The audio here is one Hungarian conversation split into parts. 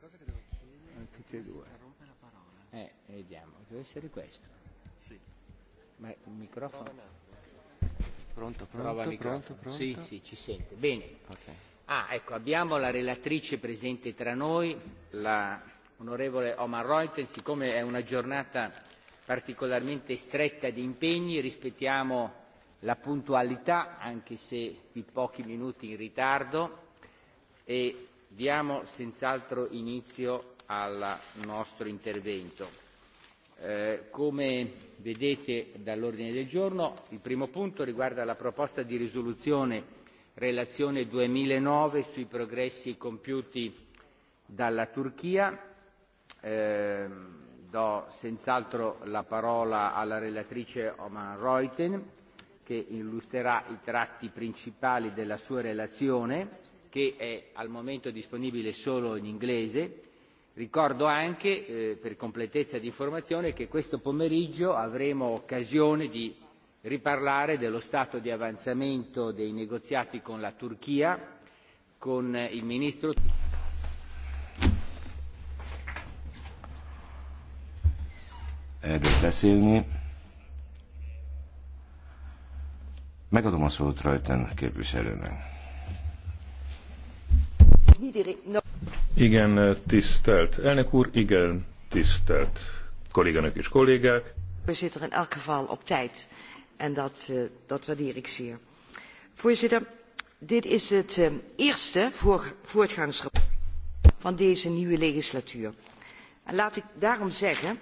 cosa che devo chiedere eh, tutti e due. interrompe la parola. Eh, vediamo, deve essere questo. Sì. Ma il microfono. Pronto, pronto, Prova pronto, pronto, Sì, sì, ci sente. Bene. Okay. Ah, ecco, abbiamo la relatrice presente tra noi, la onorevole Omar Reuten, siccome è una giornata particolarmente stretta di impegni, rispettiamo la puntualità, anche se di pochi minuti in ritardo, e diamo senz'altro inizio al nostro intervento. Eh, come vedete dall'ordine del giorno il primo punto riguarda la proposta di risoluzione relazione duemilanove sui progressi compiuti dalla turchia. Ehm, do senz'altro la parola alla relatrice oomen ruijten che illustrerà i tratti principali della sua relazione che è al momento disponibile solo in inglese. Ricordo anche, eh, per completezza di informazione, che questo pomeriggio avremo occasione di riparlare dello stato di avanzamento dei negoziati con la Turchia, con il ministro Megadom a szót rajten képviselőnek. Igen, tisztelt elnök úr, igen, tisztelt kolléganök és kollégák. Voorzitter, er in elk geval op tijd. En dat, eh, dat waardeer ik zeer. Voorzitter, dit is het eh, eerste voortgangsrapport van deze nieuwe legislatuur. En laat ik daarom zeggen.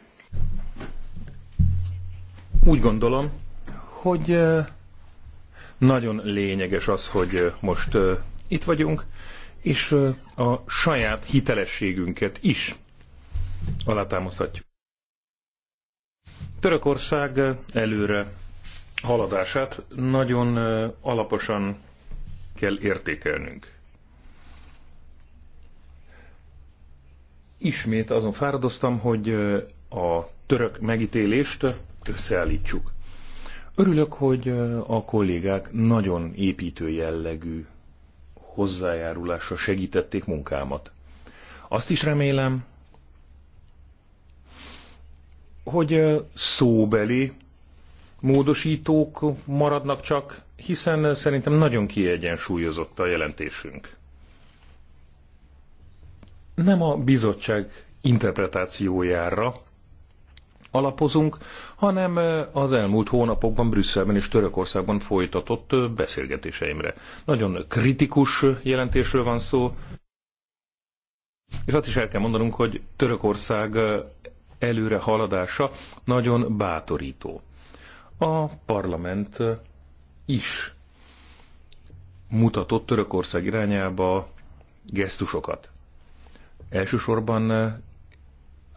Úgy gondolom, hogy eh, nagyon lényeges az, hogy most itt vagyunk, és a saját hitelességünket is alátámaszthatjuk. Törökország előre haladását nagyon alaposan kell értékelnünk. Ismét azon fáradoztam, hogy a török megítélést összeállítsuk. Örülök, hogy a kollégák nagyon építő jellegű hozzájárulása segítették munkámat. Azt is remélem, hogy szóbeli módosítók maradnak csak, hiszen szerintem nagyon kiegyensúlyozott a jelentésünk. Nem a bizottság interpretációjára alapozunk, hanem az elmúlt hónapokban Brüsszelben és Törökországban folytatott beszélgetéseimre. Nagyon kritikus jelentésről van szó, és azt is el kell mondanunk, hogy Törökország előre haladása nagyon bátorító. A parlament is mutatott Törökország irányába gesztusokat. Elsősorban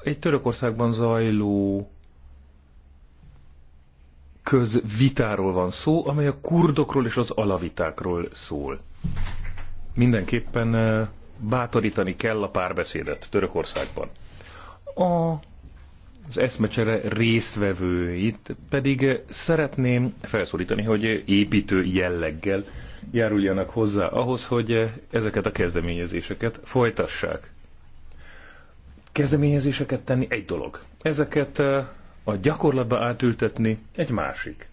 egy Törökországban zajló közvitáról van szó, amely a kurdokról és az alavitákról szól. Mindenképpen eh, bátorítani kell a párbeszédet Törökországban. A, az eszmecsere résztvevőit pedig eh, szeretném felszólítani, hogy építő jelleggel járuljanak hozzá ahhoz, hogy eh, ezeket a kezdeményezéseket folytassák kezdeményezéseket tenni egy dolog. Ezeket eh, a gyakorlatba átültetni egy másik.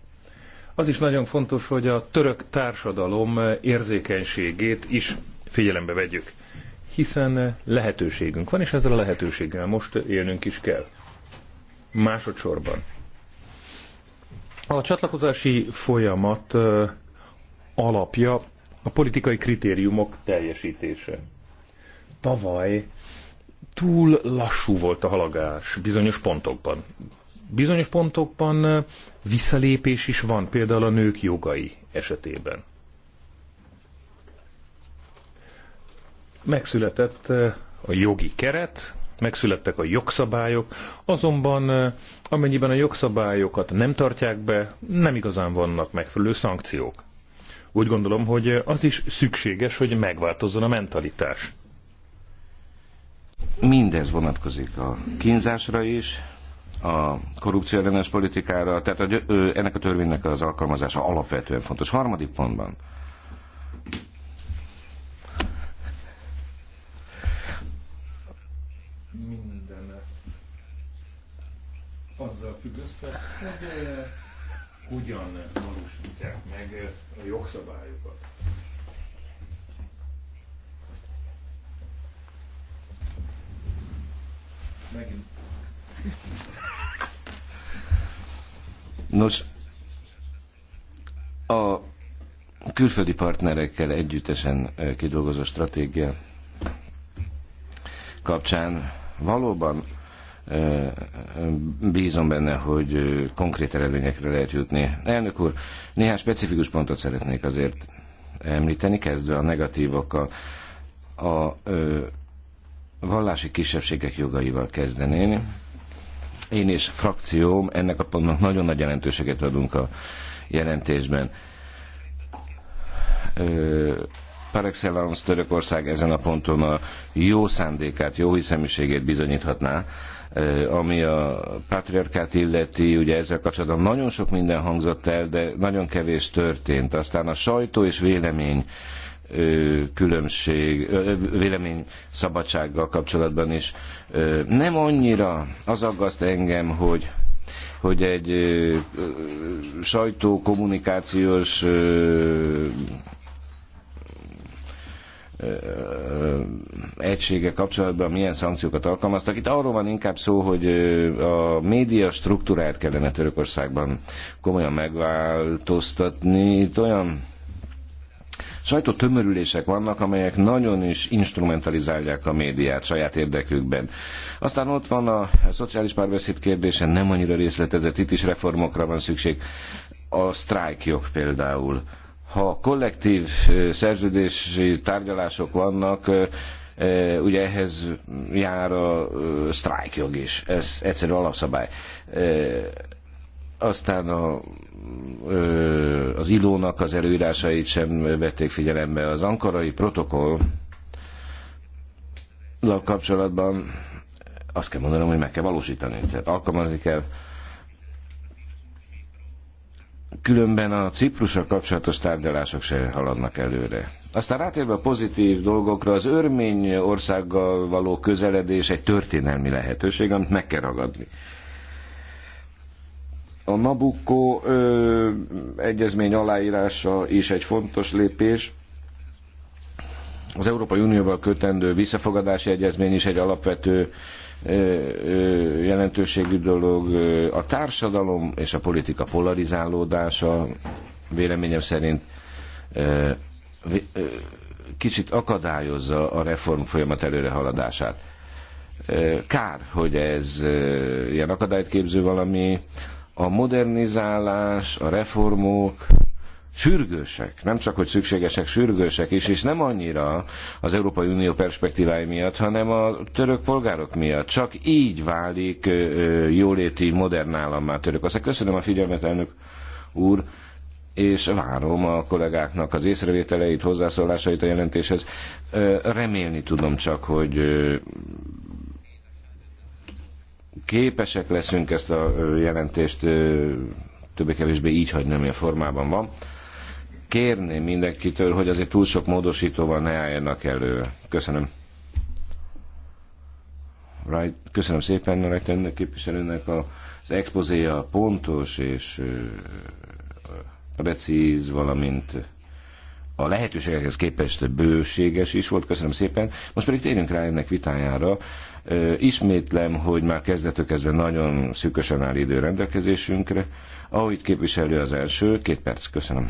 Az is nagyon fontos, hogy a török társadalom eh, érzékenységét is figyelembe vegyük, hiszen eh, lehetőségünk van, és ezzel a lehetőséggel most élnünk is kell. Másodszorban. A csatlakozási folyamat alapja a politikai kritériumok teljesítése. Tavaly túl lassú volt a halagás bizonyos pontokban. Bizonyos pontokban eh, visszalépés is van, például a nők jogai esetében. Megszületett eh, a jogi keret, megszülettek a jogszabályok, azonban eh, amennyiben a jogszabályokat nem tartják be, nem igazán vannak megfelelő szankciók. Úgy gondolom, hogy az is szükséges, hogy megváltozzon a mentalitás. Mindez vonatkozik a kínzásra is, a korrupció ellenes politikára, tehát a, ö, ennek a törvénynek az alkalmazása alapvetően fontos. Harmadik pontban. Minden azzal függ össze, hogy hogyan valósítják meg a jogszabályokat. Nos, a külföldi partnerekkel együttesen kidolgozó stratégia kapcsán valóban bízom benne, hogy konkrét eredményekre lehet jutni. Elnök úr, néhány specifikus pontot szeretnék azért említeni, kezdve a negatívokkal. A, a a vallási kisebbségek jogaival kezdeném. Én és frakcióm ennek a pontnak nagyon nagy jelentőséget adunk a jelentésben. Ö, par excellence Törökország ezen a ponton a jó szándékát, jó hiszeműségét bizonyíthatná, ami a patriarkát illeti, ugye ezzel kapcsolatban nagyon sok minden hangzott el, de nagyon kevés történt. Aztán a sajtó és vélemény különbség, vélemény szabadsággal kapcsolatban is. Nem annyira az aggaszt engem, hogy hogy egy sajtókommunikációs egysége kapcsolatban milyen szankciókat alkalmaztak. Itt arról van inkább szó, hogy a média struktúrát kellene Törökországban komolyan megváltoztatni. Itt olyan sajtó tömörülések vannak, amelyek nagyon is instrumentalizálják a médiát saját érdekükben. Aztán ott van a szociális párbeszéd kérdése, nem annyira részletezett, itt is reformokra van szükség. A sztrájkjog például. Ha kollektív szerződési tárgyalások vannak, ugye ehhez jár a sztrájkjog is, ez egyszerű alapszabály aztán a, az ilónak az előírásait sem vették figyelembe. Az ankarai protokoll kapcsolatban azt kell mondanom, hogy meg kell valósítani, tehát alkalmazni kell. Különben a Ciprusra kapcsolatos tárgyalások se haladnak előre. Aztán rátérve a pozitív dolgokra, az örmény országgal való közeledés egy történelmi lehetőség, amit meg kell ragadni. A Nabucco ö, egyezmény aláírása is egy fontos lépés. Az Európai Unióval kötendő visszafogadási egyezmény is egy alapvető ö, ö, jelentőségű dolog. A társadalom és a politika polarizálódása véleményem szerint ö, ö, kicsit akadályozza a reform folyamat előrehaladását. Kár, hogy ez ilyen akadályt képző valami a modernizálás, a reformok sürgősek, nem csak, hogy szükségesek, sürgősek is, és nem annyira az Európai Unió perspektívái miatt, hanem a török polgárok miatt. Csak így válik jóléti modern állammá Aztán Köszönöm a figyelmet, elnök úr, és várom a kollégáknak az észrevételeit, hozzászólásait a jelentéshez. Remélni tudom csak, hogy képesek leszünk ezt a jelentést többé-kevésbé így hagyni, amilyen formában van. Kérném mindenkitől, hogy azért túl sok módosítóval ne álljanak elő. Köszönöm. Right. Köszönöm szépen a legtöbbnek képviselőnek a, az expozéja pontos és precíz, valamint a lehetőségekhez képest bőséges is volt. Köszönöm szépen. Most pedig térjünk rá ennek vitájára. Ismétlem, hogy már kezdetől kezdve nagyon szűkösen áll idő rendelkezésünkre. Ahogy képviselő az első, két perc, köszönöm.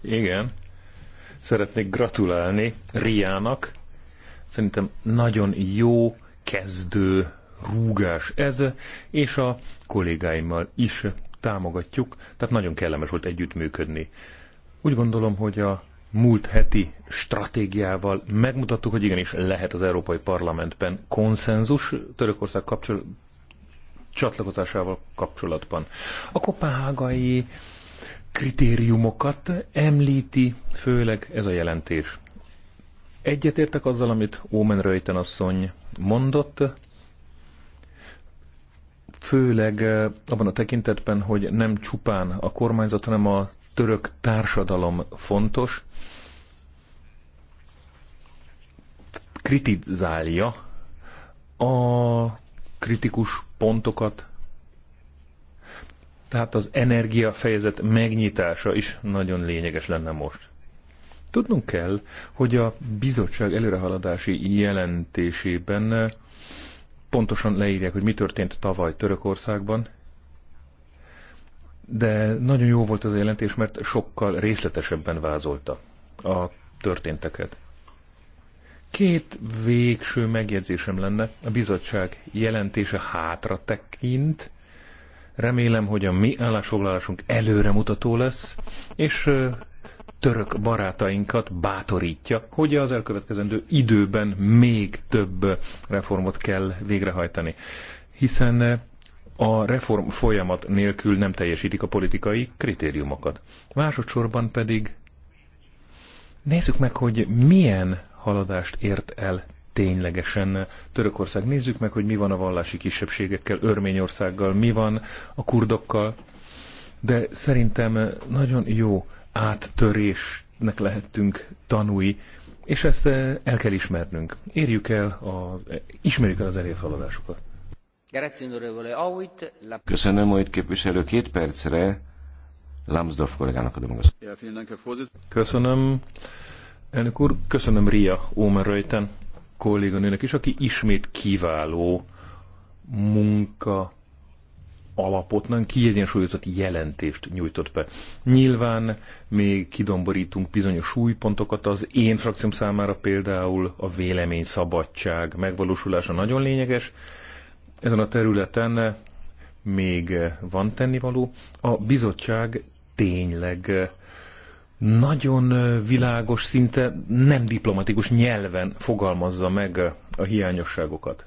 Igen. Szeretnék gratulálni Riának. Szerintem nagyon jó kezdő rúgás ez, és a kollégáimmal is támogatjuk, tehát nagyon kellemes volt együttműködni. Úgy gondolom, hogy a múlt heti stratégiával megmutattuk, hogy igenis lehet az Európai Parlamentben konszenzus Törökország kapcsol- csatlakozásával kapcsolatban. A kopenhágai kritériumokat említi főleg ez a jelentés. Egyetértek azzal, amit Ómen Röjten asszony mondott, főleg eh, abban a tekintetben, hogy nem csupán a kormányzat, hanem a török társadalom fontos, kritizálja a kritikus pontokat, tehát az energiafejezet megnyitása is nagyon lényeges lenne most. Tudnunk kell, hogy a bizottság előrehaladási jelentésében pontosan leírják, hogy mi történt tavaly Törökországban, de nagyon jó volt az a jelentés, mert sokkal részletesebben vázolta a történteket. Két végső megjegyzésem lenne. A bizottság jelentése hátra tekint. Remélem, hogy a mi állásfoglalásunk előremutató lesz, és török barátainkat bátorítja, hogy az elkövetkezendő időben még több reformot kell végrehajtani. Hiszen a reform folyamat nélkül nem teljesítik a politikai kritériumokat. Másodszorban pedig nézzük meg, hogy milyen haladást ért el ténylegesen Törökország. Nézzük meg, hogy mi van a vallási kisebbségekkel, Örményországgal, mi van a kurdokkal. De szerintem nagyon jó áttörésnek lehettünk tanúi, és ezt el kell ismernünk. Érjük el, a, ismerjük el az elért haladásokat. Köszönöm, hogy képviselő két percre Lambsdorff kollégának adom a Köszönöm, elnök úr, köszönöm Ria Omerreiten kolléganőnek is, aki ismét kiváló munka alapot, nagyon kiegyensúlyozott jelentést nyújtott be. Nyilván még kidomborítunk bizonyos súlypontokat, az én frakcióm számára például a vélemény szabadság megvalósulása nagyon lényeges, ezen a területen még van tennivaló. A bizottság tényleg nagyon világos, szinte nem diplomatikus nyelven fogalmazza meg a hiányosságokat.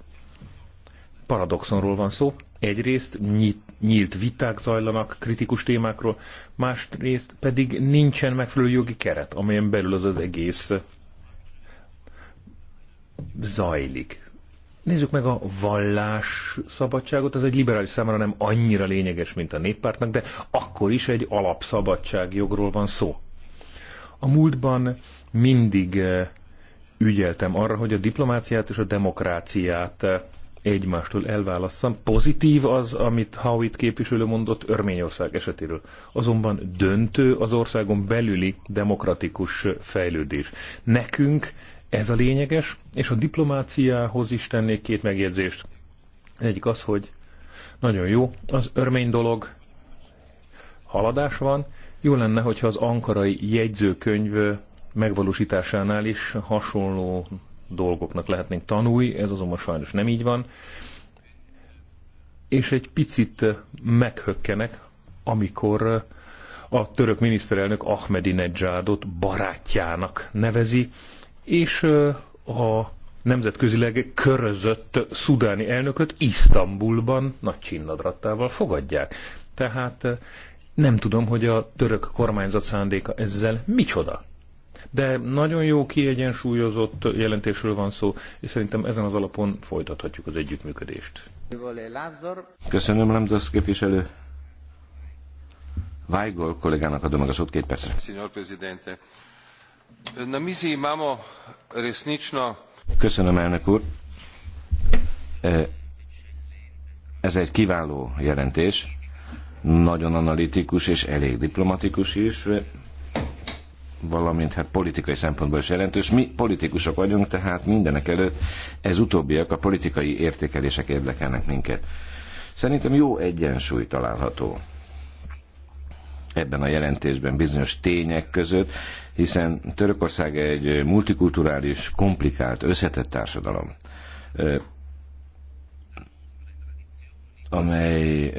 Paradoxonról van szó. Egyrészt nyit, nyílt viták zajlanak kritikus témákról, másrészt pedig nincsen megfelelő jogi keret, amelyen belül az az egész zajlik. Nézzük meg a vallás szabadságot, ez egy liberális számára nem annyira lényeges, mint a néppártnak, de akkor is egy alapszabadságjogról van szó. A múltban mindig eh, ügyeltem arra, hogy a diplomáciát és a demokráciát eh, egymástól elválasszam. Pozitív az, amit Howitt képviselő mondott Örményország esetéről. Azonban döntő az országon belüli demokratikus eh, fejlődés. Nekünk ez a lényeges, és a diplomáciához is tennék két megjegyzést. Egyik az, hogy nagyon jó az örmény dolog, haladás van, jó lenne, hogyha az ankarai jegyzőkönyv megvalósításánál is hasonló dolgoknak lehetnénk tanulni, ez azonban sajnos nem így van, és egy picit meghökkenek, amikor a török miniszterelnök Ahmedinejadot barátjának nevezi, és a nemzetközileg körözött szudáni elnököt Isztambulban nagy csinnadrattával fogadják. Tehát nem tudom, hogy a török kormányzat szándéka ezzel micsoda. De nagyon jó kiegyensúlyozott jelentésről van szó, és szerintem ezen az alapon folytathatjuk az együttműködést. Köszönöm, Lemdosz képviselő. Weigol kollégának adom meg a szót két percre. Signor Presidente, Na mizi imamo resnično... Köszönöm, elnök úr. E, ez egy kiváló jelentés, nagyon analitikus és elég diplomatikus is, valamint hát politikai szempontból is jelentős. Mi politikusok vagyunk, tehát mindenek előtt ez utóbbiak, a politikai értékelések érdekelnek minket. Szerintem jó egyensúly található ebben a jelentésben bizonyos tények között, hiszen Törökország egy multikulturális, komplikált, összetett társadalom, amely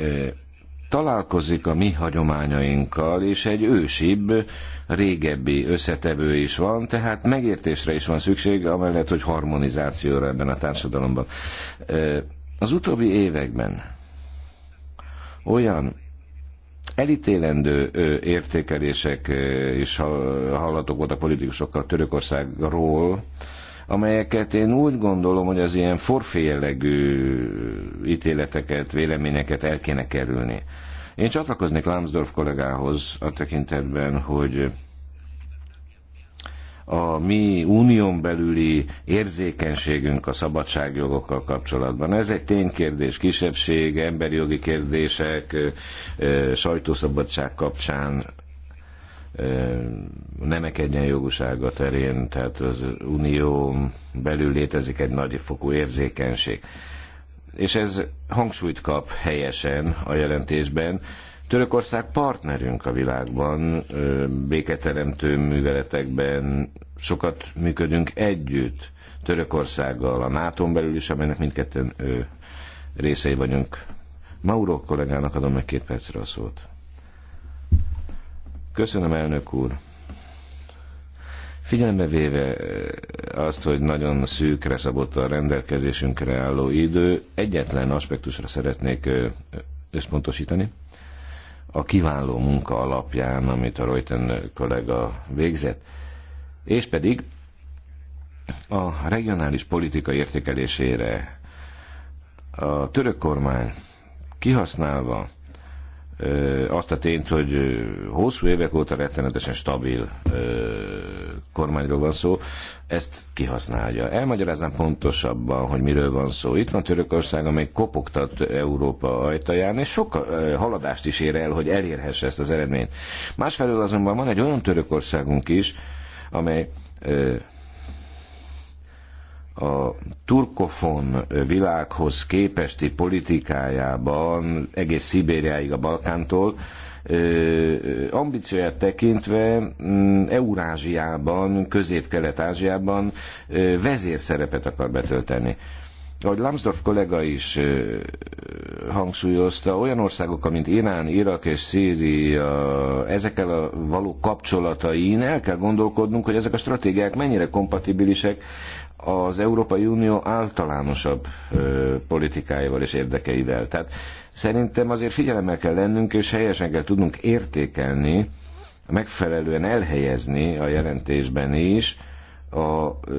találkozik a mi hagyományainkkal, és egy ősibb, régebbi összetevő is van, tehát megértésre is van szükség, amellett, hogy harmonizációra ebben a társadalomban. Az utóbbi években olyan elítélendő értékelések is hallatok voltak politikusokkal Törökországról, amelyeket én úgy gondolom, hogy az ilyen forféjellegű ítéleteket, véleményeket el kéne kerülni. Én csatlakoznék Lambsdorff kollégához a tekintetben, hogy a mi unión belüli érzékenységünk a szabadságjogokkal kapcsolatban. Ez egy ténykérdés, kisebbség, emberi jogi kérdések, sajtószabadság kapcsán nemek egyenjogúsága terén, tehát az unió belül létezik egy nagyfokú érzékenység. És ez hangsúlyt kap helyesen a jelentésben, Törökország partnerünk a világban, béketeremtő műveletekben sokat működünk együtt Törökországgal, a nato belül is, amelynek mindketten ő, részei vagyunk. Mauro kollégának adom meg két percre a szót. Köszönöm, elnök úr! Figyelembe véve azt, hogy nagyon szűkre szabott a rendelkezésünkre álló idő, egyetlen aspektusra szeretnék összpontosítani – a kiváló munka alapján, amit a Reuten kollega végzett, és pedig a regionális politika értékelésére a török kormány kihasználva azt a tényt, hogy hosszú évek óta rettenetesen stabil kormányról van szó, ezt kihasználja. Elmagyaráznám pontosabban, hogy miről van szó. Itt van Törökország, amely kopogtat Európa ajtaján, és sok haladást is ér el, hogy elérhesse ezt az eredményt. Másfelől azonban van egy olyan Törökországunk is, amely a turkofon világhoz képesti politikájában egész Szibériáig a Balkántól, ambícióját tekintve mm, Eurázsiában, Közép-Kelet-Ázsiában vezérszerepet akar betölteni. Ahogy Lambsdorff kollega is hangsúlyozta, olyan országok, mint Irán, Irak és Szíria, ezekkel a való kapcsolatain el kell gondolkodnunk, hogy ezek a stratégiák mennyire kompatibilisek az Európai Unió általánosabb ö, politikáival és érdekeivel. Tehát szerintem azért figyelemmel kell lennünk, és helyesen kell tudnunk értékelni, megfelelően elhelyezni a jelentésben is, a, ö,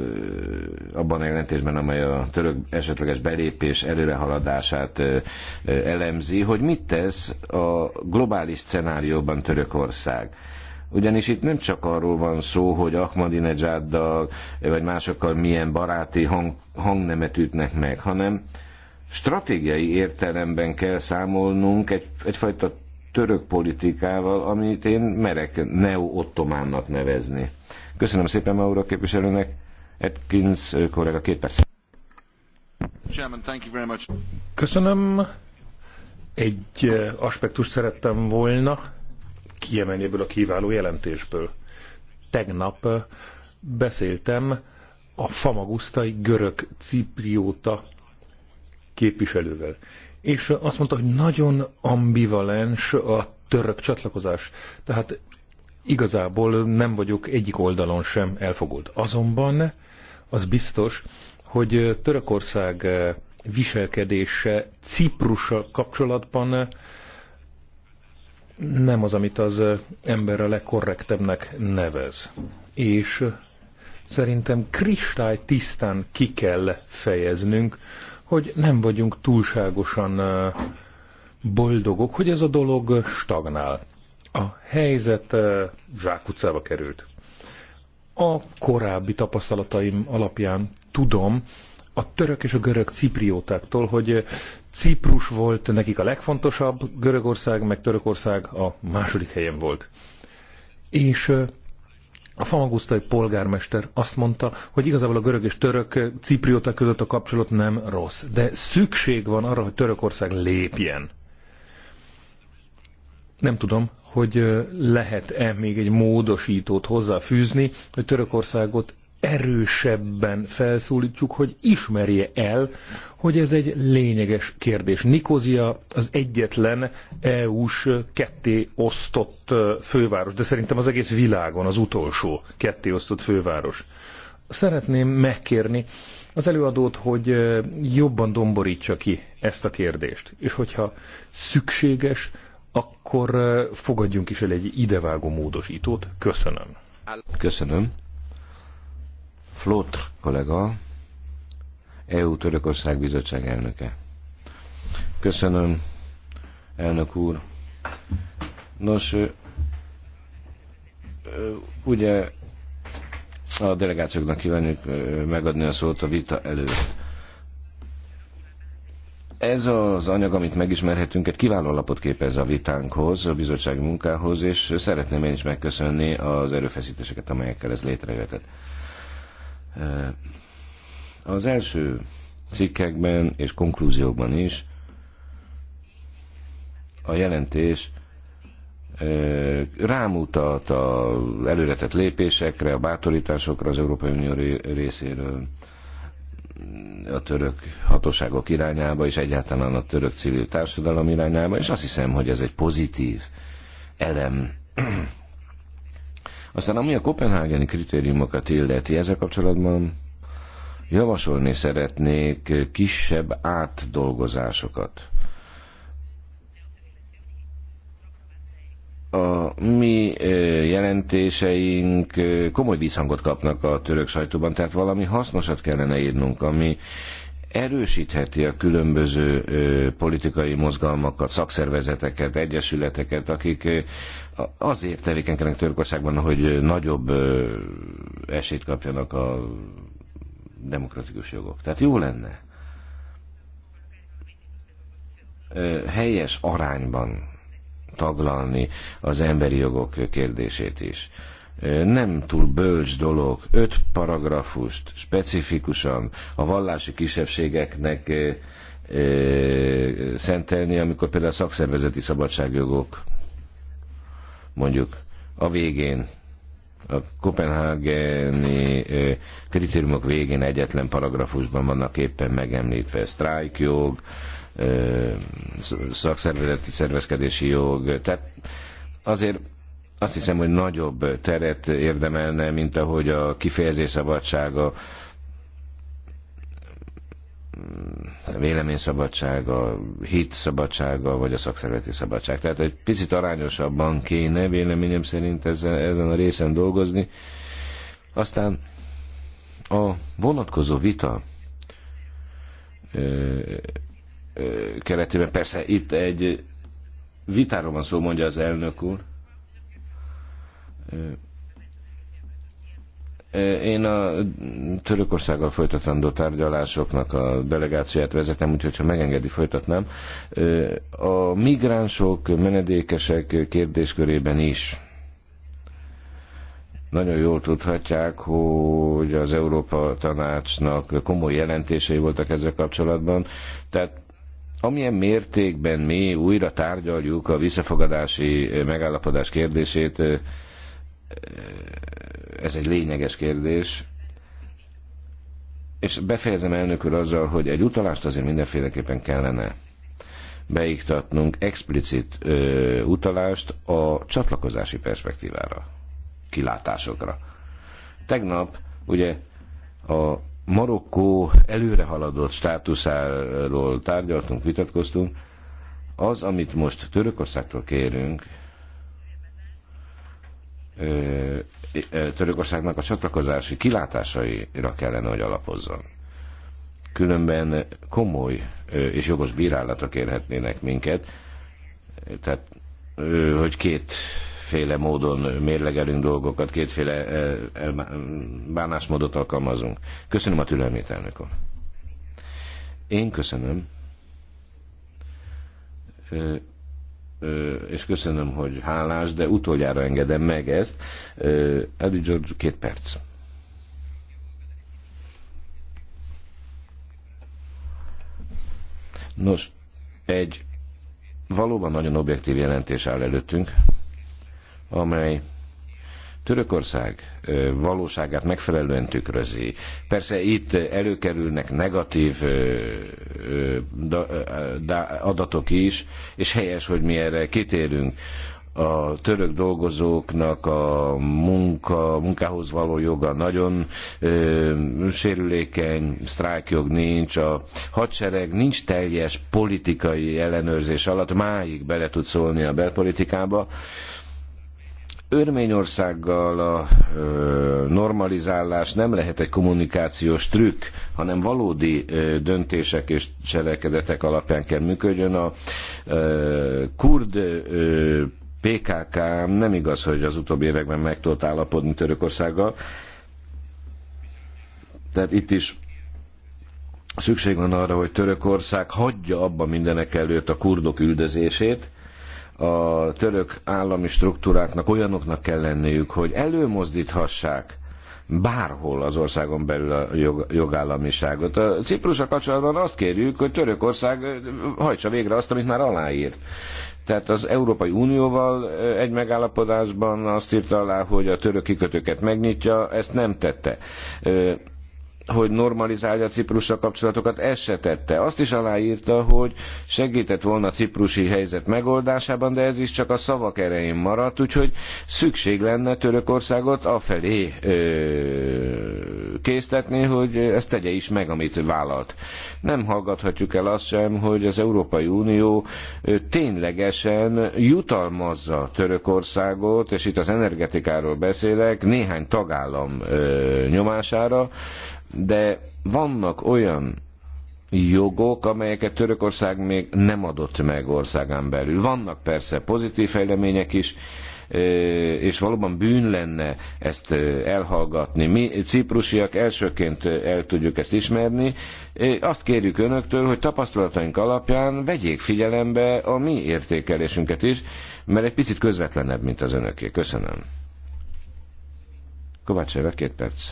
abban a jelentésben, amely a török esetleges belépés előrehaladását ö, ö, elemzi, hogy mit tesz a globális szenárióban Törökország. Ugyanis itt nem csak arról van szó, hogy Ahmadinejaddal vagy másokkal milyen baráti hang, hangnemet ütnek meg, hanem stratégiai értelemben kell számolnunk egy, egyfajta török politikával, amit én merek neo-ottománnak nevezni. Köszönöm szépen Maura képviselőnek. Atkins kollega, két perc. Köszönöm. Egy aspektust szerettem volna kiemelni ebből a kiváló jelentésből. Tegnap eh, beszéltem a famagusztai görög ciprióta képviselővel, és eh, azt mondta, hogy nagyon ambivalens a török csatlakozás. Tehát igazából nem vagyok egyik oldalon sem elfogult. Azonban az biztos, hogy eh, Törökország viselkedése Ciprussal kapcsolatban nem az, amit az ember a legkorrektebbnek nevez. És szerintem kristály tisztán ki kell fejeznünk, hogy nem vagyunk túlságosan boldogok, hogy ez a dolog stagnál. A helyzet zsákutcába került. A korábbi tapasztalataim alapján tudom, a török és a görög cipriótáktól, hogy Ciprus volt nekik a legfontosabb, Görögország meg Törökország a második helyen volt. És a famagusztai polgármester azt mondta, hogy igazából a görög és török ciprióták között a kapcsolat nem rossz, de szükség van arra, hogy Törökország lépjen. Nem tudom, hogy lehet-e még egy módosítót hozzáfűzni, hogy Törökországot erősebben felszólítjuk, hogy ismerje el, hogy ez egy lényeges kérdés. Nikozia az egyetlen EU-s ketté osztott főváros, de szerintem az egész világon az utolsó ketté osztott főváros. Szeretném megkérni az előadót, hogy jobban domborítsa ki ezt a kérdést, és hogyha szükséges, akkor fogadjunk is el egy idevágó módosítót. Köszönöm. Köszönöm. Flotr kollega, EU-Törökország bizottság elnöke. Köszönöm, elnök úr. Nos, ugye a delegációknak kívánjuk megadni a szót a vita előtt. Ez az anyag, amit megismerhetünk, egy kiváló lapot képez a vitánkhoz, a bizottsági munkához, és szeretném én is megköszönni az erőfeszítéseket, amelyekkel ez létrejöhetett. Az első cikkekben és konklúziókban is a jelentés rámutat a előretett lépésekre, a bátorításokra az Európai Unió részéről a török hatóságok irányába, és egyáltalán a török civil társadalom irányába, és azt hiszem, hogy ez egy pozitív elem aztán ami a kopenhágeni kritériumokat illeti, ezzel kapcsolatban javasolni szeretnék kisebb átdolgozásokat. a mi eh, jelentéseink eh, komoly visszhangot kapnak a török sajtóban, tehát valami hasznosat kellene írnunk, ami erősítheti a különböző politikai mozgalmakat, szakszervezeteket, egyesületeket, akik azért tevékenykednek Törökországban, hogy nagyobb esélyt kapjanak a demokratikus jogok. Tehát jó lenne helyes arányban taglalni az emberi jogok kérdését is nem túl bölcs dolog öt paragrafust specifikusan a vallási kisebbségeknek szentelni, amikor például a szakszervezeti szabadságjogok mondjuk a végén, a kopenhágeni kritériumok végén egyetlen paragrafusban vannak éppen megemlítve sztrájkjog, szakszervezeti szervezkedési jog, tehát azért azt hiszem, hogy nagyobb teret érdemelne, mint ahogy a kifejezés szabadsága, a szabadsága, a hit szabadsága, vagy a szakszervezeti szabadság. Tehát egy picit arányosabban kéne véleményem szerint ezen, ezen a részen dolgozni. Aztán a vonatkozó vita ö, ö, keretében persze itt egy vitáról van szó, mondja az elnök úr, én a Törökországgal folytatandó tárgyalásoknak a delegációját vezetem, úgyhogy ha megengedi, folytatnám. A migránsok, menedékesek kérdéskörében is nagyon jól tudhatják, hogy az Európa Tanácsnak komoly jelentései voltak ezzel kapcsolatban. Tehát amilyen mértékben mi újra tárgyaljuk a visszafogadási megállapodás kérdését, ez egy lényeges kérdés, és befejezem elnök úr azzal, hogy egy utalást azért mindenféleképpen kellene beiktatnunk explicit ö, utalást a csatlakozási perspektívára, kilátásokra. Tegnap ugye a Marokkó előre haladott státuszáról tárgyaltunk, vitatkoztunk. Az, amit most Törökországtól kérünk, Törökországnak a csatlakozási kilátásaira kellene, hogy alapozzon. Különben komoly és jogos bírálatok érhetnének minket, tehát hogy kétféle módon mérlegelünk dolgokat, kétféle bánásmódot alkalmazunk. Köszönöm a türelmét, elnök úr. Én köszönöm és köszönöm, hogy hálás, de utoljára engedem meg ezt. Eddie George, két perc. Nos, egy valóban nagyon objektív jelentés áll előttünk, amely Törökország valóságát megfelelően tükrözi. Persze itt előkerülnek negatív adatok is, és helyes, hogy mi erre kitérünk a török dolgozóknak a munka, munkához való joga nagyon ö, sérülékeny, sztrájkjog nincs, a hadsereg nincs teljes politikai ellenőrzés alatt, máig bele tud szólni a belpolitikába, Örményországgal a normalizálás nem lehet egy kommunikációs trükk, hanem valódi döntések és cselekedetek alapján kell működjön. A kurd PKK nem igaz, hogy az utóbbi években meg tudott állapodni Törökországgal. Tehát itt is szükség van arra, hogy Törökország hagyja abba mindenek előtt a kurdok üldözését, a török állami struktúráknak olyanoknak kell lenniük, hogy előmozdíthassák bárhol az országon belül a jog, jogállamiságot. A Ciprusa kapcsolatban azt kérjük, hogy Törökország hajtsa végre azt, amit már aláírt. Tehát az Európai Unióval egy megállapodásban azt írta alá, hogy a török kikötőket megnyitja, ezt nem tette hogy normalizálja a Ciprussal kapcsolatokat, ezt se tette. Azt is aláírta, hogy segített volna a ciprusi helyzet megoldásában, de ez is csak a szavak erején maradt, úgyhogy szükség lenne Törökországot afelé ö, késztetni, hogy ezt tegye is meg, amit vállalt. Nem hallgathatjuk el azt sem, hogy az Európai Unió ténylegesen jutalmazza Törökországot, és itt az energetikáról beszélek, néhány tagállam ö, nyomására, de vannak olyan jogok, amelyeket Törökország még nem adott meg országán belül. Vannak persze pozitív fejlemények is, és valóban bűn lenne ezt elhallgatni. Mi ciprusiak elsőként el tudjuk ezt ismerni. Azt kérjük önöktől, hogy tapasztalataink alapján vegyék figyelembe a mi értékelésünket is, mert egy picit közvetlenebb, mint az önöké. Köszönöm. Kovács Éve, két perc.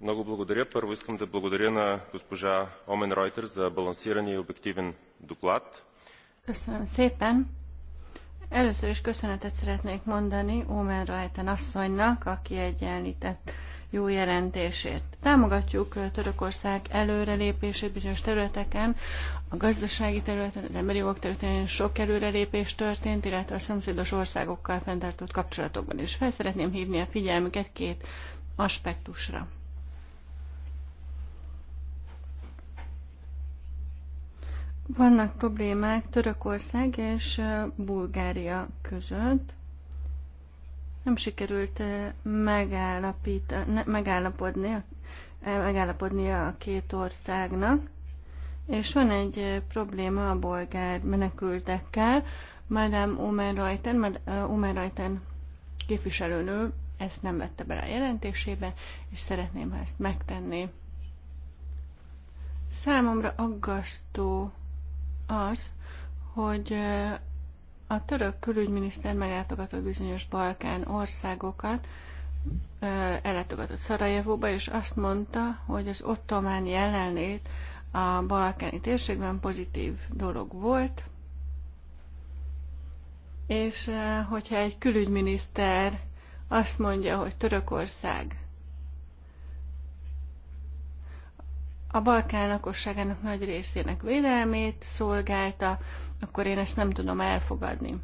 Много благодаря. Първо искам да благодаря на госпожа Омен Ройтер за балансиран и обективен доклад. Köszönöm szépen. Először is köszönetet szeretnék mondani Omen Reiten asszonynak, aki egyenlített jó jelentését. Támogatjuk Törökország előrelépését bizonyos területeken, a gazdasági területen, az emberi jogok területén sok előrelépés történt, illetve a szomszédos országokkal fenntartott kapcsolatokban is. Fel szeretném hívni a figyelmüket két aspektusra. Vannak problémák Törökország és Bulgária között nem sikerült megállapodni, megállapodni a két országnak, és van egy probléma a bolgár menekültekkel. Madame Omer Rajten, Omer Rajten képviselőnő ezt nem vette bele a jelentésébe, és szeretném, ha ezt megtenni. Számomra aggasztó az, hogy a török külügyminiszter meglátogatott bizonyos Balkán országokat, ellátogatott Szarajevóba, és azt mondta, hogy az ottomán jelenlét a balkáni térségben pozitív dolog volt, és hogyha egy külügyminiszter azt mondja, hogy Törökország a Balkán lakosságának nagy részének védelmét szolgálta, akkor én ezt nem tudom elfogadni.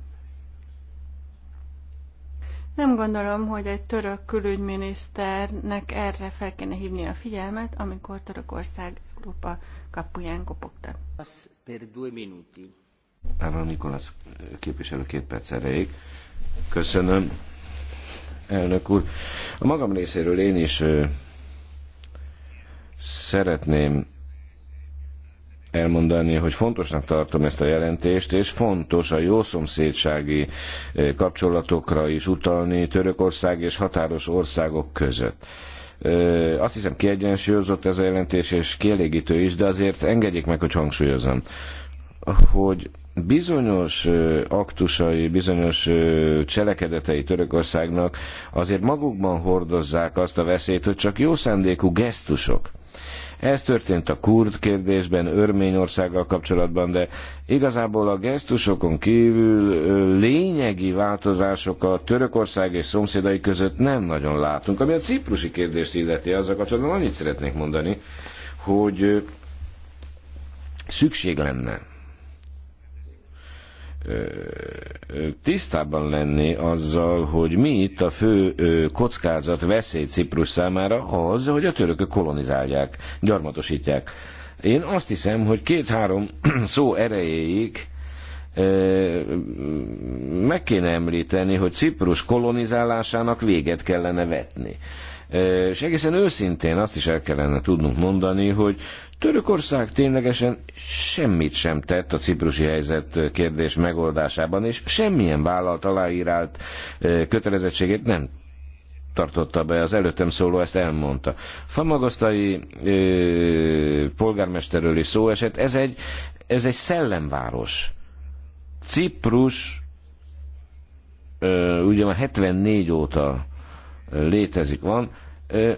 Nem gondolom, hogy egy török külügyminiszternek erre fel kéne hívni a figyelmet, amikor Törökország Európa kapuján kopogtat. Áron Nikolász képviselő két perc erejéig. Köszönöm, elnök úr. A magam részéről én is szeretném elmondani, hogy fontosnak tartom ezt a jelentést, és fontos a jószomszédsági eh, kapcsolatokra is utalni Törökország és határos országok között. Eh, azt hiszem kiegyensúlyozott ez a jelentés, és kielégítő is, de azért engedjék meg, hogy hangsúlyozom, hogy bizonyos eh, aktusai, bizonyos cselekedetei Törökországnak azért magukban hordozzák azt a veszélyt, hogy csak jó szándékú gesztusok, ez történt a kurd kérdésben, Örményországgal kapcsolatban, de igazából a gesztusokon kívül lényegi változások a Törökország és szomszédai között nem nagyon látunk. Ami a ciprusi kérdést illeti, azzal kapcsolatban annyit szeretnék mondani, hogy szükség lenne tisztában lenni azzal, hogy mi itt a fő kockázat veszély Ciprus számára az, hogy a törökök kolonizálják, gyarmatosítják. Én azt hiszem, hogy két-három szó erejéig meg kéne említeni, hogy Ciprus kolonizálásának véget kellene vetni. És egészen őszintén azt is el kellene tudnunk mondani, hogy Törökország ténylegesen semmit sem tett a ciprusi helyzet kérdés megoldásában, és semmilyen vállalt aláírált kötelezettségét nem tartotta be, az előttem szóló ezt elmondta. Famagasztai ö, polgármesterről is szó esett, ez egy, ez egy szellemváros. Ciprus ö, ugye már 74 óta létezik, van, ö,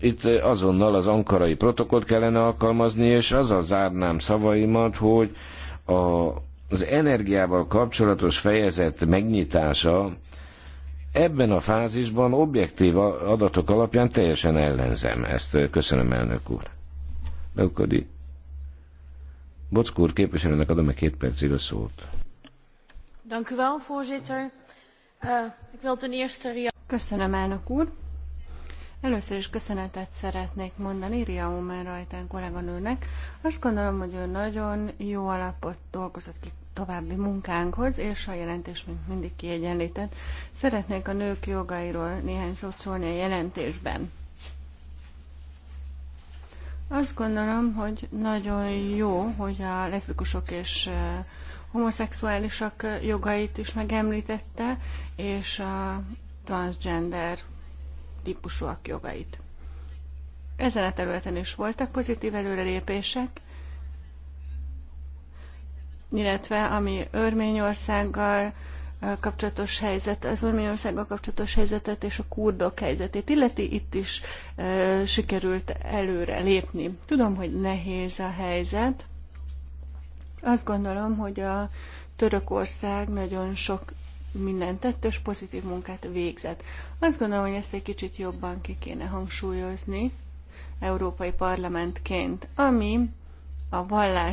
itt eh, azonnal az ankarai protokollt kellene alkalmazni, és azzal zárnám szavaimat, hogy a, az energiával kapcsolatos fejezet megnyitása ebben a fázisban objektív adatok alapján teljesen ellenzem. Ezt köszönöm, elnök úr. Leukadi. Bocskó úr képviselőnek adom egy két percig a szót. Eh, köszönöm, elnök úr. Először is köszönetet szeretnék mondani Ria Omer rajtán kolléganőnek. Azt gondolom, hogy ő nagyon jó alapot dolgozott ki további munkánkhoz, és a jelentés mint mindig kiegyenlített. Szeretnék a nők jogairól néhány szót szólni a jelentésben. Azt gondolom, hogy nagyon jó, hogy a leszbikusok és homoszexuálisok jogait is megemlítette, és a transgender típusúak jogait. Ezen a területen is voltak pozitív előrelépések, illetve ami Örményországgal kapcsolatos helyzet, az Örményországgal kapcsolatos helyzetet és a kurdok helyzetét illeti, itt is e, sikerült előre lépni. Tudom, hogy nehéz a helyzet. Azt gondolom, hogy a Törökország nagyon sok mindent tett, és pozitív munkát végzett. Azt gondolom, hogy ezt egy kicsit jobban ki kéne hangsúlyozni Európai Parlamentként, ami a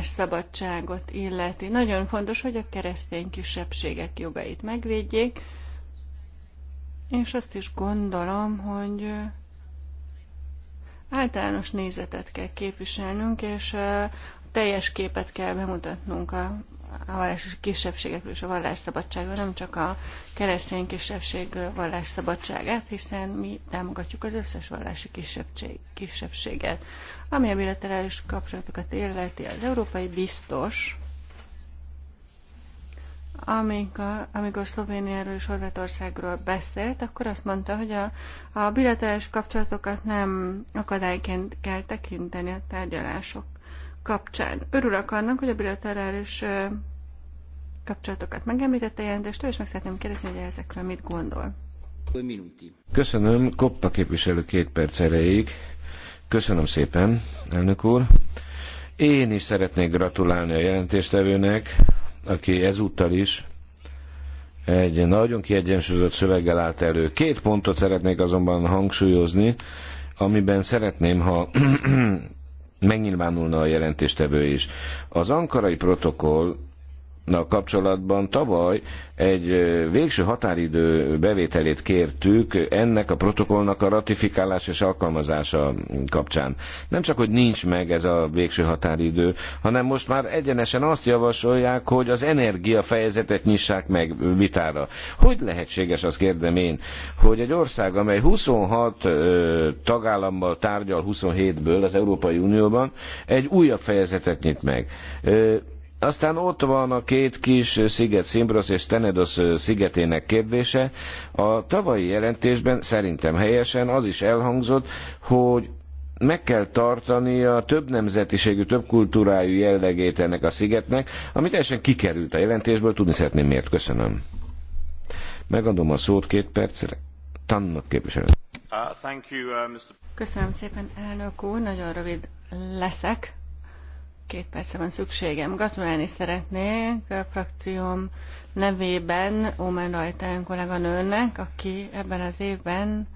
szabadságot illeti. Nagyon fontos, hogy a keresztény kisebbségek jogait megvédjék, és azt is gondolom, hogy általános nézetet kell képviselnünk, és a teljes képet kell bemutatnunk a a vallásos kisebbségekről és a vallásszabadságról, nem csak a keresztény kisebbség vallásszabadságát, hiszen mi támogatjuk az összes vallási kisebbség, kisebbséget. Ami a bilaterális kapcsolatokat illeti, az európai biztos, amikor, amikor Szlovéniáról és Horvátországról beszélt, akkor azt mondta, hogy a, a bilaterális kapcsolatokat nem akadályként kell tekinteni a tárgyalások kapcsán. Örülök annak, hogy a bilaterális kapcsolatokat megemlítette jelentéstől, és meg szeretném kérdezni, hogy ezekről mit gondol. Köszönöm. Koppa képviselő két perc erejéig. Köszönöm szépen, elnök úr. Én is szeretnék gratulálni a jelentéstevőnek, aki ezúttal is egy nagyon kiegyensúlyozott szöveggel állt elő. Két pontot szeretnék azonban hangsúlyozni, amiben szeretném, ha megnyilvánulna a jelentéstevő is. Az ankarai protokoll kapcsolatban tavaly egy végső határidő bevételét kértük ennek a protokollnak a ratifikálás és alkalmazása kapcsán. Nem csak, hogy nincs meg ez a végső határidő, hanem most már egyenesen azt javasolják, hogy az energiafejezetet nyissák meg vitára. Hogy lehetséges, azt kérdem én, hogy egy ország, amely 26 tagállammal tárgyal 27-ből az Európai Unióban, egy újabb fejezetet nyit meg. Aztán ott van a két kis sziget, Szimbrosz és Tenedos szigetének kérdése. A tavalyi jelentésben szerintem helyesen az is elhangzott, hogy meg kell tartani a több nemzetiségű, több kultúrájú jellegét ennek a szigetnek, amit teljesen kikerült a jelentésből, tudni szeretném miért. Köszönöm. Megadom a szót két percre. Tannak képviselő. Uh, uh, Köszönöm szépen, elnök úr, nagyon rövid leszek. Két percre van szükségem. Gratulálni szeretnék a frakcióm nevében Omen Rajtán kolléganőnek, aki ebben az évben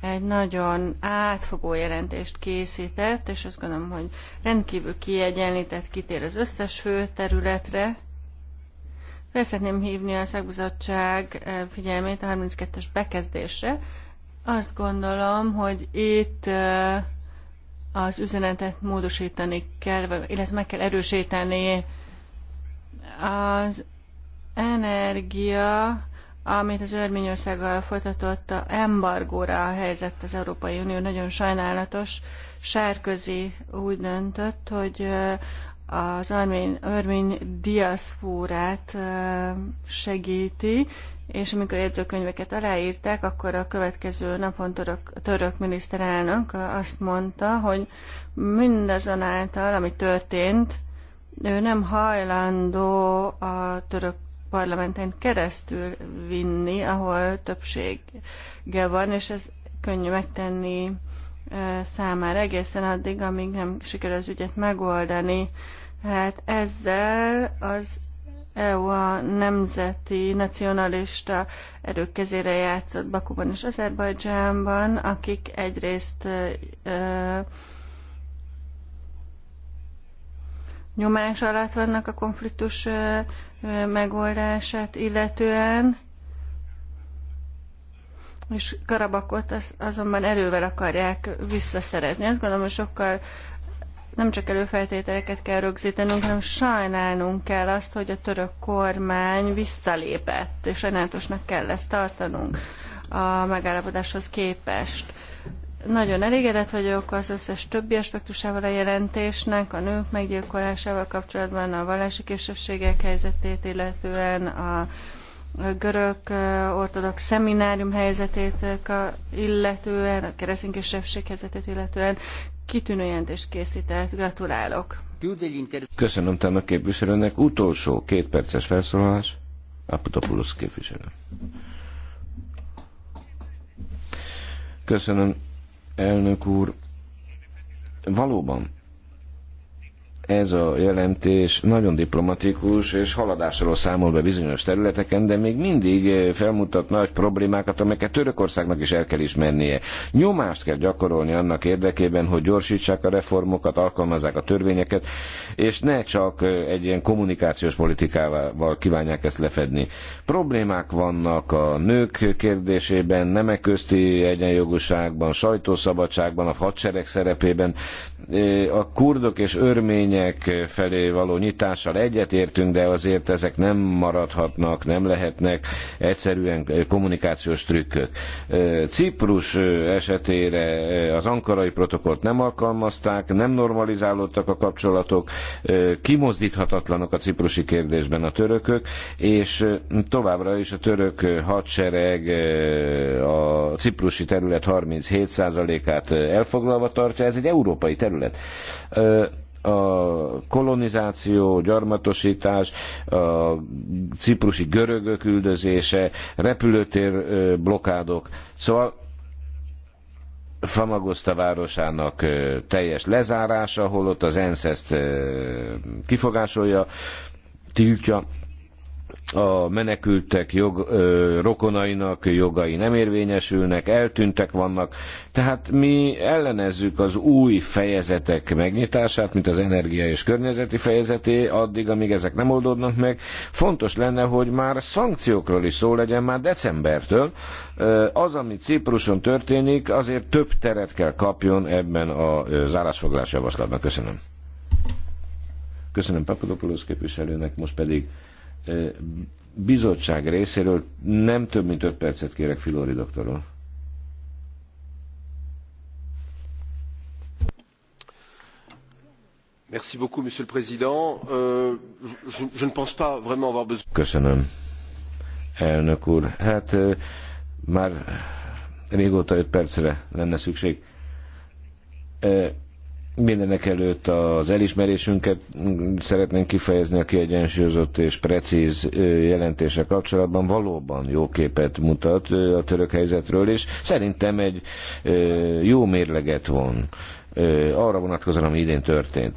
egy nagyon átfogó jelentést készített, és azt gondolom, hogy rendkívül kiegyenlített, kitér az összes fő területre. Fel szeretném hívni a szakbizottság eh, figyelmét a 32-es bekezdésre. Azt gondolom, hogy itt eh, az üzenetet módosítani kell, illetve meg kell erősíteni az energia, amit az Örményországgal folytatott a embargóra a helyzet az Európai Unió. Nagyon sajnálatos. Sárközi úgy döntött, hogy az örmény, örmény diaszfórát segíti, és amikor jegyzőkönyveket aláírták, akkor a következő napon török, török miniszterelnök azt mondta, hogy mindazonáltal, ami történt, ő nem hajlandó a török parlamenten keresztül vinni, ahol többsége van, és ez könnyű megtenni e, számára egészen addig, amíg nem sikerül az ügyet megoldani. Hát ezzel az EU a nemzeti nacionalista erők kezére játszott Bakuban és Azerbajdzsánban, akik egyrészt ö, nyomás alatt vannak a konfliktus ö, megoldását illetően, és Karabakot azonban erővel akarják visszaszerezni. Azt gondolom, hogy sokkal nem csak előfeltételeket kell rögzítenünk, hanem sajnálnunk kell azt, hogy a török kormány visszalépett, és sajnálatosnak kell ezt tartanunk a megállapodáshoz képest. Nagyon elégedett vagyok az összes többi aspektusával a jelentésnek, a nők meggyilkolásával kapcsolatban, a vallási kisebbségek helyzetét, illetően a görög ortodox szeminárium helyzetét illetően, a keresztény kisebbség helyzetét illetően kitűnő jelentést készített. Gratulálok! Köszönöm tannak képviselőnek. Utolsó két perces felszólalás. Aputopoulos képviselő. Köszönöm, elnök úr. Valóban ez a jelentés nagyon diplomatikus, és haladásról számol be bizonyos területeken, de még mindig eh, felmutat nagy problémákat, amelyeket Törökországnak is el kell ismernie. Nyomást kell gyakorolni annak érdekében, hogy gyorsítsák a reformokat, alkalmazzák a törvényeket, és ne csak eh, egy ilyen kommunikációs politikával kívánják ezt lefedni. Problémák vannak a nők kérdésében, nemek közti egyenjogúságban, sajtószabadságban, a hadsereg szerepében, eh, a kurdok és örmény intézmények felé való nyitással egyetértünk, de azért ezek nem maradhatnak, nem lehetnek egyszerűen kommunikációs trükkök. Ciprus esetére az ankarai protokollt nem alkalmazták, nem normalizálódtak a kapcsolatok, kimozdíthatatlanok a ciprusi kérdésben a törökök, és továbbra is a török hadsereg a ciprusi terület 37%-át elfoglalva tartja, ez egy európai terület a kolonizáció, gyarmatosítás, a ciprusi görögök üldözése, repülőtér blokádok. Szóval Famagusta városának teljes lezárása, holott az ENSZ t kifogásolja, tiltja a menekültek jog, ö, rokonainak jogai nem érvényesülnek, eltűntek vannak. Tehát mi ellenezzük az új fejezetek megnyitását, mint az energia és környezeti fejezeté, addig, amíg ezek nem oldódnak meg. Fontos lenne, hogy már szankciókról is szó legyen már decembertől. Az, ami Cipruson történik, azért több teret kell kapjon ebben a zárásfoglalás javaslatban. Köszönöm. Köszönöm Papadopoulos képviselőnek, most pedig bizottság részéről nem több mint öt percet kérek Filori doktorról. Merci beaucoup, Monsieur le Président. Euh, je, ne pense pas vraiment avoir besoin. Köszönöm, elnök úr. Hát már régóta öt percre lenne szükség. Mindenek előtt az elismerésünket szeretnénk kifejezni a kiegyensúlyozott és precíz jelentése kapcsolatban. Valóban jó képet mutat a török helyzetről, és szerintem egy jó mérleget von arra vonatkozóan, ami idén történt.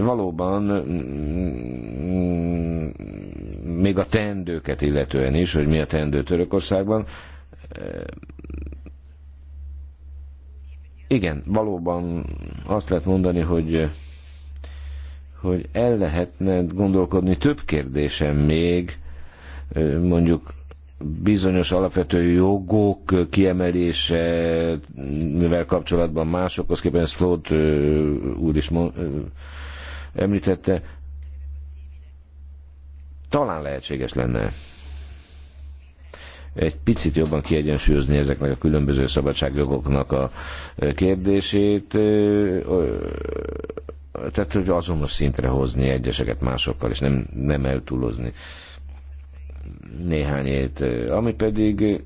Valóban mm, még a teendőket illetően is, hogy mi a teendő Törökországban, igen, valóban azt lehet mondani, hogy hogy el lehetne gondolkodni több kérdésen még, mondjuk bizonyos alapvető jogok kiemelése, mivel kapcsolatban másokhoz képest, ezt Flót úr is említette, talán lehetséges lenne egy picit jobban kiegyensúlyozni ezeknek a különböző szabadságjogoknak a e, kérdését, e, tehát hogy azonos szintre hozni egyeseket másokkal, és nem, nem eltúlozni néhányét. Ami pedig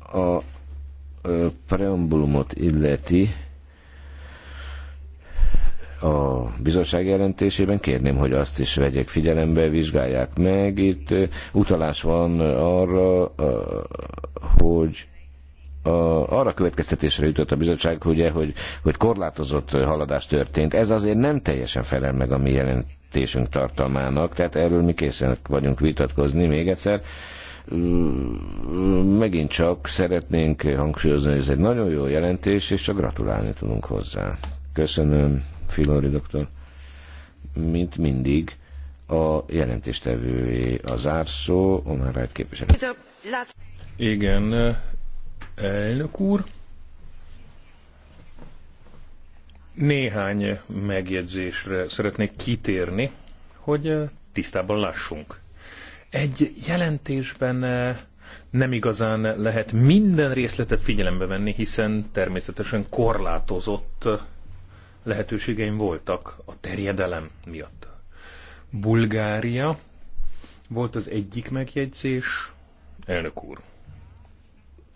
a e, preambulumot illeti, a bizottság jelentésében kérném, hogy azt is vegyék figyelembe, vizsgálják meg. Itt utalás van arra, hogy a, arra következtetésre jutott a bizottság, ugye, hogy, hogy korlátozott haladás történt. Ez azért nem teljesen felel meg a mi jelentésünk tartalmának, tehát erről mi készen vagyunk vitatkozni még egyszer. Mm, megint csak szeretnénk hangsúlyozni, hogy ez egy nagyon jó jelentés, és csak gratulálni tudunk hozzá. Köszönöm. Filori doktor. Mint mindig, a jelentéstevője az árszó, onnan Rájt képviselő. Igen, elnök úr. Néhány megjegyzésre szeretnék kitérni, hogy eh, tisztában lássunk. Egy jelentésben eh, nem igazán lehet minden részletet figyelembe venni, hiszen természetesen korlátozott eh, lehetőségeim voltak a terjedelem miatt. Bulgária volt az egyik megjegyzés, elnök úr.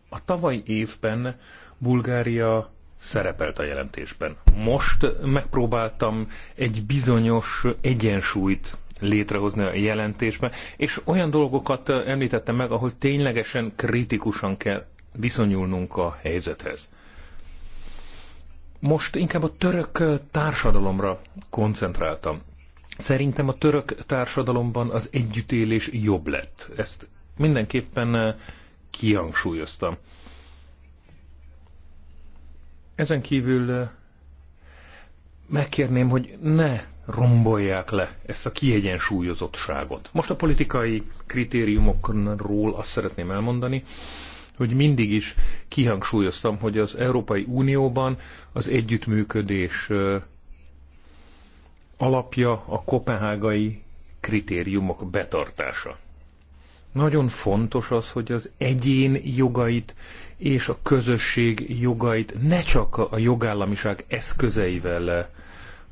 A tavaly évben Bulgária szerepelt a jelentésben. Most megpróbáltam egy bizonyos egyensúlyt létrehozni a jelentésben, és olyan dolgokat említettem meg, ahol ténylegesen kritikusan kell viszonyulnunk a helyzethez most inkább a török társadalomra koncentráltam. Szerintem a török társadalomban az együttélés jobb lett. Ezt mindenképpen eh, kihangsúlyoztam. Ezen kívül eh, megkérném, hogy ne rombolják le ezt a kiegyensúlyozottságot. Most a politikai kritériumokról azt szeretném elmondani, hogy mindig is kihangsúlyoztam, hogy az Európai Unióban az együttműködés alapja a kopenhágai kritériumok betartása. Nagyon fontos az, hogy az egyén jogait és a közösség jogait ne csak a jogállamiság eszközeivel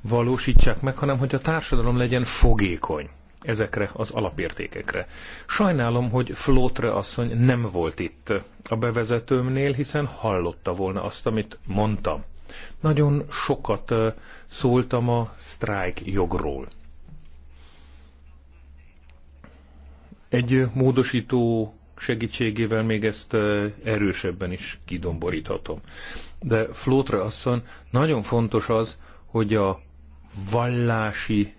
valósítsák meg, hanem hogy a társadalom legyen fogékony ezekre az alapértékekre. Sajnálom, hogy Flótre asszony nem volt itt a bevezetőmnél, hiszen hallotta volna azt, amit mondtam. Nagyon sokat szóltam a sztrájk jogról. Egy módosító segítségével még ezt erősebben is kidomboríthatom. De Flótre asszony nagyon fontos az, hogy a vallási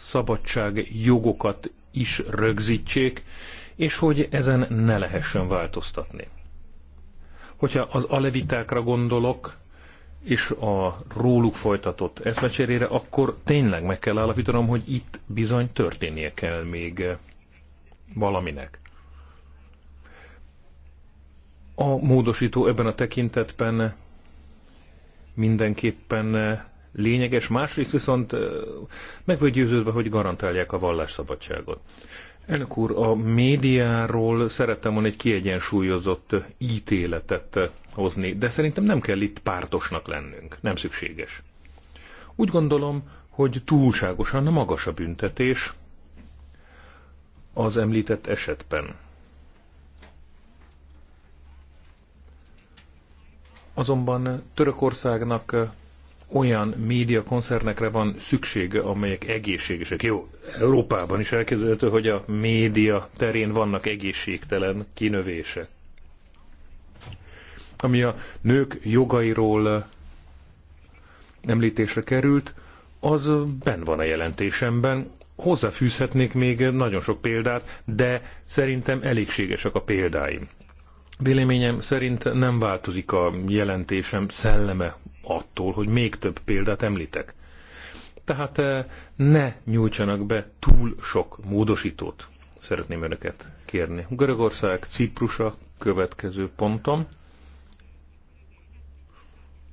szabadság jogokat is rögzítsék, és hogy ezen ne lehessen változtatni. Hogyha az alevitákra gondolok, és a róluk folytatott eszmecserére, akkor tényleg meg kell állapítanom, hogy itt bizony történnie kell még valaminek. A módosító ebben a tekintetben mindenképpen lényeges, másrészt viszont meg vagy győződve, hogy garantálják a vallásszabadságot. Elnök úr, a médiáról szerettem volna egy kiegyensúlyozott ítéletet hozni, de szerintem nem kell itt pártosnak lennünk, nem szükséges. Úgy gondolom, hogy túlságosan magas a büntetés az említett esetben. Azonban Törökországnak olyan koncernekre van szüksége, amelyek egészségesek. Jó, Európában is elképzelhető, hogy a média terén vannak egészségtelen kinövése. Ami a nők jogairól eh, említésre került, az ben van a jelentésemben. Hozzáfűzhetnék még nagyon sok példát, de szerintem elégségesek a példáim. Véleményem szerint nem változik a jelentésem szelleme attól, hogy még több példát említek. Tehát eh, ne nyújtsanak be túl sok módosítót. Szeretném önöket kérni. Görögország, Ciprusa következő pontom.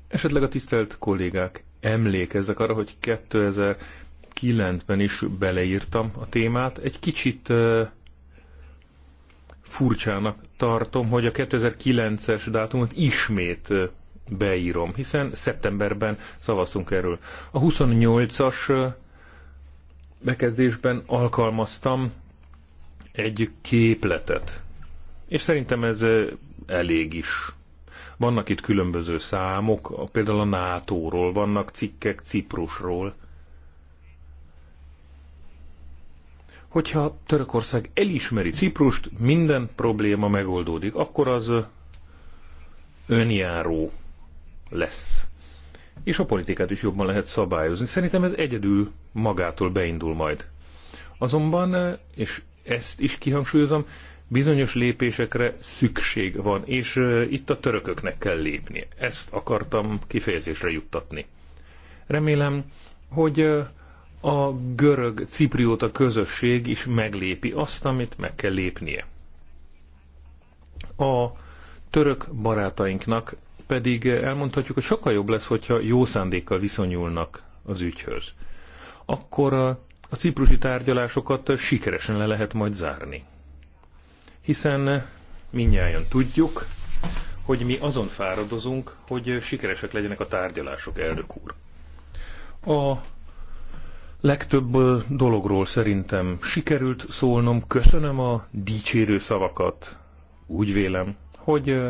Esetleg a tisztelt kollégák emlékeznek arra, hogy 2009-ben is beleírtam a témát. Egy kicsit eh, furcsának tartom, hogy a 2009-es dátumot ismét eh, beírom, hiszen szeptemberben szavaztunk erről. A 28-as bekezdésben alkalmaztam egy képletet, és szerintem ez elég is. Vannak itt különböző számok, például a NATO-ról, vannak cikkek Ciprusról. Hogyha Törökország elismeri Ciprust, minden probléma megoldódik, akkor az önjáró lesz. És a politikát is jobban lehet szabályozni. Szerintem ez egyedül magától beindul majd. Azonban, eh, és ezt is kihangsúlyozom, bizonyos lépésekre szükség van, és eh, itt a törököknek kell lépni. Ezt akartam kifejezésre juttatni. Remélem, hogy eh, a görög ciprióta közösség is meglépi azt, amit meg kell lépnie. A török barátainknak pedig elmondhatjuk, hogy sokkal jobb lesz, hogyha jó szándékkal viszonyulnak az ügyhöz. Akkor a, a ciprusi tárgyalásokat sikeresen le lehet majd zárni. Hiszen minnyáján tudjuk, hogy mi azon fáradozunk, hogy sikeresek legyenek a tárgyalások, elnök úr. A legtöbb dologról szerintem sikerült szólnom. Köszönöm a dicsérő szavakat. Úgy vélem, hogy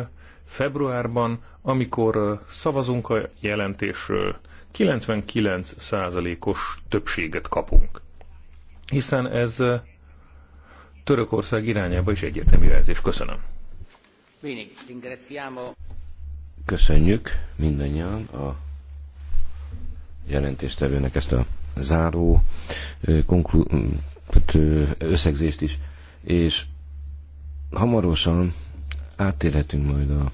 februárban, amikor szavazunk a jelentésről, 99%-os többséget kapunk. Hiszen ez Törökország irányába is egyértelmű jelzés. Köszönöm. Köszönjük mindannyian a jelentéstevőnek ezt a záró konklu- összegzést is, és hamarosan áttérhetünk majd a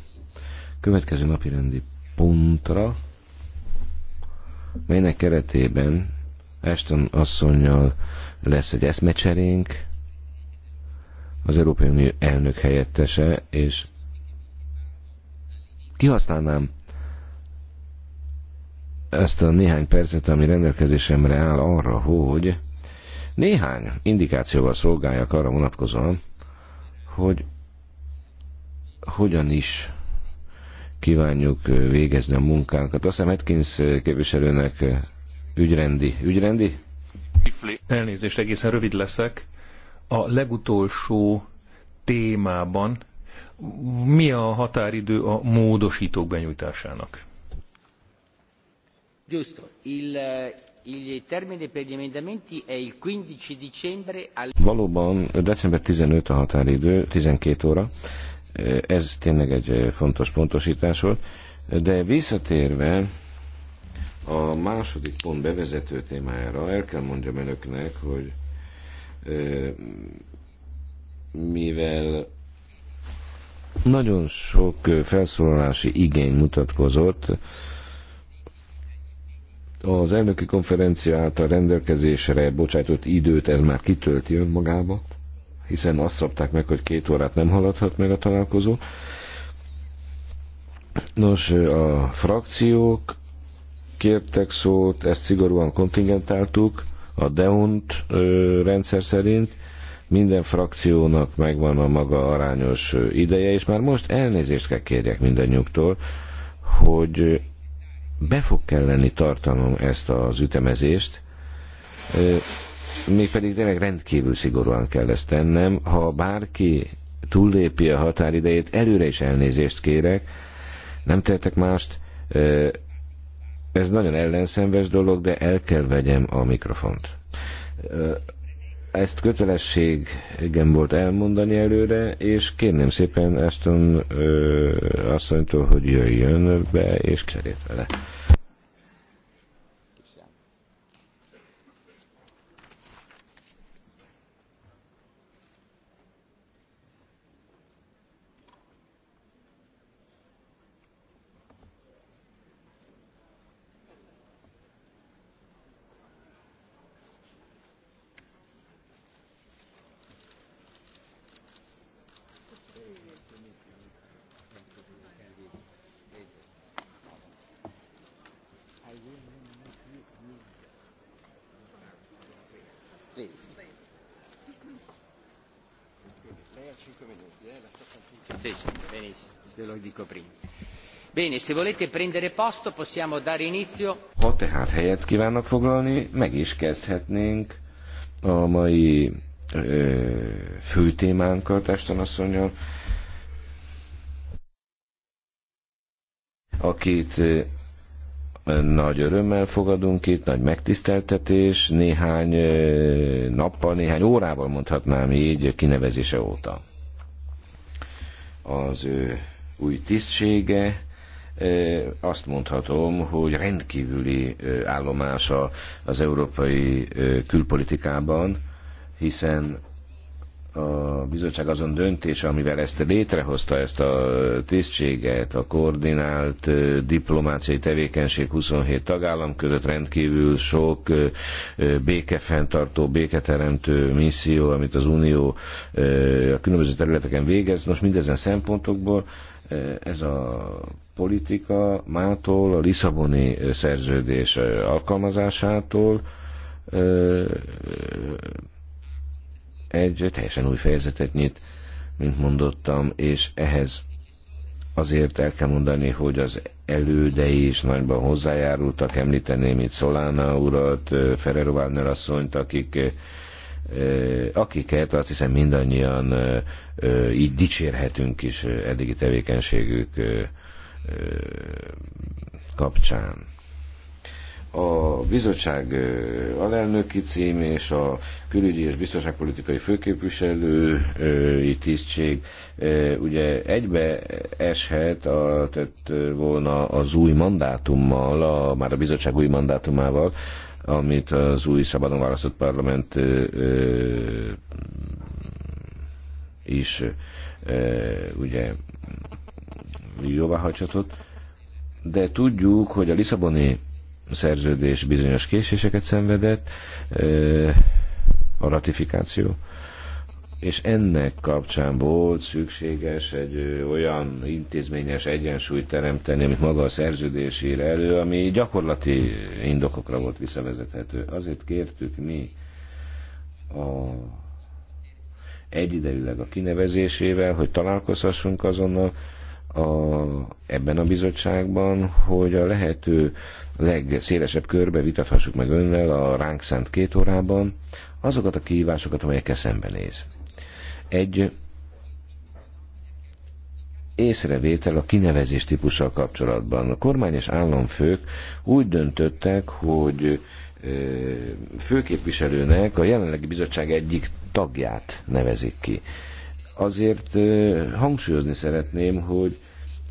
következő napi rendi pontra, melynek keretében Ashton asszonynal lesz egy eszmecserénk, az Európai Unió elnök helyettese, és kihasználnám ezt a néhány percet, ami rendelkezésemre áll arra, hogy néhány indikációval szolgáljak arra vonatkozóan, hogy hogyan is kívánjuk végezni a munkánkat. Azt hiszem Atkins képviselőnek ügyrendi. Ügyrendi? Elnézést, egészen rövid leszek. A legutolsó témában mi a határidő a módosítók benyújtásának? Giusto. Il, eh, il termine per gli emendamenti è il 15 dicembre al... Valóban december 15 a határidő, 12 óra ez tényleg egy eh, fontos pontosítás volt. De visszatérve a második pont bevezető témájára, el kell mondjam önöknek, hogy eh, mivel nagyon sok eh, felszólalási igény mutatkozott, az elnöki konferencia által rendelkezésre bocsájtott időt ez már kitölti önmagába, hiszen azt szabták meg, hogy két órát nem haladhat meg a találkozó. Nos, a frakciók kértek szót, ezt szigorúan kontingentáltuk, a DEUNT rendszer szerint minden frakciónak megvan a maga arányos ideje, és már most elnézést kell kérjek mindannyiuktól, hogy be fog kelleni tartanom ezt az ütemezést, mi pedig tényleg rendkívül szigorúan kell ezt tennem. Ha bárki túllépi a határidejét, előre is elnézést kérek, nem tehetek mást. Ez nagyon ellenszenves dolog, de el kell vegyem a mikrofont. Ezt igen volt elmondani előre, és kérném szépen Aston asszonytól, hogy jöjjön be, és cserét vele. ha Ha tehát helyet kívánnak foglalni, meg is kezdhetnénk a mai ö, fő témánkat, Eston asszonyjal. akit nagy örömmel fogadunk itt, nagy megtiszteltetés, néhány nappal, néhány órával mondhatnám így kinevezése óta. Az ő új tisztsége, azt mondhatom, hogy rendkívüli állomása az európai külpolitikában, hiszen a bizottság azon döntése, amivel ezt létrehozta, ezt a tisztséget, a koordinált diplomáciai tevékenység 27 tagállam között rendkívül sok békefenntartó, béketeremtő misszió, amit az Unió a különböző területeken végez. Nos, mindezen szempontokból ez a politika mától, a Lisszaboni szerződés alkalmazásától egy teljesen új fejezetet nyit, mint mondottam, és ehhez azért el kell mondani, hogy az elődei is nagyban hozzájárultak, említeném itt Szolána urat, Ferrero Wagner asszonyt, akik akiket azt hiszem mindannyian így dicsérhetünk is eddigi tevékenységük kapcsán a bizottság alelnöki cím és a külügyi és biztonságpolitikai főképviselői tisztség ugye egybe eshet a, tett volna az új mandátummal, a, már a bizottság új mandátumával, amit az új szabadon választott parlament ö, ö, is ö, ugye jóvá hagyhatott, de tudjuk, hogy a Lisszaboni szerződés bizonyos késéseket szenvedett, a ratifikáció, és ennek kapcsán volt szükséges egy olyan intézményes egyensúlyt teremteni, amit maga a szerződés ír elő, ami gyakorlati indokokra volt visszavezethető. Azért kértük mi a egyidejűleg a kinevezésével, hogy találkozhassunk azonnal, a, ebben a bizottságban, hogy a lehető legszélesebb körbe vitathassuk meg önnel a ránk szánt két órában azokat a kihívásokat, eszembe néz. Egy észrevétel a kinevezés típussal kapcsolatban. A kormány és államfők úgy döntöttek, hogy főképviselőnek a jelenlegi bizottság egyik tagját nevezik ki. Azért hangsúlyozni szeretném, hogy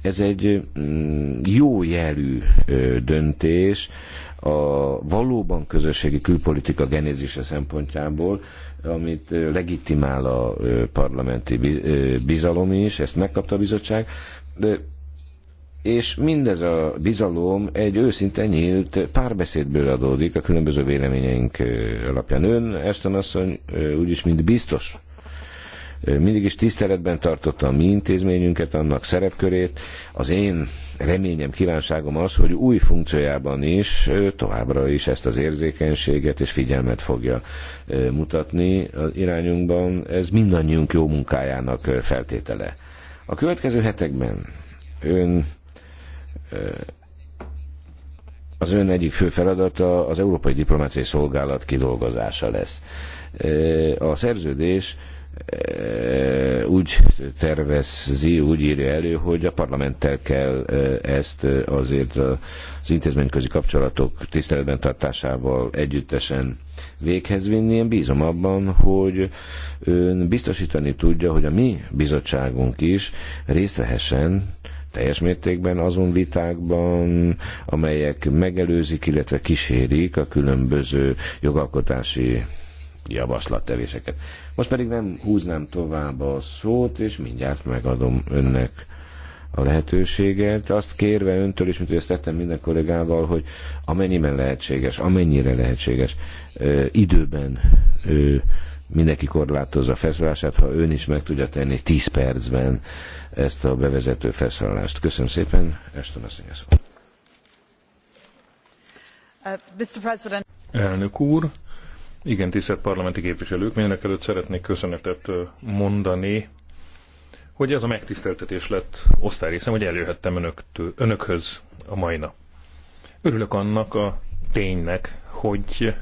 ez egy mm, jó jelű döntés a valóban közösségi külpolitika genézise szempontjából, amit legitimál a parlamenti bizalom is, ezt megkapta a bizottság, de és mindez a bizalom egy őszinte nyílt párbeszédből adódik a különböző véleményeink alapján. Ön, Eston asszony, úgyis mint biztos mindig is tiszteletben tartotta a mi intézményünket, annak szerepkörét. Az én reményem, kívánságom az, hogy új funkciójában is továbbra is ezt az érzékenységet és figyelmet fogja mutatni az irányunkban. Ez mindannyiunk jó munkájának feltétele. A következő hetekben ön az ön egyik fő feladata az Európai Diplomáciai Szolgálat kidolgozása lesz. A szerződés úgy tervezi, úgy írja elő, hogy a parlamenttel kell ezt azért az intézményközi kapcsolatok tiszteletben tartásával együttesen véghez vinni. Én bízom abban, hogy ön biztosítani tudja, hogy a mi bizottságunk is részt vehessen teljes mértékben azon vitákban, amelyek megelőzik, illetve kísérik a különböző jogalkotási javaslattevéseket. Most pedig nem húznám tovább a szót, és mindjárt megadom önnek a lehetőséget, azt kérve öntől is, mint hogy ezt tettem minden kollégával, hogy amennyiben lehetséges, amennyire lehetséges, ö, időben ö, mindenki korlátozza felszólását, ha ön is meg tudja tenni 10 percben ezt a bevezető felszólalást. Köszönöm szépen, Eston asszony uh, President. Elnök úr, igen, tisztelt parlamenti képviselők, mindenek előtt szeretnék köszönetet mondani, hogy ez a megtiszteltetés lett osztályrészem, hogy előhettem önöktől, önökhöz a mai nap. Örülök annak a ténynek, hogy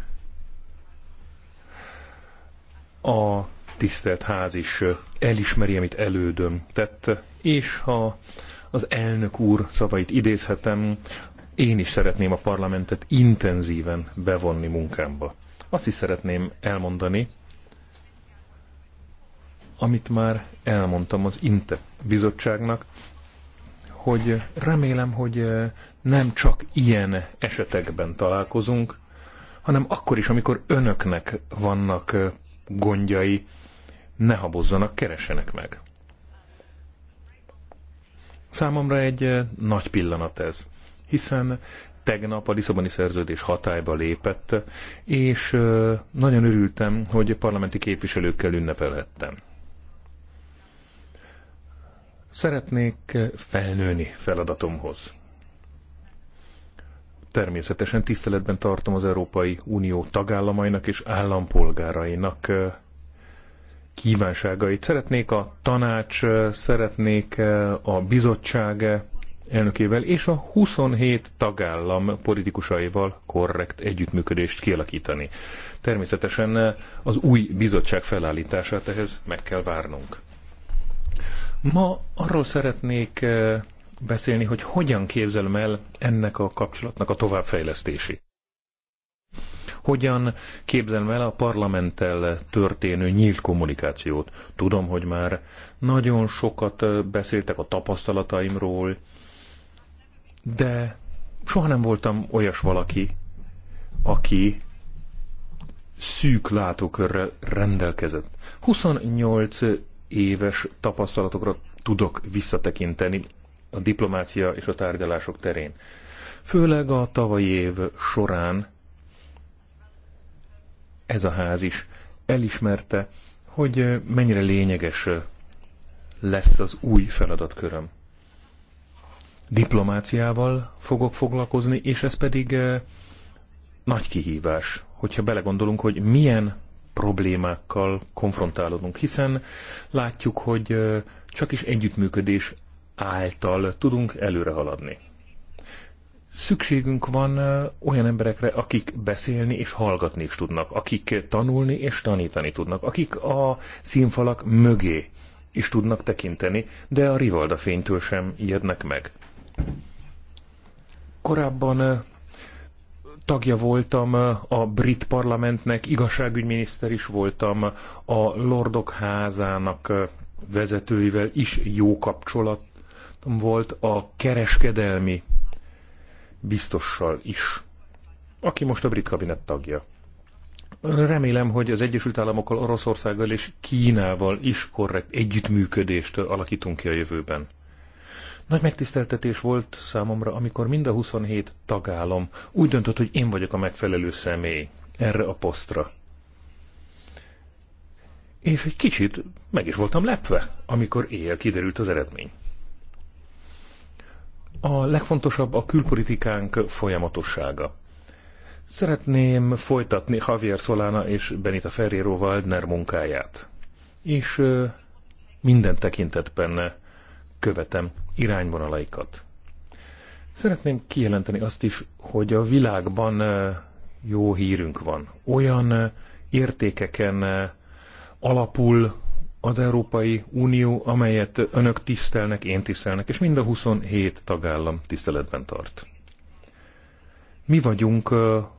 a tisztelt ház is elismeri, amit elődöm tett, és ha az elnök úr szavait idézhetem, én is szeretném a parlamentet intenzíven bevonni munkámba. Azt is szeretném elmondani, amit már elmondtam az INTE bizottságnak, hogy remélem, hogy eh, nem csak ilyen esetekben találkozunk, hanem akkor is, amikor önöknek vannak eh, gondjai, ne habozzanak, keresenek meg. Számomra egy eh, nagy pillanat ez, hiszen tegnap a Lisszaboni szerződés hatályba lépett, és nagyon örültem, hogy parlamenti képviselőkkel ünnepelhettem. Szeretnék felnőni feladatomhoz. Természetesen tiszteletben tartom az Európai Unió tagállamainak és állampolgárainak kívánságait. Szeretnék a tanács, szeretnék a bizottság elnökével és a 27 tagállam politikusaival korrekt együttműködést kialakítani. Természetesen az új bizottság felállítását ehhez meg kell várnunk. Ma arról szeretnék eh, beszélni, hogy hogyan képzelem el ennek a kapcsolatnak a továbbfejlesztési. Hogyan képzelem el a parlamenttel történő nyílt kommunikációt? Tudom, hogy már nagyon sokat eh, beszéltek a tapasztalataimról, de soha nem voltam olyas valaki, aki szűk látókörrel rendelkezett. 28 éves tapasztalatokra tudok visszatekinteni a diplomácia és a tárgyalások terén. Főleg a tavalyi év során ez a ház is elismerte, hogy mennyire lényeges lesz az új feladatköröm diplomáciával fogok foglalkozni, és ez pedig eh, nagy kihívás, hogyha belegondolunk, hogy milyen problémákkal konfrontálódunk, hiszen látjuk, hogy eh, csak is együttműködés által tudunk előre haladni. Szükségünk van eh, olyan emberekre, akik beszélni és hallgatni is tudnak, akik tanulni és tanítani tudnak, akik a színfalak mögé is tudnak tekinteni, de a rivalda fénytől sem ijednek meg. Korábban tagja voltam a brit parlamentnek, igazságügyminiszter is voltam, a Lordok házának vezetőivel is jó kapcsolat volt a kereskedelmi biztossal is, aki most a brit kabinet tagja. Remélem, hogy az Egyesült Államokkal, Oroszországgal és Kínával is korrekt együttműködést alakítunk ki a jövőben. Nagy megtiszteltetés volt számomra, amikor mind a 27 tagállam úgy döntött, hogy én vagyok a megfelelő személy erre a posztra. És egy kicsit meg is voltam lepve, amikor éjjel kiderült az eredmény. A legfontosabb a külpolitikánk folyamatossága. Szeretném folytatni Javier Solana és Benita Ferrero Waldner munkáját. És minden tekintetben követem irányvonalaikat. Szeretném kijelenteni azt is, hogy a világban jó hírünk van. Olyan értékeken alapul az Európai Unió, amelyet önök tisztelnek, én tisztelnek, és mind a 27 tagállam tiszteletben tart. Mi vagyunk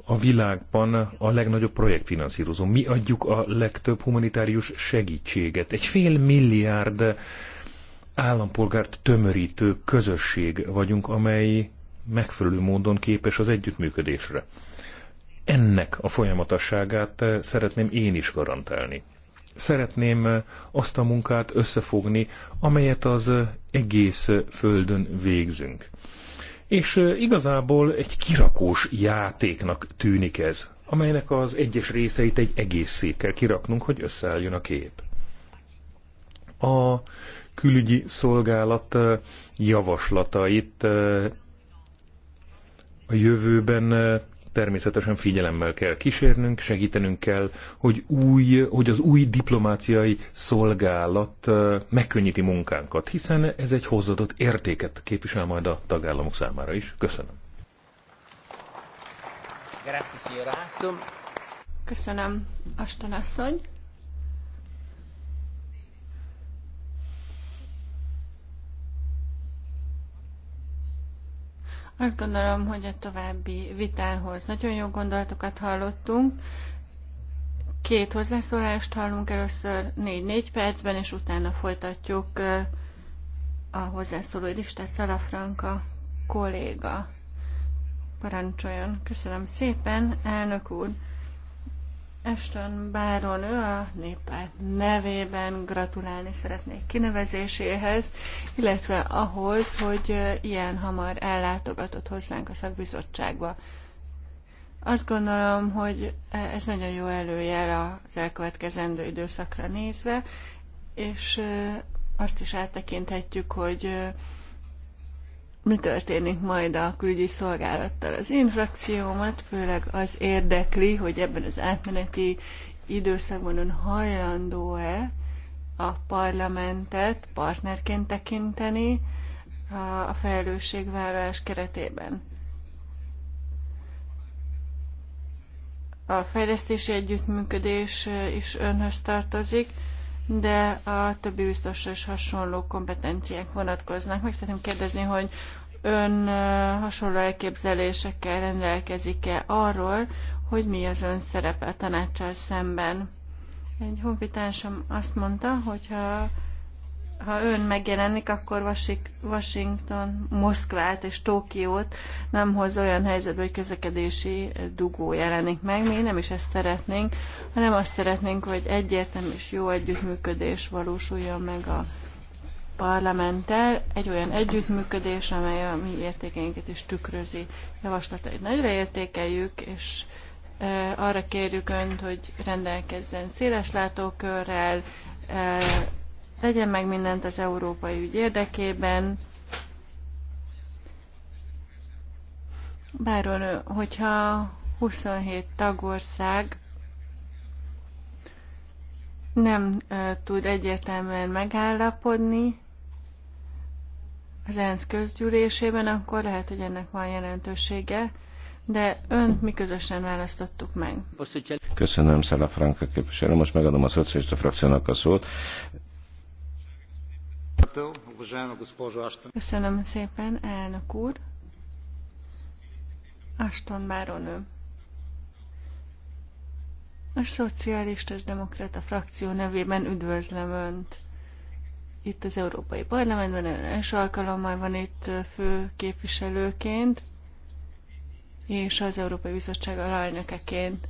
a világban a legnagyobb projektfinanszírozó. Mi adjuk a legtöbb humanitárius segítséget. Egy fél milliárd állampolgárt tömörítő közösség vagyunk, amely megfelelő módon képes az együttműködésre. Ennek a folyamatosságát szeretném én is garantálni. Szeretném azt a munkát összefogni, amelyet az egész Földön végzünk. És igazából egy kirakós játéknak tűnik ez, amelynek az egyes részeit egy egész székkel kiraknunk, hogy összeálljon a kép. A külügyi szolgálat javaslatait a jövőben természetesen figyelemmel kell kísérnünk, segítenünk kell, hogy, új, hogy az új diplomáciai szolgálat megkönnyíti munkánkat, hiszen ez egy hozzadott értéket képvisel majd a tagállamok számára is. Köszönöm. Köszönöm, Aston asszony. Azt gondolom, hogy a további vitához nagyon jó gondolatokat hallottunk. Két hozzászólást hallunk először 4-4 percben, és utána folytatjuk a hozzászóló listát Szalafranka kolléga. Parancsoljon. Köszönöm szépen, elnök úr. Eston Báron, ő a néppárt nevében gratulálni szeretnék kinevezéséhez, illetve ahhoz, hogy ilyen hamar ellátogatott hozzánk a szakbizottságba. Azt gondolom, hogy ez nagyon jó előjel az elkövetkezendő időszakra nézve, és azt is áttekinthetjük, hogy mi történik majd a külügyi szolgálattal. Az infrakciómat főleg az érdekli, hogy ebben az átmeneti időszakban ön hajlandó-e a parlamentet partnerként tekinteni a felelősségvállalás keretében. A fejlesztési együttműködés is önhöz tartozik de a többi biztosra is hasonló kompetenciák vonatkoznak. Meg szeretném kérdezni, hogy ön hasonló elképzelésekkel rendelkezik-e arról, hogy mi az ön szerepe a tanácssal szemben? Egy honfitársam azt mondta, hogyha ha ön megjelenik, akkor Washington, Moszkvát és Tokiót nem hoz olyan helyzetbe, hogy közlekedési dugó jelenik meg. Mi nem is ezt szeretnénk, hanem azt szeretnénk, hogy egyértelmű és jó együttműködés valósuljon meg a parlamenttel, egy olyan együttműködés, amely a mi értékeinket is tükrözi. Javaslatait nagyra értékeljük, és arra kérjük Önt, hogy rendelkezzen széles látókörrel, tegyen meg mindent az európai ügy érdekében. Bár hogyha 27 tagország nem tud egyértelműen megállapodni az ENSZ közgyűlésében, akkor lehet, hogy ennek van jelentősége, de önt mi közösen választottuk meg. Köszönöm, Szala Franka képviselő. Most megadom a szocialista frakciónak a szót. Köszönöm szépen, elnök úr. Aston Báronő. A Szocialista és Demokrata frakció nevében üdvözlöm Önt. Itt az Európai Parlamentben ön első alkalommal van itt fő képviselőként, és az Európai Bizottság alelnökeként.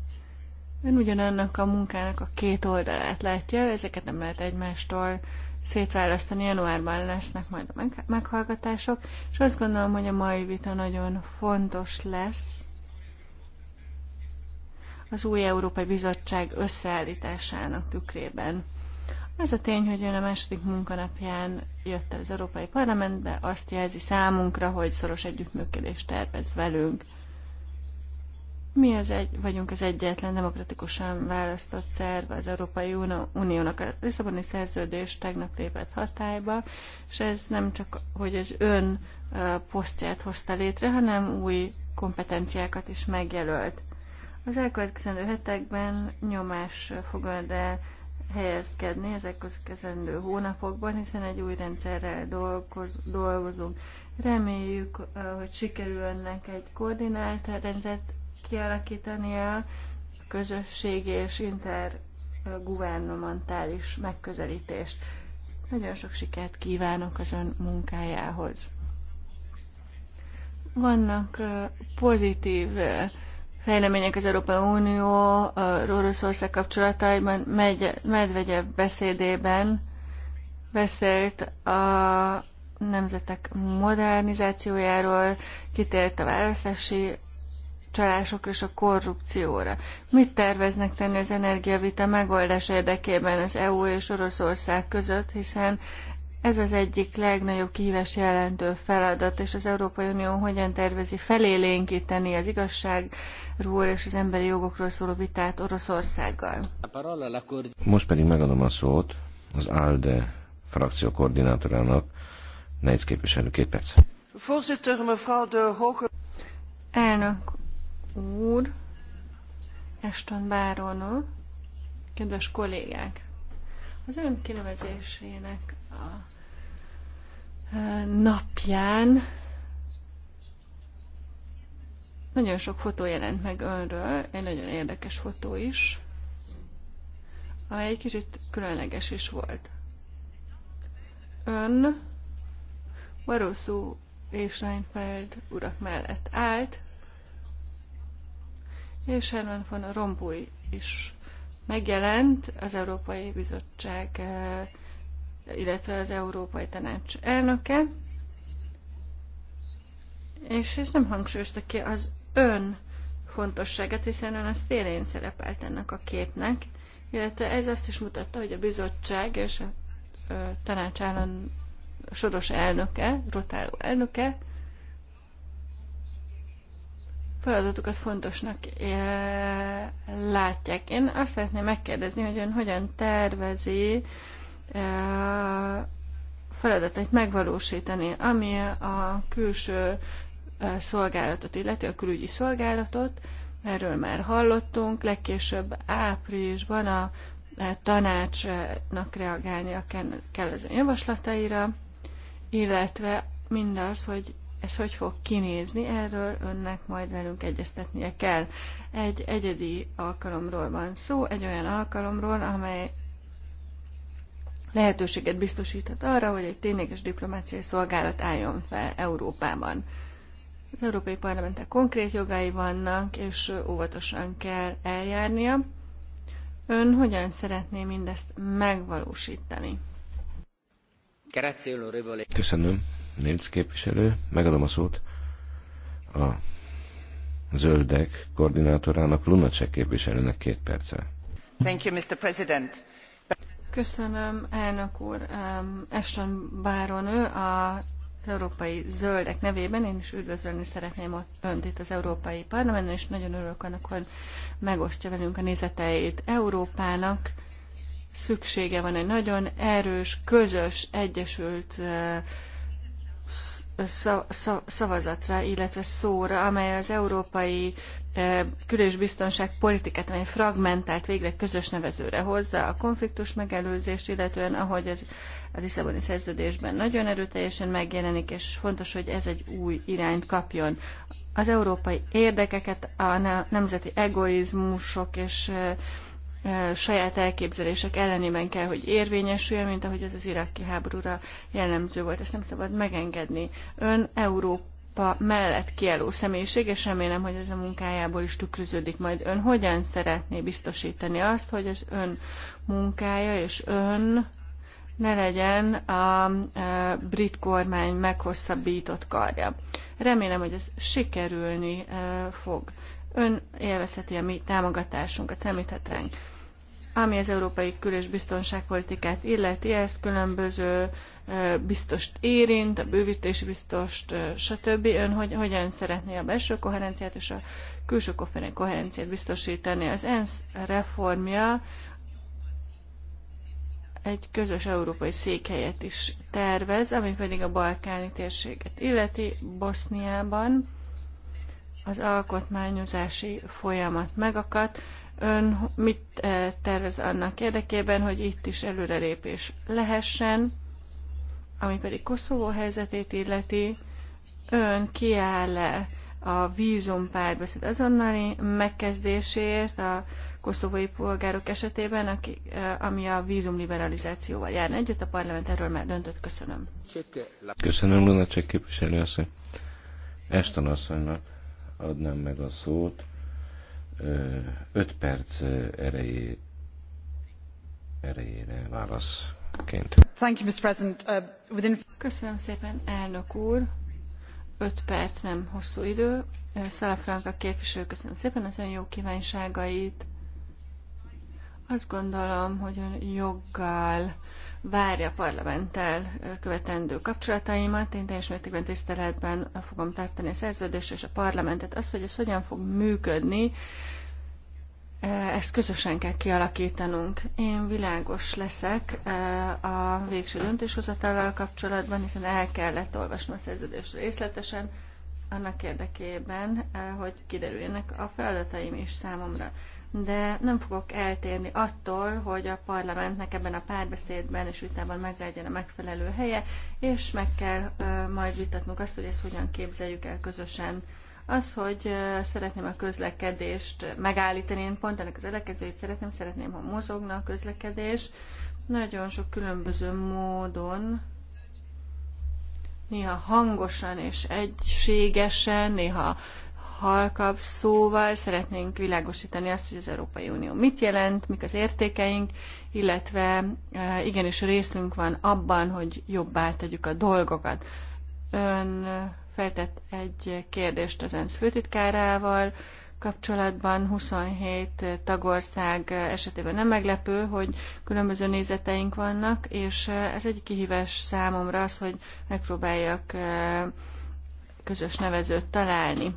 Ön ugyanannak a munkának a két oldalát látja, ezeket nem lehet egymástól szétválasztani. Januárban lesznek majd a meghallgatások, és azt gondolom, hogy a mai vita nagyon fontos lesz az új Európai Bizottság összeállításának tükrében. Ez a tény, hogy ön a második munkanapján jött el az Európai Parlamentbe, azt jelzi számunkra, hogy szoros együttműködést tervez velünk. Mi az egy, vagyunk az egyetlen demokratikusan választott szerv az Európai Uniónak. A Lisszaboni szerződés tegnap lépett hatályba, és ez nem csak, hogy az ön posztját hozta létre, hanem új kompetenciákat is megjelölt. Az elkövetkezendő hetekben nyomás fog de helyezkedni ezek következendő hónapokban, hiszen egy új rendszerrel dolgoz, dolgozunk. Reméljük, hogy sikerül ennek egy koordinált rendszert kialakítani a közösség és intergubernamentális megközelítést. Nagyon sok sikert kívánok az ön munkájához. Vannak pozitív fejlemények az Európai Unió Oroszország kapcsolataiban. Medvegyev beszédében beszélt a nemzetek modernizációjáról, kitért a választási csalások és a korrupcióra. Mit terveznek tenni az energiavita megoldás érdekében az EU és Oroszország között, hiszen ez az egyik legnagyobb kihívás jelentő feladat, és az Európai Unió hogyan tervezi felélénkíteni az igazságról és az emberi jogokról szóló vitát Oroszországgal. Most pedig megadom a szót az ALDE frakció koordinátorának, Nehéz képviselő, két perc. Elnök úr, Eston Bárona, kedves kollégák! Az ön kinevezésének a napján nagyon sok fotó jelent meg önről, egy nagyon érdekes fotó is, amely egy kicsit különleges is volt. Ön Barroso és Reinfeld urak mellett állt, és Ellen van Rompuy is megjelent az Európai Bizottság, eh, illetve az Európai Tanács elnöke, és ez nem hangsúlyozta ki az ön fontosságát, hiszen ön az félén szerepelt ennek a képnek, illetve ez azt is mutatta, hogy a bizottság és a tanács állam soros elnöke, rotáló elnöke feladatukat fontosnak e, látják. Én azt szeretném megkérdezni, hogy ön hogyan tervezi e, feladatait megvalósítani, ami a külső e, szolgálatot illeti, a külügyi szolgálatot, erről már hallottunk, legkésőbb áprilisban a tanácsnak reagálnia kell az javaslataira, illetve mindaz, hogy ez hogy fog kinézni, erről önnek majd velünk egyeztetnie kell. Egy egyedi alkalomról van szó, egy olyan alkalomról, amely lehetőséget biztosíthat arra, hogy egy tényleges diplomáciai szolgálat álljon fel Európában. Az Európai Parlamentnek konkrét jogai vannak, és óvatosan kell eljárnia. Ön hogyan szeretné mindezt megvalósítani? Köszönöm. Nilc képviselő, megadom a szót a zöldek koordinátorának Lunacek képviselőnek két perccel. Thank you, Mr. President. Köszönöm, elnök úr. Eston um, Báronő, a Európai Zöldek nevében én is üdvözölni szeretném önt itt az Európai Parlamentben, és nagyon örülök annak, hogy megosztja velünk a nézeteit Európának. Szüksége van egy nagyon erős, közös, egyesült uh, szavazatra, illetve szóra, amely az európai e, kül- és biztonságpolitikát, amely fragmentált végre közös nevezőre hozza a konfliktus megelőzést, illetően ahogy ez a Lisszaboni szerződésben nagyon erőteljesen megjelenik, és fontos, hogy ez egy új irányt kapjon. Az európai érdekeket, a nemzeti egoizmusok és e, saját elképzelések ellenében kell, hogy érvényesüljön, mint ahogy ez az iraki háborúra jellemző volt. Ezt nem szabad megengedni. Ön Európa mellett kiálló személyiség, és remélem, hogy ez a munkájából is tükröződik majd. Ön hogyan szeretné biztosítani azt, hogy az ön munkája és ön ne legyen a, brit kormány meghosszabbított karja. Remélem, hogy ez sikerülni fog. Ön élvezheti a mi támogatásunkat, említhet ránk. Ami az európai kül- és biztonságpolitikát illeti, ezt különböző biztost érint, a bővítés biztost, stb. Ön hogy, hogyan szeretné a belső koherenciát és a külső koherenciát biztosítani? Az ENSZ reformja egy közös európai székhelyet is tervez, ami pedig a balkáni térséget illeti Boszniában. Az alkotmányozási folyamat megakadt, Ön mit eh, tervez annak érdekében, hogy itt is előrelépés lehessen, ami pedig Koszovó helyzetét illeti, ön kiáll-e a vízum párbeszéd azonnali megkezdéséért a koszovói polgárok esetében, aki, eh, ami a vízum liberalizációval jár együtt. A parlament erről már döntött. Köszönöm. Köszönöm, Luna Lunacek képviselő asszony. Eston asszonynak adnám meg a szót. 5 perc erejé, erejére válaszként. Thank you, Mr. President. Uh, within... Köszönöm szépen, elnök úr. 5 perc nem hosszú idő. Szalafranka képviselő, köszönöm szépen az ön jó kívánságait. Azt gondolom, hogy ön joggal várja a parlamenttel követendő kapcsolataimat. Én teljes mértékben tiszteletben fogom tartani a szerződést és a parlamentet. Az, hogy ez hogyan fog működni, ezt közösen kell kialakítanunk. Én világos leszek eh, a végső döntéshozatállal kapcsolatban, hiszen el kellett olvasnom a szerződést részletesen, annak érdekében, eh, hogy kiderüljenek a feladataim is számomra de nem fogok eltérni attól, hogy a parlamentnek ebben a párbeszédben és vitában meglegyen a megfelelő helye, és meg kell majd vitatnunk azt, hogy ezt hogyan képzeljük el közösen. Az, hogy szeretném a közlekedést megállítani, én pont ennek az elekezőjét szeretném, szeretném, ha mozogna a közlekedés. Nagyon sok különböző módon néha hangosan és egységesen, néha halkabb szóval szeretnénk világosítani azt, hogy az Európai Unió mit jelent, mik az értékeink, illetve e, igenis részünk van abban, hogy jobbá tegyük a dolgokat. Ön feltett egy kérdést az ENSZ főtitkárával, kapcsolatban 27 tagország esetében nem meglepő, hogy különböző nézeteink vannak, és e, ez egy kihívás számomra az, hogy megpróbáljak e, közös nevezőt találni.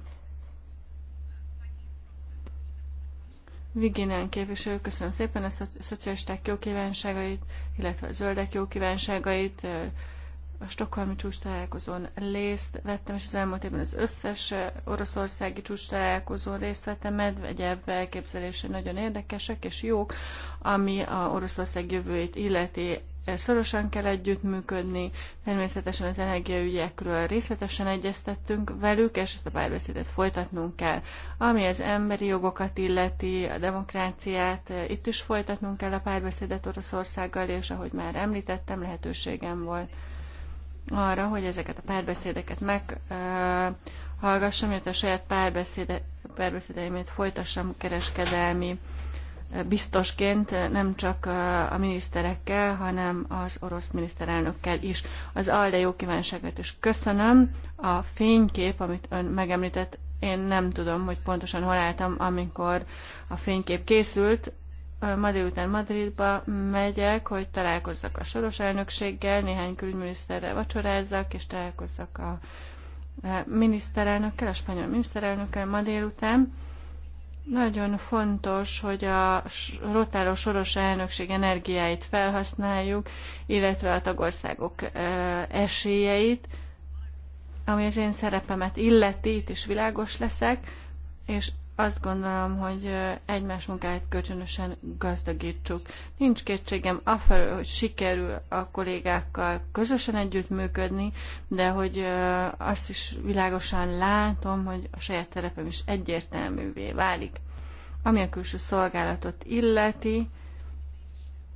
Vigénán képviselő, köszönöm szépen a szocialisták jó kívánságait, illetve a zöldek jó kívánságait, a stokholmi csúcs találkozón részt vettem, és az elmúlt évben az összes oroszországi csúcs találkozón részt vettem. Medvegyev elképzelése nagyon érdekesek és jók, ami a Oroszország jövőjét illeti. Szorosan kell együttműködni, természetesen az energiaügyekről részletesen egyeztettünk velük, és ezt a párbeszédet folytatnunk kell. Ami az emberi jogokat illeti, a demokráciát, itt is folytatnunk kell a párbeszédet Oroszországgal, és ahogy már említettem, lehetőségem volt arra, hogy ezeket a párbeszédeket meghallgassam, illetve a saját párbeszéde, párbeszédeimet folytassam kereskedelmi biztosként nem csak a miniszterekkel, hanem az orosz miniszterelnökkel is. Az ALDE jó kívánságot is köszönöm. A fénykép, amit ön megemlített, én nem tudom, hogy pontosan hol álltam, amikor a fénykép készült, ma délután Madridba megyek, hogy találkozzak a soros elnökséggel, néhány külügyminiszterrel vacsorázzak, és találkozzak a e, miniszterelnökkel, a spanyol miniszterelnökkel ma délután. Nagyon fontos, hogy a rotáló soros elnökség energiáit felhasználjuk, illetve a tagországok e, esélyeit, ami az én szerepemet illeti, itt is világos leszek, és azt gondolom, hogy egymás munkáját kölcsönösen gazdagítsuk. Nincs kétségem afelől, hogy sikerül a kollégákkal közösen együttműködni, de hogy azt is világosan látom, hogy a saját terepem is egyértelművé válik. Ami a külső szolgálatot illeti,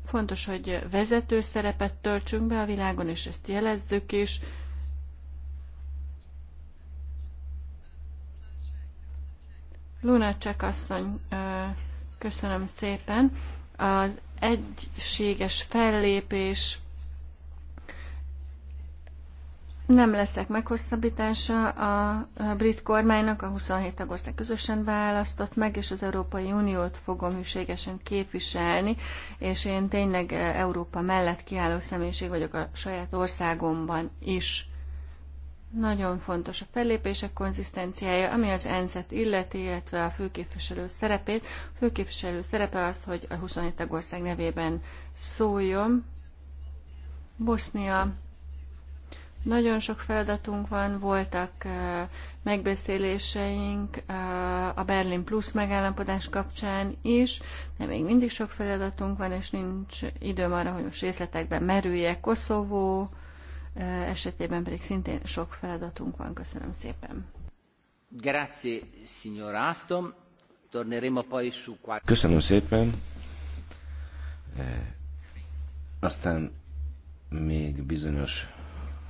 fontos, hogy vezető szerepet töltsünk be a világon, és ezt jelezzük is, Luna asszony, köszönöm szépen. Az egységes fellépés nem leszek meghosszabbítása a brit kormánynak, a 27 tagország közösen választott meg, és az Európai Uniót fogom hűségesen képviselni, és én tényleg Európa mellett kiálló személyiség vagyok a saját országomban is. Nagyon fontos a fellépések konzisztenciája, ami az ENSZ-et illeti, illetve a főképviselő szerepét. A főképviselő szerepe az, hogy a 27 tagország nevében szóljon. Bosznia nagyon sok feladatunk van, voltak megbeszéléseink a Berlin Plus megállapodás kapcsán is, de még mindig sok feladatunk van, és nincs időm arra, hogy most részletekben merüljek. Koszovó, Eh, esetében pedig szintén sok feladatunk van. Köszönöm szépen. Grazie, signor Aston. Torneremo poi su Köszönöm szépen. Eh, aztán még bizonyos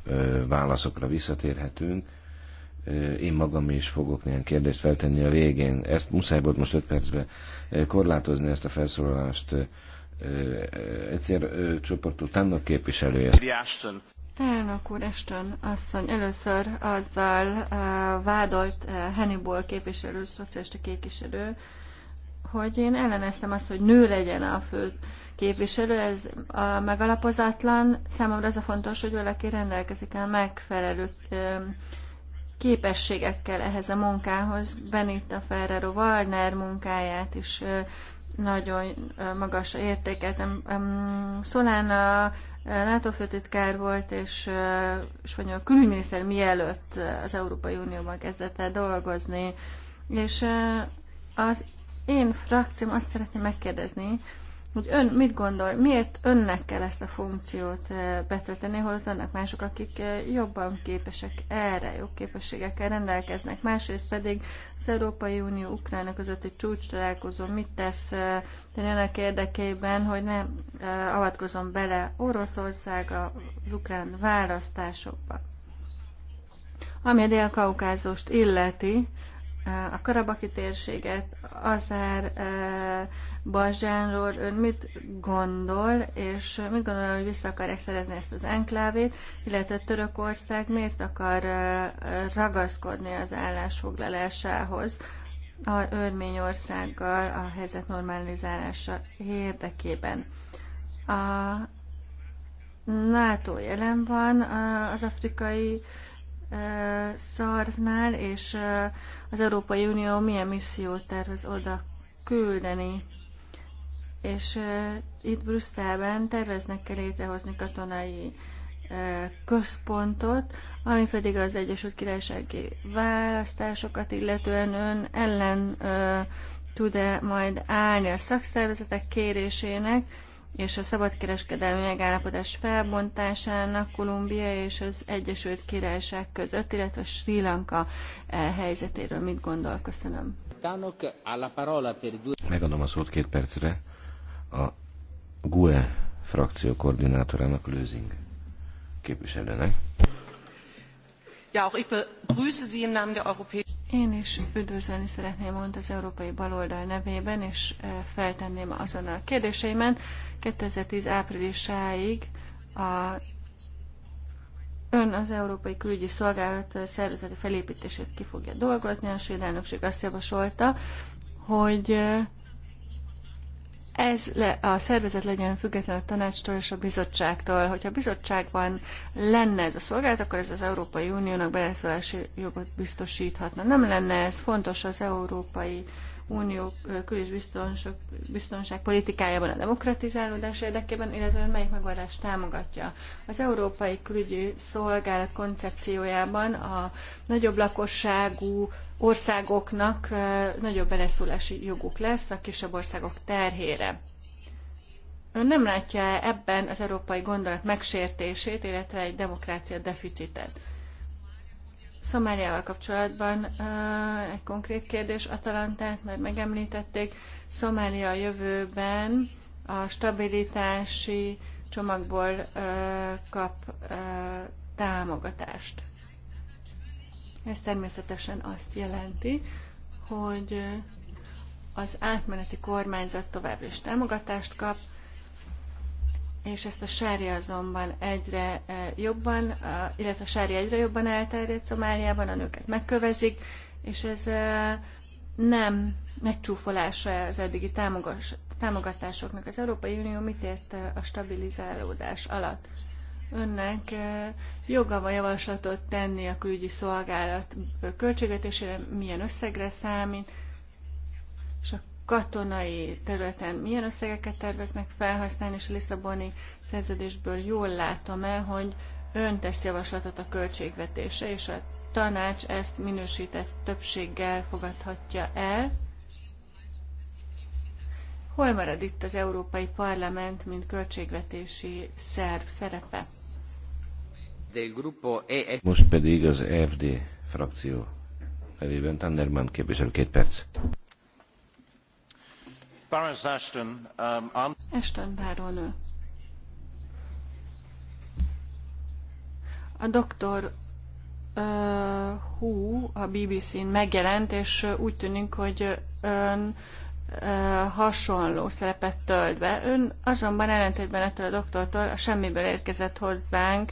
eh, válaszokra visszatérhetünk. Én magam is fogok néhány kérdést feltenni a végén. Ezt muszáj volt most öt percbe korlátozni ezt a felszólalást egyszer csoportú tannak képviselője. Elnök úr, Eston asszony, először azzal uh, vádolt uh, Hannibal képviselő, szocialista képviselő, hogy én elleneztem azt, hogy nő legyen a fő képviselő, ez a megalapozatlan. Számomra az a fontos, hogy valaki rendelkezik a megfelelő uh, képességekkel ehhez a munkához. Benita Ferrero Wallner munkáját is uh, nagyon magas értéket. Um, a NATO-főtitkár volt, és spanyol külügyminiszter mielőtt az Európai Unióban kezdett el dolgozni. És az én frakcióm azt szeretném megkérdezni, hogy ön mit gondol, miért önnek kell ezt a funkciót eh, betölteni, holott vannak mások, akik eh, jobban képesek erre, jobb képességekkel rendelkeznek. Másrészt pedig az Európai Unió Ukrajna közötti csúcs találkozó mit tesz eh, ennek érdekében, hogy ne avatkozom bele Oroszország az ukrán választásokba. Ami a dél illeti, a karabaki térséget, azár Balzsánról ön mit gondol, és mit gondol, hogy vissza akarják szerezni ezt az enklávét, illetve Törökország miért akar ragaszkodni az állásfoglalásához a Örményországgal a helyzet normalizálása érdekében. A NATO jelen van az afrikai szarvnál, és az Európai Unió milyen missziót tervez oda küldeni és itt Brüsszelben terveznek kell létrehozni katonai központot, ami pedig az Egyesült Királysági választásokat illetően ön ellen tud-e majd állni a szakszervezetek kérésének, és a szabadkereskedelmi megállapodás felbontásának Kolumbia és az Egyesült Királyság között, illetve Sri Lanka eh, helyzetéről mit gondol? Köszönöm. Megadom a szót két percre a GUE frakció koordinátorának Lőzing képviselőnek. Ja, auch ich begrüße Sie im Namen der Europäischen én is üdvözölni szeretném Önt az Európai Baloldal nevében, és feltenném azonnal a kérdéseimet. 2010 áprilisáig a Ön az Európai Külügyi Szolgálat szervezeti felépítését ki fogja dolgozni. A svéd elnökség azt javasolta, hogy ez le, a szervezet legyen független a tanácstól és a bizottságtól. Hogyha a bizottságban lenne ez a szolgálat, akkor ez az Európai Uniónak beleszólási jogot biztosíthatna. Nem lenne ez fontos az Európai Unió kül- és biztonságpolitikájában a demokratizálódás érdekében, illetve melyik megoldást támogatja. Az Európai Külügyi Szolgálat koncepciójában a nagyobb lakosságú országoknak nagyobb beleszólási joguk lesz a kisebb országok terhére. Ön nem látja ebben az európai gondolat megsértését, illetve egy demokrácia deficitet? Szomáliával kapcsolatban uh, egy konkrét kérdés, Atalantát már megemlítették. Szomália a jövőben a stabilitási csomagból uh, kap uh, támogatást. Ez természetesen azt jelenti, hogy az átmeneti kormányzat tovább is támogatást kap, és ezt a sárja azonban egyre eh, jobban, eh, illetve a sárja egyre jobban elterjedt Szomáliában, a nőket megkövezik, és ez eh, nem megcsúfolása az eddigi támogatásoknak. Az Európai Unió mit ért a stabilizálódás alatt? önnek joga van javaslatot tenni a külügyi szolgálat költségvetésére, milyen összegre számít, és a katonai területen milyen összegeket terveznek felhasználni, és a Lisszaboni szerződésből jól látom el, hogy ön tesz javaslatot a költségvetése, és a tanács ezt minősített többséggel fogadhatja el. Hol marad itt az Európai Parlament, mint költségvetési szerv szerepe? E e Most pedig az EFD frakció nevében Tannerman képviselő két perc. Ashton um, bárónő. A doktor uh, Hu a BBC-n megjelent, és úgy tűnik, hogy ön uh, hasonló szerepet tölt be. Ön azonban ellentétben ettől a doktortól a semmiből érkezett hozzánk,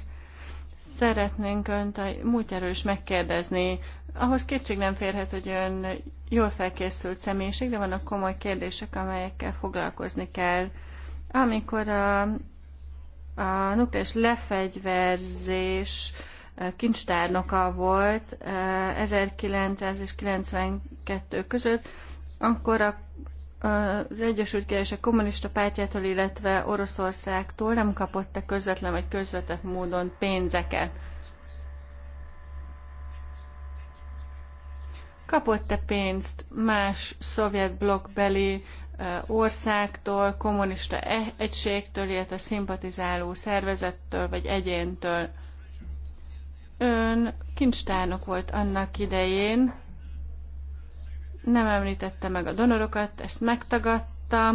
Szeretnénk Önt a múltjáról is megkérdezni. Ahhoz kétség nem férhet, hogy Ön jól felkészült személyiség, de vannak komoly kérdések, amelyekkel foglalkozni kell. Amikor a, a nukleáris lefegyverzés kincstárnoka volt 1992 között, akkor a az Egyesült Királyság kommunista pártjától, illetve Oroszországtól nem kapott-e közvetlen vagy közvetett módon pénzeket? Kapott-e pénzt más szovjet blokkbeli országtól, kommunista e- egységtől, illetve szimpatizáló szervezettől vagy egyéntől? Ön kincstárnok volt annak idején, nem említette meg a donorokat, ezt megtagadta,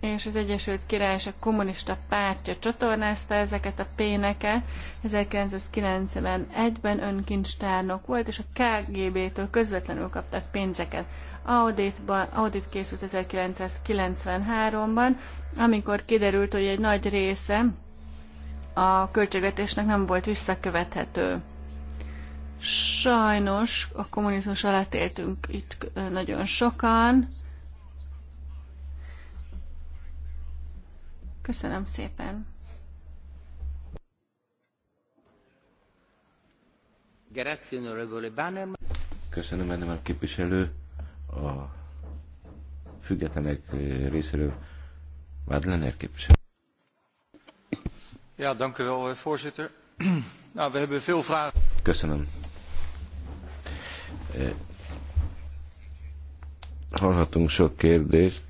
és az Egyesült Királyság kommunista pártja csatornázta ezeket a péneket. 1991-ben önkincstárnok volt, és a KGB-től közvetlenül kaptak pénzeket. Auditban, audit készült 1993-ban, amikor kiderült, hogy egy nagy része a költségvetésnek nem volt visszakövethető. Sajnos a kommunizmus alatt éltünk itt nagyon sokan. Köszönöm szépen. Köszönöm, a képviselő. A függetlenek részéről Wadlener képviselő. Ja, dank u wel, voorzitter. Nou, we hebben veel vragen. Köszönöm. Eh, hallhatunk sok kérdést,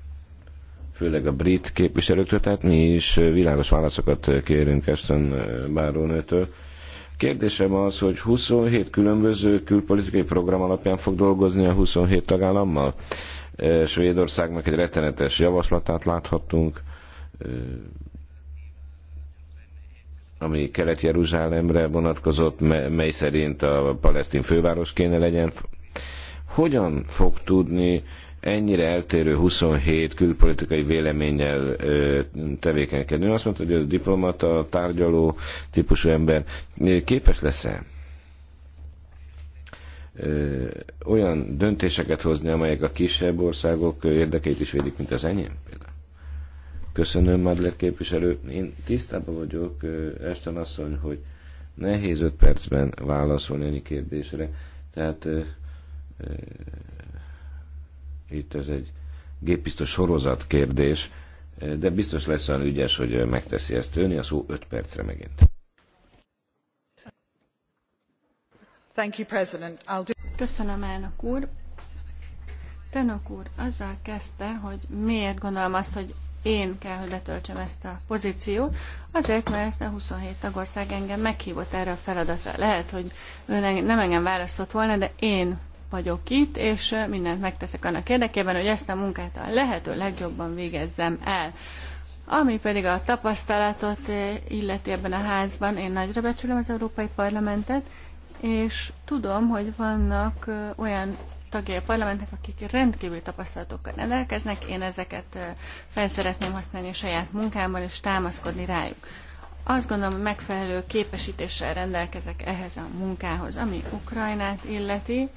főleg a brit képviselőktől, tehát mi is világos válaszokat kérünk Eston eh, Bárónőtől. Kérdésem az, hogy 27 különböző külpolitikai program alapján fog dolgozni a 27 tagállammal? Eh, Svédországnak egy rettenetes javaslatát láthattunk, ami Kelet-Jeruzsálemre vonatkozott, mely szerint a palesztin főváros kéne legyen. Hogyan fog tudni ennyire eltérő 27 külpolitikai véleménnyel ö, tevékenykedni? Azt mondta, hogy a diplomata, tárgyaló típusú ember képes lesz-e olyan döntéseket hozni, amelyek a kisebb országok érdekeit is védik, mint az enyém például? Köszönöm, Madler képviselő. Én tisztában vagyok, Esten asszony, hogy nehéz öt percben válaszolni ennyi kérdésre. Tehát e, e, itt ez egy gépbiztos sorozat kérdés, de biztos lesz olyan ügyes, hogy megteszi ezt önni, a szó öt percre megint. Thank you, President. I'll do... Köszönöm, elnök úr. Tenok úr azzal kezdte, hogy miért gondolom azt, hogy én kell, hogy betöltsem ezt a pozíciót, azért, mert a 27 tagország engem meghívott erre a feladatra. Lehet, hogy ő nem engem választott volna, de én vagyok itt, és mindent megteszek annak érdekében, hogy ezt a munkát a lehető legjobban végezzem el. Ami pedig a tapasztalatot illeti ebben a házban, én nagyra becsülöm az Európai Parlamentet, és tudom, hogy vannak olyan tagjai a parlamentnek, akik rendkívül tapasztalatokkal rendelkeznek. Én ezeket fel szeretném használni a saját munkámban, és támaszkodni rájuk. Azt gondolom, hogy megfelelő képesítéssel rendelkezek ehhez a munkához, ami Ukrajnát illeti,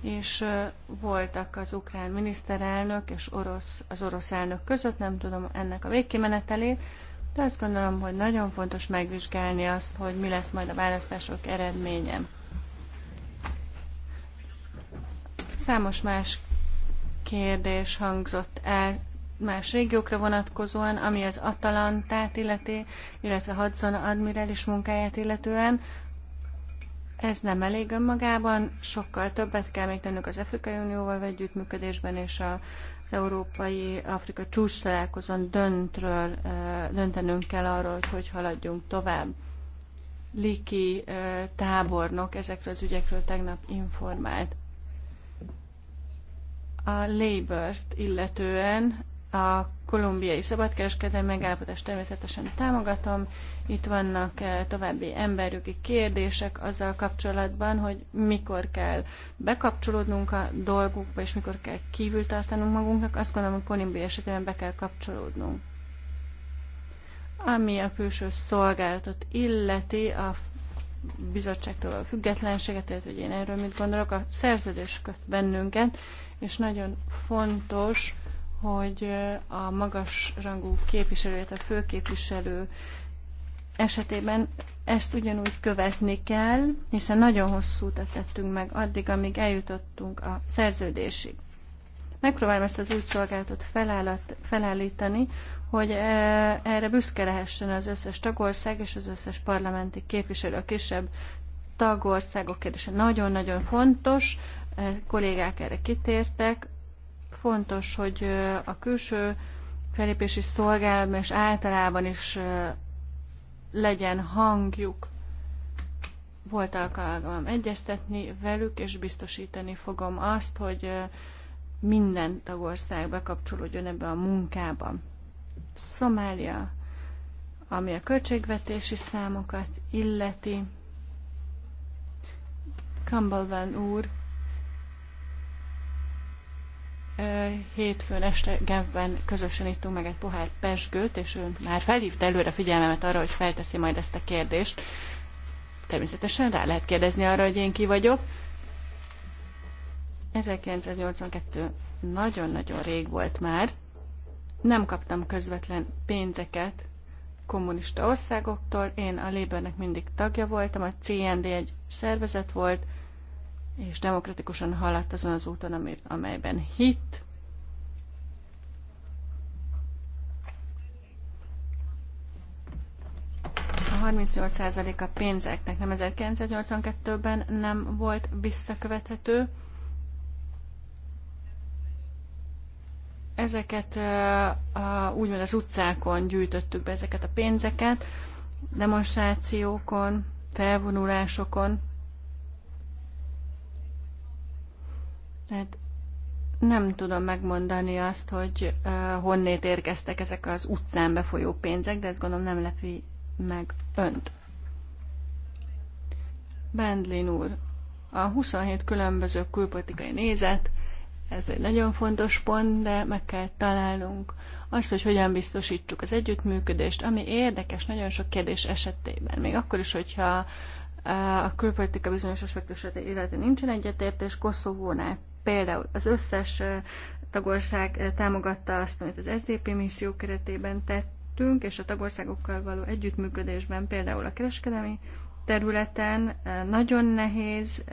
és voltak az ukrán miniszterelnök és orosz, az orosz elnök között, nem tudom ennek a végkimenetelét, de azt gondolom, hogy nagyon fontos megvizsgálni azt, hogy mi lesz majd a választások eredménye. Számos más kérdés hangzott el más régiókra vonatkozóan, ami az Atalantát illeti, illetve Hudson admirális munkáját illetően. Ez nem elég önmagában, sokkal többet kell még tennünk az Afrikai Unióval együttműködésben és a, az Európai Afrika csúcs találkozón döntről, döntenünk kell arról, hogy hogy haladjunk tovább. Liki tábornok ezekről az ügyekről tegnap informált a Labour-t illetően a kolumbiai szabadkereskedelmi megállapodást természetesen támogatom. Itt vannak eh, további emberjogi kérdések azzal kapcsolatban, hogy mikor kell bekapcsolódnunk a dolgukba, és mikor kell kívül tartanunk magunknak. Azt gondolom, hogy Kolumbia esetében be kell kapcsolódnunk. Ami a külső szolgálatot illeti, a bizottságtól a függetlenséget, illetve hogy én erről mit gondolok, a szerződés köt bennünket, és nagyon fontos, hogy a rangú képviselő, illetve a főképviselő esetében ezt ugyanúgy követni kell, hiszen nagyon hosszú utat tettünk meg addig, amíg eljutottunk a szerződésig. Megpróbálom ezt az új szolgálatot felállítani, hogy e, erre büszke lehessen az összes tagország és az összes parlamenti képviselő, a kisebb tagországok kérdése nagyon-nagyon fontos, E, kollégák erre kitértek. Fontos, hogy a külső felépési szolgálatban és általában is legyen hangjuk. Volt alkalmam egyeztetni velük, és biztosítani fogom azt, hogy minden tagország bekapcsolódjon ebbe a munkába. Szomália, ami a költségvetési számokat illeti, Campbellben úr hétfőn este Genfben közösen ittunk meg egy pohár pesgőt, és ő már felhívta előre figyelmemet arra, hogy felteszi majd ezt a kérdést. Természetesen rá lehet kérdezni arra, hogy én ki vagyok. 1982 nagyon-nagyon rég volt már. Nem kaptam közvetlen pénzeket kommunista országoktól. Én a Lébernek mindig tagja voltam, a CND egy szervezet volt, és demokratikusan haladt azon az úton, amelyben hitt. A 38% a pénzeknek nem 1982-ben nem volt visszakövethető. Ezeket a, úgymond az utcákon gyűjtöttük be ezeket a pénzeket, demonstrációkon, felvonulásokon. Tehát nem tudom megmondani azt, hogy uh, honnét érkeztek ezek az utcán befolyó pénzek, de ez gondolom nem lepi meg önt. Bendlin úr, a 27 különböző külpolitikai nézet, ez egy nagyon fontos pont, de meg kell találnunk azt, hogy hogyan biztosítsuk az együttműködést, ami érdekes nagyon sok kérdés esetében. Még akkor is, hogyha a külpolitika bizonyos aspektusát illetve nincsen egyetértés, Koszovónál Például az összes tagország támogatta azt, amit az SZDP misszió keretében tettünk, és a tagországokkal való együttműködésben például a kereskedelmi területen nagyon nehéz,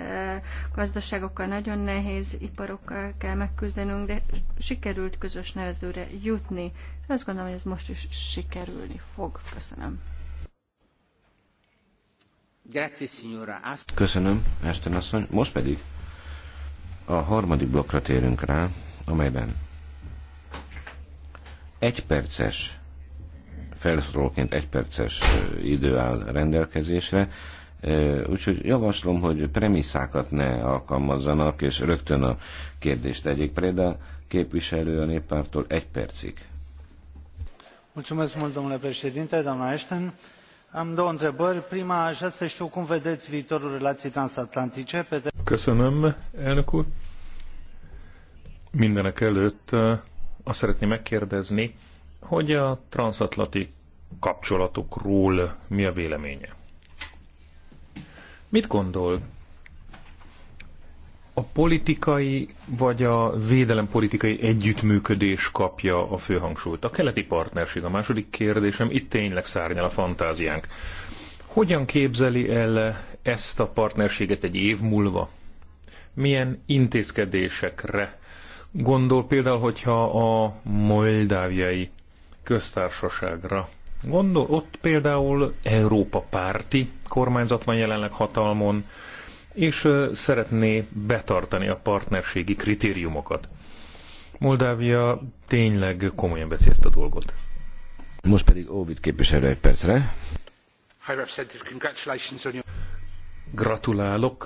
gazdaságokkal nagyon nehéz, iparokkal kell megküzdenünk, de sikerült közös nevezőre jutni. Azt gondolom, hogy ez most is sikerülni fog. Köszönöm. Köszönöm, Ashton asszony. Most pedig a harmadik blokkra térünk rá, amelyben egy perces felszólóként egy perces idő áll rendelkezésre, úgyhogy javaslom, hogy premisszákat ne alkalmazzanak, és rögtön a kérdést tegyék. Preda képviselő a néppártól egy percig. Mulțumesc mult, domnule președinte, doamna Ashton. Am două întrebări. Prima, aș vrea să știu cum vedeți viitorul relației transatlantice. Pe Köszönöm, elnök úr. Mindenek előtt azt szeretném megkérdezni, hogy a transatlanti kapcsolatokról mi a véleménye. Mit gondol a politikai vagy a védelempolitikai együttműködés kapja a főhangsúlyt. A keleti partnerség a második kérdésem, itt tényleg szárnyal a fantáziánk. Hogyan képzeli el ezt a partnerséget egy év múlva? Milyen intézkedésekre gondol például, hogyha a moldáviai köztársaságra gondol? Ott például Európa párti kormányzat van jelenleg hatalmon, és szeretné betartani a partnerségi kritériumokat. Moldávia tényleg komolyan veszi ezt a dolgot. Most pedig Óvid képviselő egy percre. Gratulálok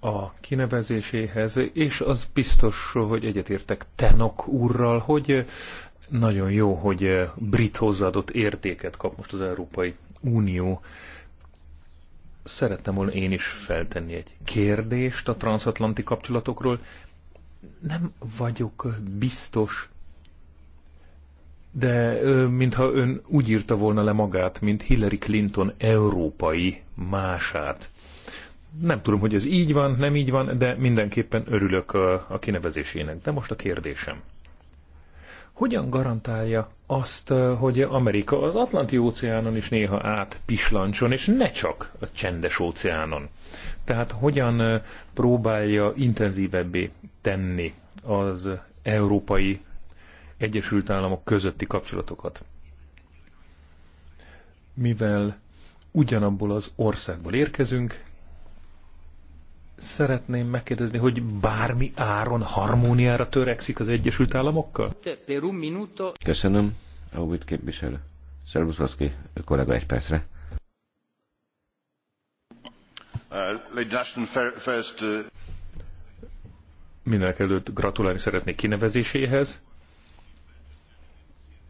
a kinevezéséhez, és az biztos, hogy egyetértek Tenok úrral, hogy nagyon jó, hogy brit hozzáadott értéket kap most az Európai Unió, szerettem volna én is feltenni egy kérdést a transatlanti kapcsolatokról. Nem vagyok biztos, de mintha ön úgy írta volna le magát, mint Hillary Clinton európai mását. Nem tudom, hogy ez így van, nem így van, de mindenképpen örülök a, a kinevezésének. De most a kérdésem hogyan garantálja azt, hogy Amerika az Atlanti óceánon is néha át pislancson, és ne csak a csendes óceánon. Tehát hogyan próbálja intenzívebbé tenni az európai Egyesült Államok közötti kapcsolatokat? Mivel ugyanabból az országból érkezünk, Szeretném megkérdezni, hogy bármi áron harmóniára törekszik az Egyesült Államokkal? Köszönöm, Aubit képviselő. Szervusz Vaszki, kollega egy percre. Uh, uh, Mindenek előtt gratulálni szeretnék kinevezéséhez.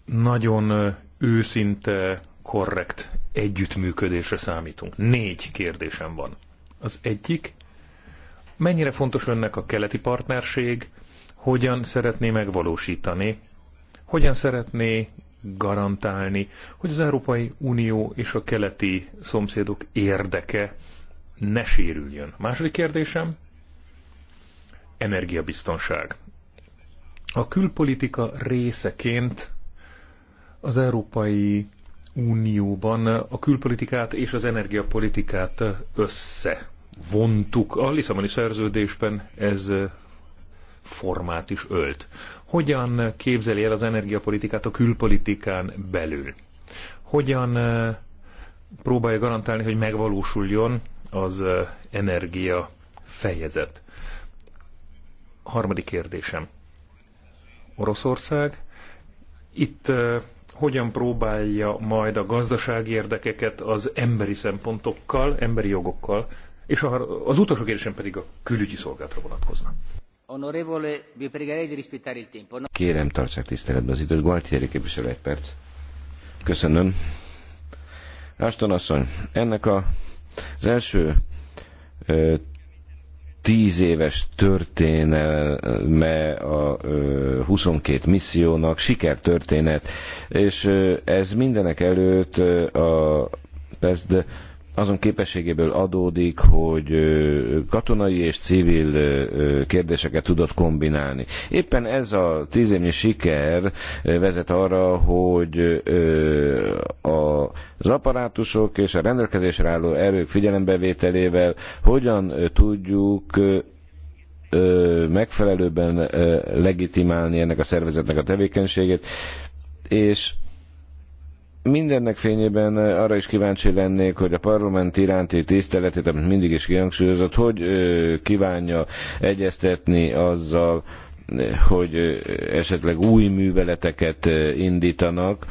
Nagyon uh, őszinte, korrekt együttműködésre számítunk. Négy kérdésem van. Az egyik, Mennyire fontos önnek a keleti partnerség, hogyan szeretné megvalósítani, hogyan szeretné garantálni, hogy az Európai Unió és a keleti szomszédok érdeke ne sérüljön. Második kérdésem, energiabiztonság. A külpolitika részeként az Európai Unióban a külpolitikát és az energiapolitikát össze vontuk, a Lisszaboni szerződésben ez formát is ölt. Hogyan képzeli el az energiapolitikát a külpolitikán belül? Hogyan próbálja garantálni, hogy megvalósuljon az energia fejezet? Harmadik kérdésem. Oroszország. Itt hogyan próbálja majd a gazdasági érdekeket az emberi szempontokkal, emberi jogokkal és az utolsó kérdésem pedig a külügyi szolgálatra vonatkozna. Kérem, tartsák tiszteletben az időt. Gualtieri képviselő egy perc. Köszönöm. Ashton asszony, ennek a, az első ö, tíz éves történelme a 22 missziónak, sikertörténet, és ez mindenek előtt a PESD azon képességéből adódik, hogy katonai és civil kérdéseket tudott kombinálni. Éppen ez a tízévnyi siker vezet arra, hogy az apparátusok és a rendelkezésre álló erők figyelembevételével hogyan tudjuk megfelelőben legitimálni ennek a szervezetnek a tevékenységét, és Mindennek fényében eh, arra is kíváncsi lennék, hogy a parlament iránti tiszteletét, amit mindig is kihangsúlyozott, hogy eh, kívánja egyeztetni azzal, eh, hogy esetleg új műveleteket indítanak,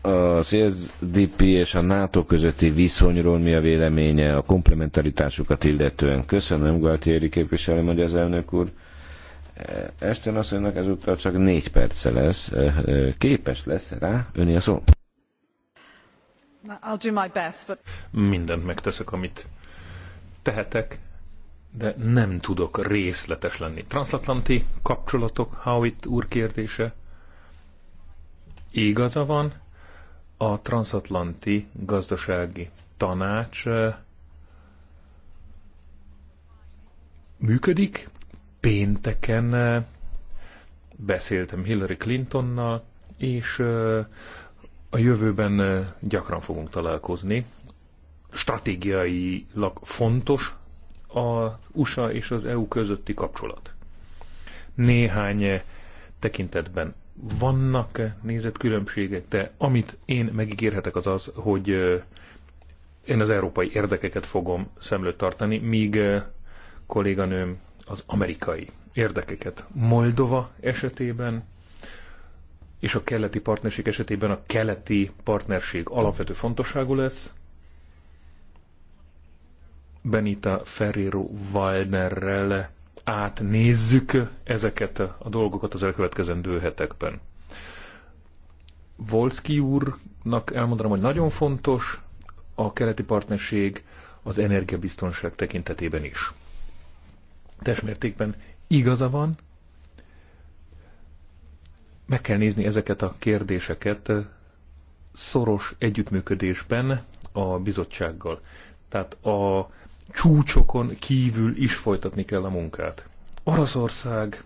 a CSDP és a NATO közötti viszonyról mi a véleménye a komplementaritásukat illetően? Köszönöm, Galtieri képviselő, hogy az elnök úr. Esten asszonynak ezúttal csak négy perce lesz, képes lesz rá, öni a szó. I'll do my best, but... Mindent megteszek, amit tehetek, de nem tudok részletes lenni. Transatlanti kapcsolatok, Howitt úr kérdése. Igaza van, a transatlanti gazdasági tanács működik, pénteken beszéltem Hillary Clintonnal, és a jövőben gyakran fogunk találkozni. Stratégiailag fontos a USA és az EU közötti kapcsolat. Néhány tekintetben vannak nézetkülönbségek, de amit én megígérhetek az az, hogy én az európai érdekeket fogom szemlőt tartani, míg kolléganőm az amerikai érdekeket. Moldova esetében és a keleti partnerség esetében a keleti partnerség alapvető fontosságú lesz. Benita Ferrero Waldnerrel átnézzük ezeket a dolgokat az elkövetkezendő hetekben. Volszki úrnak elmondanám, hogy nagyon fontos a keleti partnerség az energiabiztonság tekintetében is testmértékben igaza van, meg kell nézni ezeket a kérdéseket eh, szoros együttműködésben a bizottsággal. Tehát a csúcsokon kívül is folytatni kell a munkát. Oroszország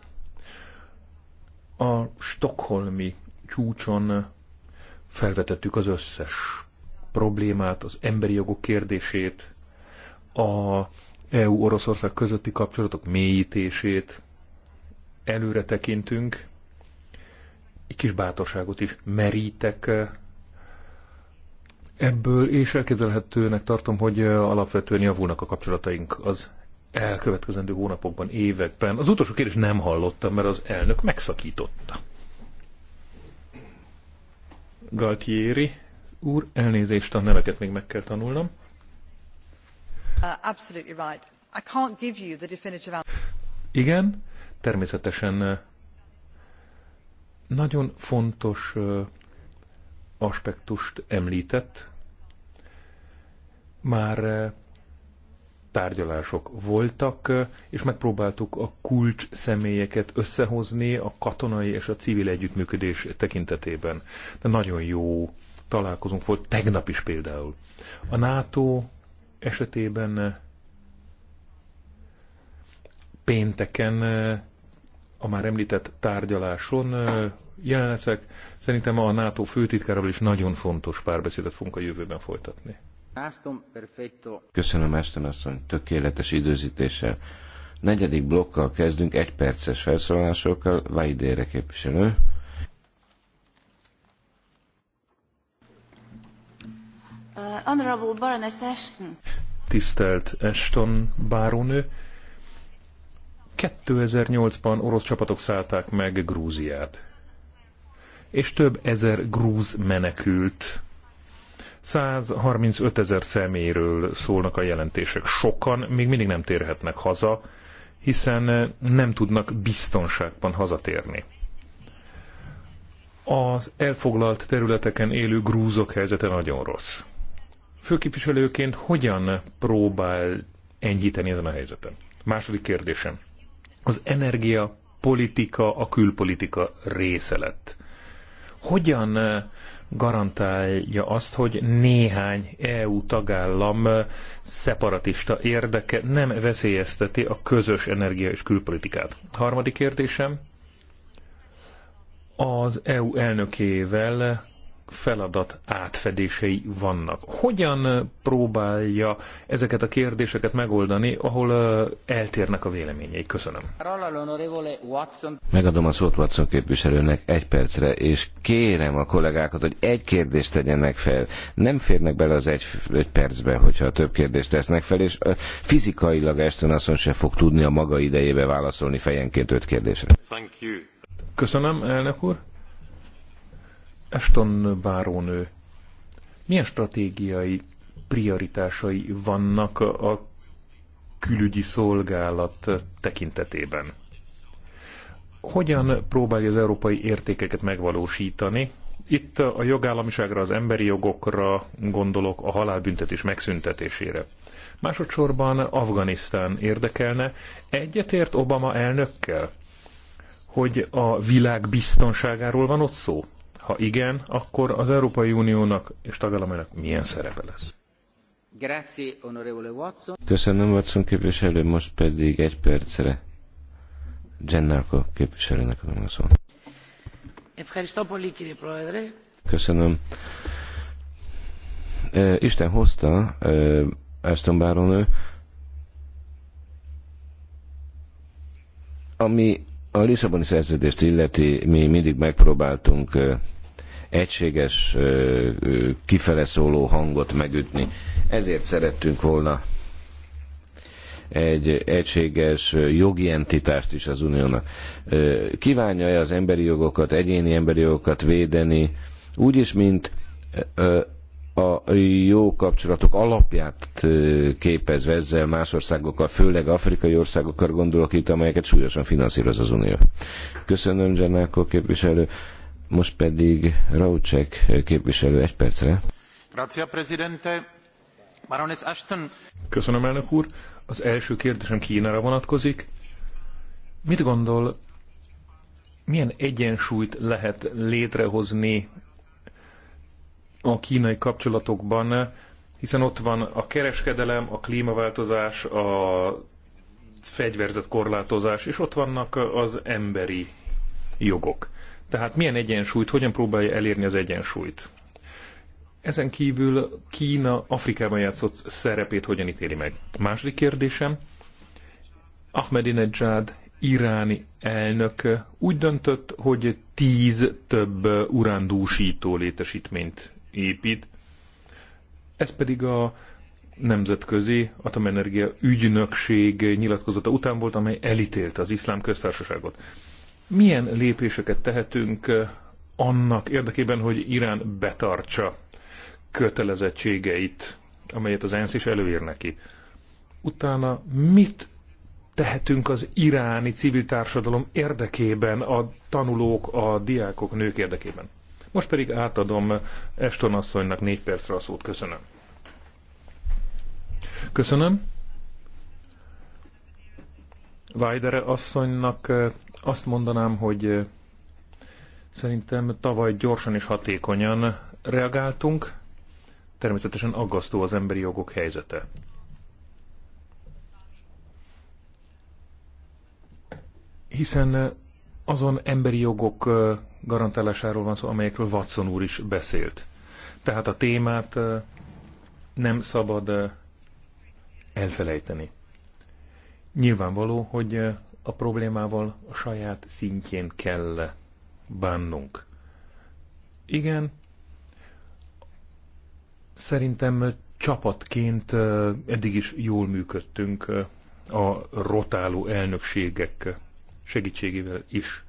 a stokholmi csúcson felvetettük az összes problémát, az emberi jogok kérdését, a EU-Oroszország közötti kapcsolatok mélyítését előre tekintünk, egy kis bátorságot is merítek eh, ebből, és elképzelhetőnek tartom, hogy eh, alapvetően javulnak a kapcsolataink az elkövetkezendő hónapokban, években. Az utolsó kérdés nem hallottam, mert az elnök megszakította. Galtieri úr, elnézést, a neveket még meg kell tanulnom. Uh, Igen, természetesen uh, nagyon fontos uh, aspektust említett. Már tárgyalások voltak, és megpróbáltuk a kulcs személyeket összehozni a katonai és a civil együttműködés tekintetében. De nagyon jó találkozunk volt tegnap is például. A NATO esetében eh, pénteken eh, a már említett tárgyaláson eh, jelen leszek. Szerintem a NATO főtitkárral is nagyon fontos párbeszédet fogunk a jövőben folytatni. Köszönöm, Ashton asszony, tökéletes időzítéssel. Negyedik blokkal kezdünk, egy perces felszólalásokkal, Vajdére képviselő. Uh, Honorable Baroness Ashton. Tisztelt Ashton bárónő, 2008-ban orosz csapatok szállták meg Grúziát, és több ezer grúz menekült. 135 ezer szeméről szólnak a jelentések. Sokan még mindig nem térhetnek haza, hiszen nem tudnak biztonságban hazatérni. Az elfoglalt területeken élő grúzok helyzete nagyon rossz főképviselőként hogyan próbál enyhíteni ezen a helyzeten? Második kérdésem. Az energia politika a külpolitika része lett. Hogyan eh, garantálja azt, hogy néhány EU tagállam eh, szeparatista érdeke nem veszélyezteti a közös energia és külpolitikát? Harmadik kérdésem. Az EU elnökével eh, feladat átfedései vannak. Hogyan próbálja ezeket a kérdéseket megoldani, ahol eltérnek a véleményei? Köszönöm. Megadom a szót Watson képviselőnek egy percre, és kérem a kollégákat, hogy egy kérdést tegyenek fel. Nem férnek bele az egy, egy percbe, hogyha több kérdést tesznek fel, és fizikailag Eston Asson se fog tudni a maga idejébe válaszolni fejenként öt kérdésre. Köszönöm, elnök úr. Eston bárónő, milyen stratégiai prioritásai vannak a külügyi szolgálat tekintetében? Hogyan próbálja az európai értékeket megvalósítani? Itt a jogállamiságra, az emberi jogokra gondolok, a halálbüntetés megszüntetésére. Másodszorban Afganisztán érdekelne. Egyetért Obama elnökkel, hogy a világ biztonságáról van ott szó? Ha igen, akkor az Európai Uniónak és tagállamainak milyen szerepe lesz? Köszönöm, Watson képviselő, most pedig egy percre. Gennarko képviselőnek van szó. Köszönöm. Isten hozta Aston Baronő, ami a Lisszaboni szerződést illeti, mi mindig megpróbáltunk egységes kifele szóló hangot megütni. Ezért szerettünk volna egy egységes jogi entitást is az uniónak. Kívánja-e az emberi jogokat, egyéni emberi jogokat védeni, úgyis, mint a jó kapcsolatok alapját képezve ezzel más országokkal, főleg afrikai országokkal gondolok itt, amelyeket súlyosan finanszíroz az Unió. Köszönöm, Zsernákó képviselő. Most pedig Raucsek képviselő egy percre. Grazie, Presidente. Baroness Ashton. Köszönöm, elnök úr. Az első kérdésem Kínára vonatkozik. Mit gondol, milyen egyensúlyt lehet létrehozni a kínai kapcsolatokban, hiszen ott van a kereskedelem, a klímaváltozás, a fegyverzett korlátozás, és ott vannak az emberi jogok. Tehát milyen egyensúlyt, hogyan próbálja elérni az egyensúlyt? Ezen kívül Kína Afrikában játszott szerepét hogyan ítéli meg? Második kérdésem, Ahmadinejad iráni elnök úgy döntött, hogy tíz több urándúsító létesítményt épít, ez pedig a nemzetközi atomenergia ügynökség nyilatkozata után volt, amely elítélte az iszlám köztársaságot milyen lépéseket tehetünk eh, annak érdekében, hogy Irán betartsa kötelezettségeit, amelyet az ENSZ is előír neki. Utána mit tehetünk az iráni civil társadalom érdekében, a tanulók, a diákok, nők érdekében? Most pedig átadom Eston asszonynak négy percre a szót. Köszönöm. Köszönöm. Vajdere asszonynak azt mondanám, hogy szerintem tavaly gyorsan és hatékonyan reagáltunk. Természetesen aggasztó az emberi jogok helyzete. Hiszen azon emberi jogok garantálásáról van szó, amelyekről Watson úr is beszélt. Tehát a témát nem szabad elfelejteni. Nyilvánvaló, hogy eh, a problémával a saját szintjén kell bánnunk. Igen, szerintem csapatként eh, eddig is jól működtünk eh, a rotáló elnökségek segítségével is.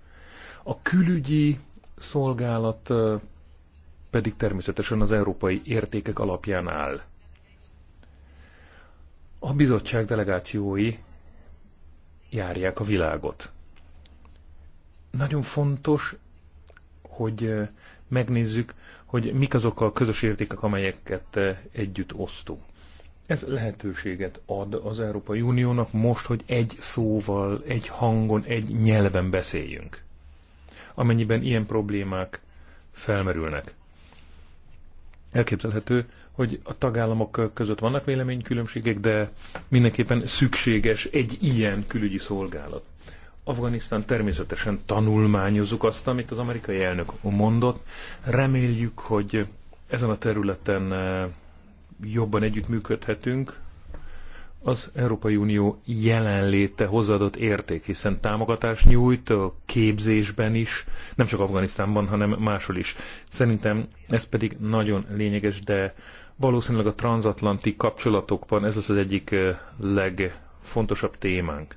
A külügyi szolgálat pedig természetesen az európai értékek alapján áll. A bizottság delegációi járják a világot. Nagyon fontos, hogy megnézzük, hogy mik azok a közös értékek, amelyeket együtt osztunk. Ez lehetőséget ad az Európai Uniónak most, hogy egy szóval, egy hangon, egy nyelven beszéljünk. Amennyiben ilyen problémák felmerülnek. Elképzelhető, hogy a tagállamok között vannak véleménykülönbségek, de mindenképpen szükséges egy ilyen külügyi szolgálat. Afganisztán természetesen tanulmányozunk azt, amit az amerikai elnök mondott. Reméljük, hogy ezen a területen eh, jobban együttműködhetünk. Az Európai Unió jelenléte hozzáadott érték, hiszen támogatást nyújt a képzésben is, nem csak Afganisztánban, hanem máshol is. Szerintem ez pedig nagyon lényeges, de Valószínűleg a transatlanti kapcsolatokban ez az, az egyik eh, legfontosabb témánk.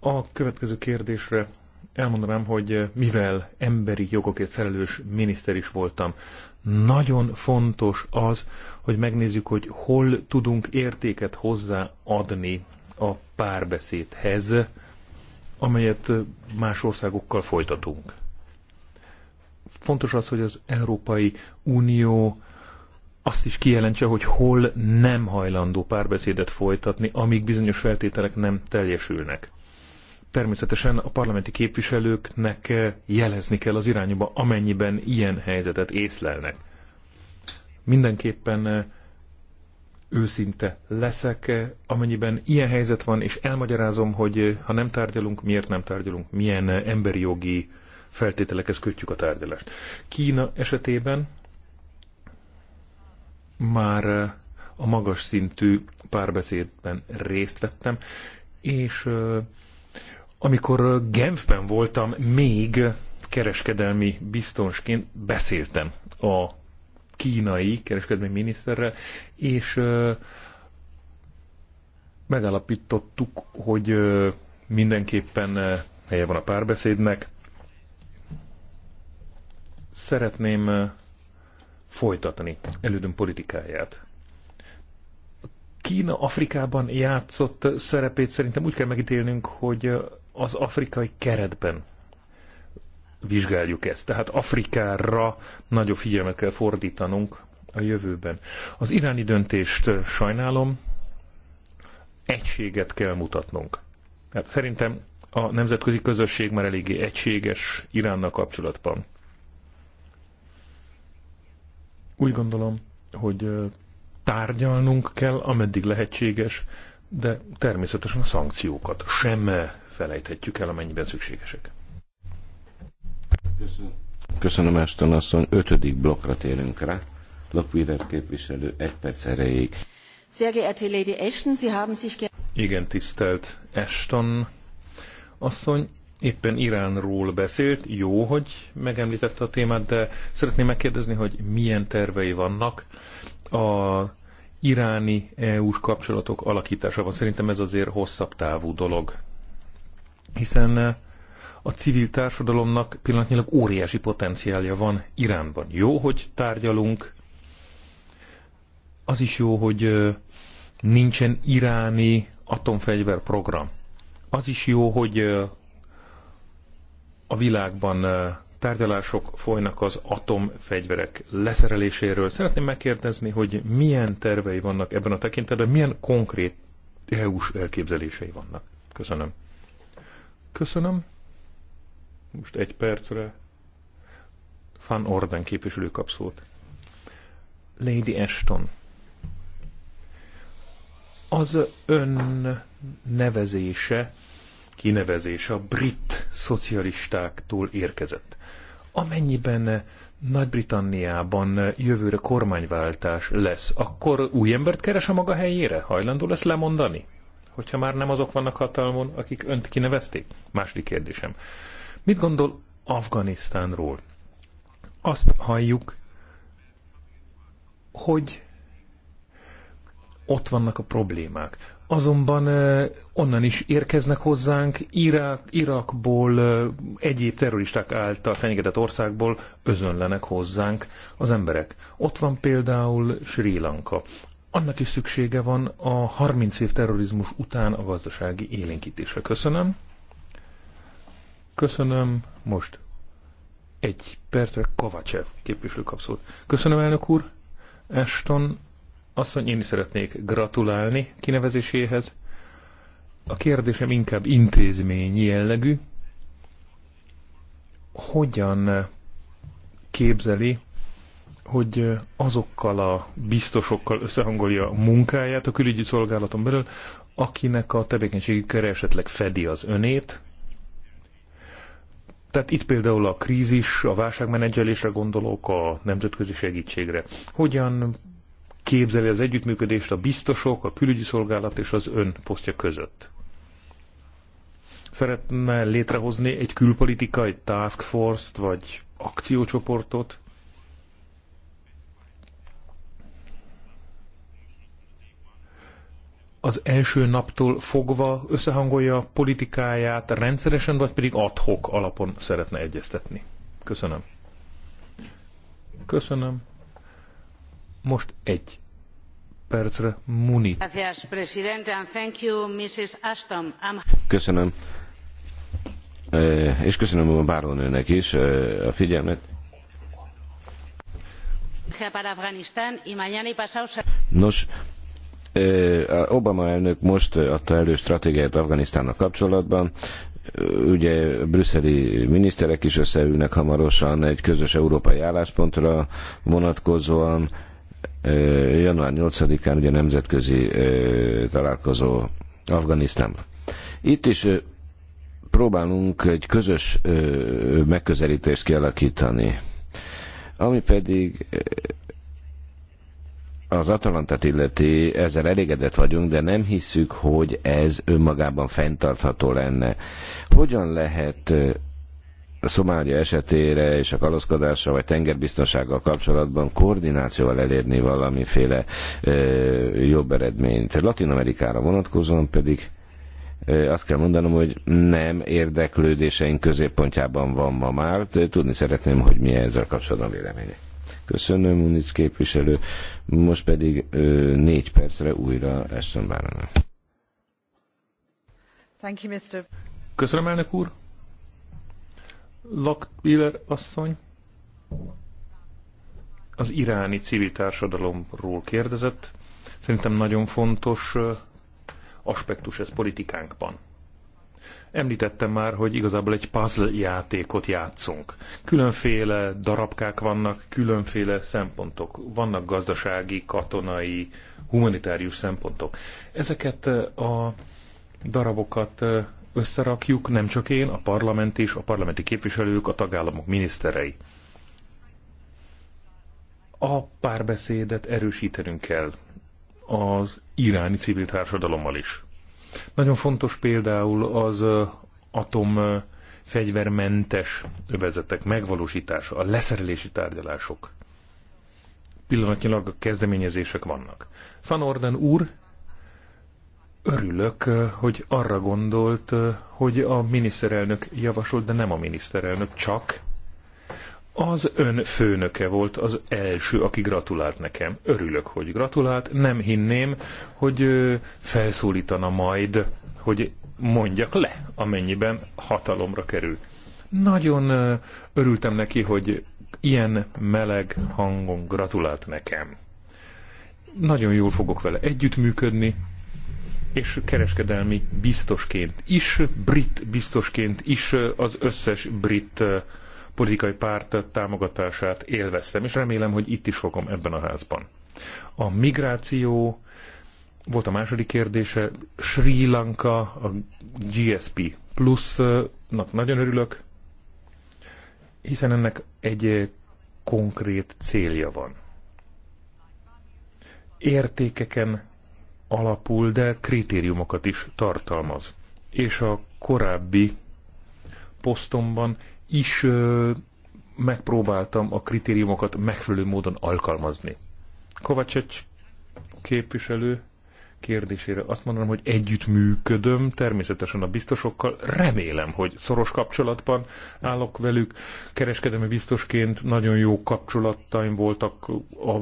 A következő kérdésre elmondanám, hogy eh, mivel emberi jogokért felelős miniszter is voltam, nagyon fontos az, hogy megnézzük, hogy hol tudunk értéket hozzáadni a párbeszédhez, amelyet eh, más országokkal folytatunk. Fontos az, hogy az Európai Unió azt is kijelentse, hogy hol nem hajlandó párbeszédet folytatni, amíg bizonyos feltételek nem teljesülnek. Természetesen a parlamenti képviselőknek jelezni kell az irányba, amennyiben ilyen helyzetet észlelnek. Mindenképpen őszinte leszek, amennyiben ilyen helyzet van, és elmagyarázom, hogy ha nem tárgyalunk, miért nem tárgyalunk, milyen emberi jogi feltételekhez kötjük a tárgyalást. Kína esetében már eh, a magas szintű párbeszédben részt vettem, és eh, amikor eh, Genfben voltam, még kereskedelmi biztonsként beszéltem a kínai kereskedelmi miniszterrel, és megállapítottuk, hogy mindenképpen helye van a párbeszédnek, szeretném folytatni elődön politikáját. Kína Afrikában játszott szerepét szerintem úgy kell megítélnünk, hogy az afrikai keretben vizsgáljuk ezt. Tehát Afrikára nagyobb figyelmet kell fordítanunk a jövőben. Az iráni döntést sajnálom, egységet kell mutatnunk. Hát szerintem a nemzetközi közösség már eléggé egységes Iránnal kapcsolatban. Úgy gondolom, hogy tárgyalnunk kell, ameddig lehetséges, de természetesen a szankciókat sem felejthetjük el, amennyiben szükségesek. Köszönöm. Köszönöm, Ashton asszony. Ötödik blokkra térünk rá. Lokwider képviselő, egy perc erejéig. Igen, tisztelt Ashton asszony, éppen Iránról beszélt, jó, hogy megemlítette a témát, de szeretném megkérdezni, hogy milyen tervei vannak a iráni EU-s kapcsolatok alakításában. Szerintem ez azért hosszabb távú dolog. Hiszen eh, a civil társadalomnak pillanatnyilag óriási potenciálja van Iránban. Jó, hogy tárgyalunk, az is jó, hogy eh, nincsen iráni atomfegyver program. Az is jó, hogy eh, a világban tárgyalások folynak az atomfegyverek leszereléséről. Szeretném megkérdezni, hogy milyen tervei vannak ebben a tekintetben, milyen konkrét EU-s elképzelései vannak. Köszönöm. Köszönöm. Most egy percre. Van Orden képviselő kap szót. Lady Ashton. Az ön nevezése kinevezés a brit szocialistáktól érkezett. Amennyiben Nagy-Britanniában jövőre kormányváltás lesz, akkor új embert keres a maga helyére? Hajlandó lesz lemondani? Hogyha már nem azok vannak hatalmon, akik önt kinevezték? Második kérdésem. Mit gondol Afganisztánról? Azt halljuk, hogy ott vannak a problémák azonban onnan is érkeznek hozzánk, Irak, Irakból, egyéb terroristák által fenyegetett országból özönlenek hozzánk az emberek. Ott van például Sri Lanka. Annak is szüksége van a 30 év terrorizmus után a gazdasági élénkítésre. Köszönöm. Köszönöm most. Egy percre Kovácsev képviselő kapszót. Köszönöm, elnök úr. Eston, Asszony, én is szeretnék gratulálni kinevezéséhez. A kérdésem inkább intézményi jellegű. Hogyan képzeli, hogy azokkal a biztosokkal összehangolja a munkáját a külügyi szolgálaton belül, akinek a tevékenységi köre esetleg fedi az önét. Tehát itt például a krízis, a válságmenedzselésre gondolok, a nemzetközi segítségre. Hogyan képzeli az együttműködést a biztosok, a külügyi szolgálat és az ön posztja között? Szeretne létrehozni egy külpolitikai task force-t vagy akciócsoportot? Az első naptól fogva összehangolja politikáját rendszeresen, vagy pedig adhok alapon szeretne egyeztetni? Köszönöm. Köszönöm. Most egy percre Muni. Köszönöm. E, és köszönöm a bárónőnek is e, a figyelmet. Nos, e, Obama elnök most adta elő stratégiát Afganisztánnal kapcsolatban. Ugye brüsszeli miniszterek is összeülnek hamarosan egy közös európai álláspontra vonatkozóan január 8-án ugye nemzetközi találkozó Afganisztánban. Itt is próbálunk egy közös megközelítést kialakítani, ami pedig az Atalantát illeti, ezzel elégedett vagyunk, de nem hiszük, hogy ez önmagában fenntartható lenne. Hogyan lehet Szomália esetére és a kalózkodásra vagy tengerbiztonsággal kapcsolatban koordinációval elérni valamiféle ö, jobb eredményt. Latin Amerikára vonatkozóan pedig ö, azt kell mondanom, hogy nem érdeklődéseink középpontjában van ma már. Tudni szeretném, hogy mi ezzel kapcsolatban véleménye. Köszönöm, Munic képviselő. Most pedig ö, négy percre újra eszembe Köszönöm, elnök úr. Lockbiller asszony az iráni civil társadalomról kérdezett. Szerintem nagyon fontos aspektus ez politikánkban. Említettem már, hogy igazából egy puzzle játékot játszunk. Különféle darabkák vannak, különféle szempontok. Vannak gazdasági, katonai, humanitárius szempontok. Ezeket a darabokat összerakjuk, nem csak én, a parlament is, a parlamenti képviselők, a tagállamok miniszterei. A párbeszédet erősítenünk kell az iráni civil társadalommal is. Nagyon fontos például az atom fegyvermentes övezetek megvalósítása, a leszerelési tárgyalások. Pillanatnyilag kezdeményezések vannak. Van Orden úr Örülök, eh, hogy arra gondolt, eh, hogy a miniszterelnök javasolt, de nem a miniszterelnök, csak az ön főnöke volt az első, aki gratulált nekem. Örülök, hogy gratulált. Nem hinném, hogy eh, felszólítana majd, hogy mondjak le, amennyiben hatalomra kerül. Nagyon örültem neki, hogy ilyen meleg hangon gratulált nekem. Nagyon jól fogok vele együttműködni, és kereskedelmi biztosként is, brit biztosként is az összes brit politikai párt támogatását élveztem, és remélem, hogy itt is fogom ebben a házban. A migráció volt a második kérdése, Sri Lanka, a GSP plusznak nagyon örülök, hiszen ennek egy konkrét célja van. Értékeken alapul, de kritériumokat is tartalmaz. És a korábbi posztomban is ö, megpróbáltam a kritériumokat megfelelő módon alkalmazni. Kovácsecs képviselő kérdésére azt mondanám, hogy együtt működöm. természetesen a biztosokkal. Remélem, hogy szoros kapcsolatban állok velük. Kereskedelmi biztosként nagyon jó kapcsolataim voltak a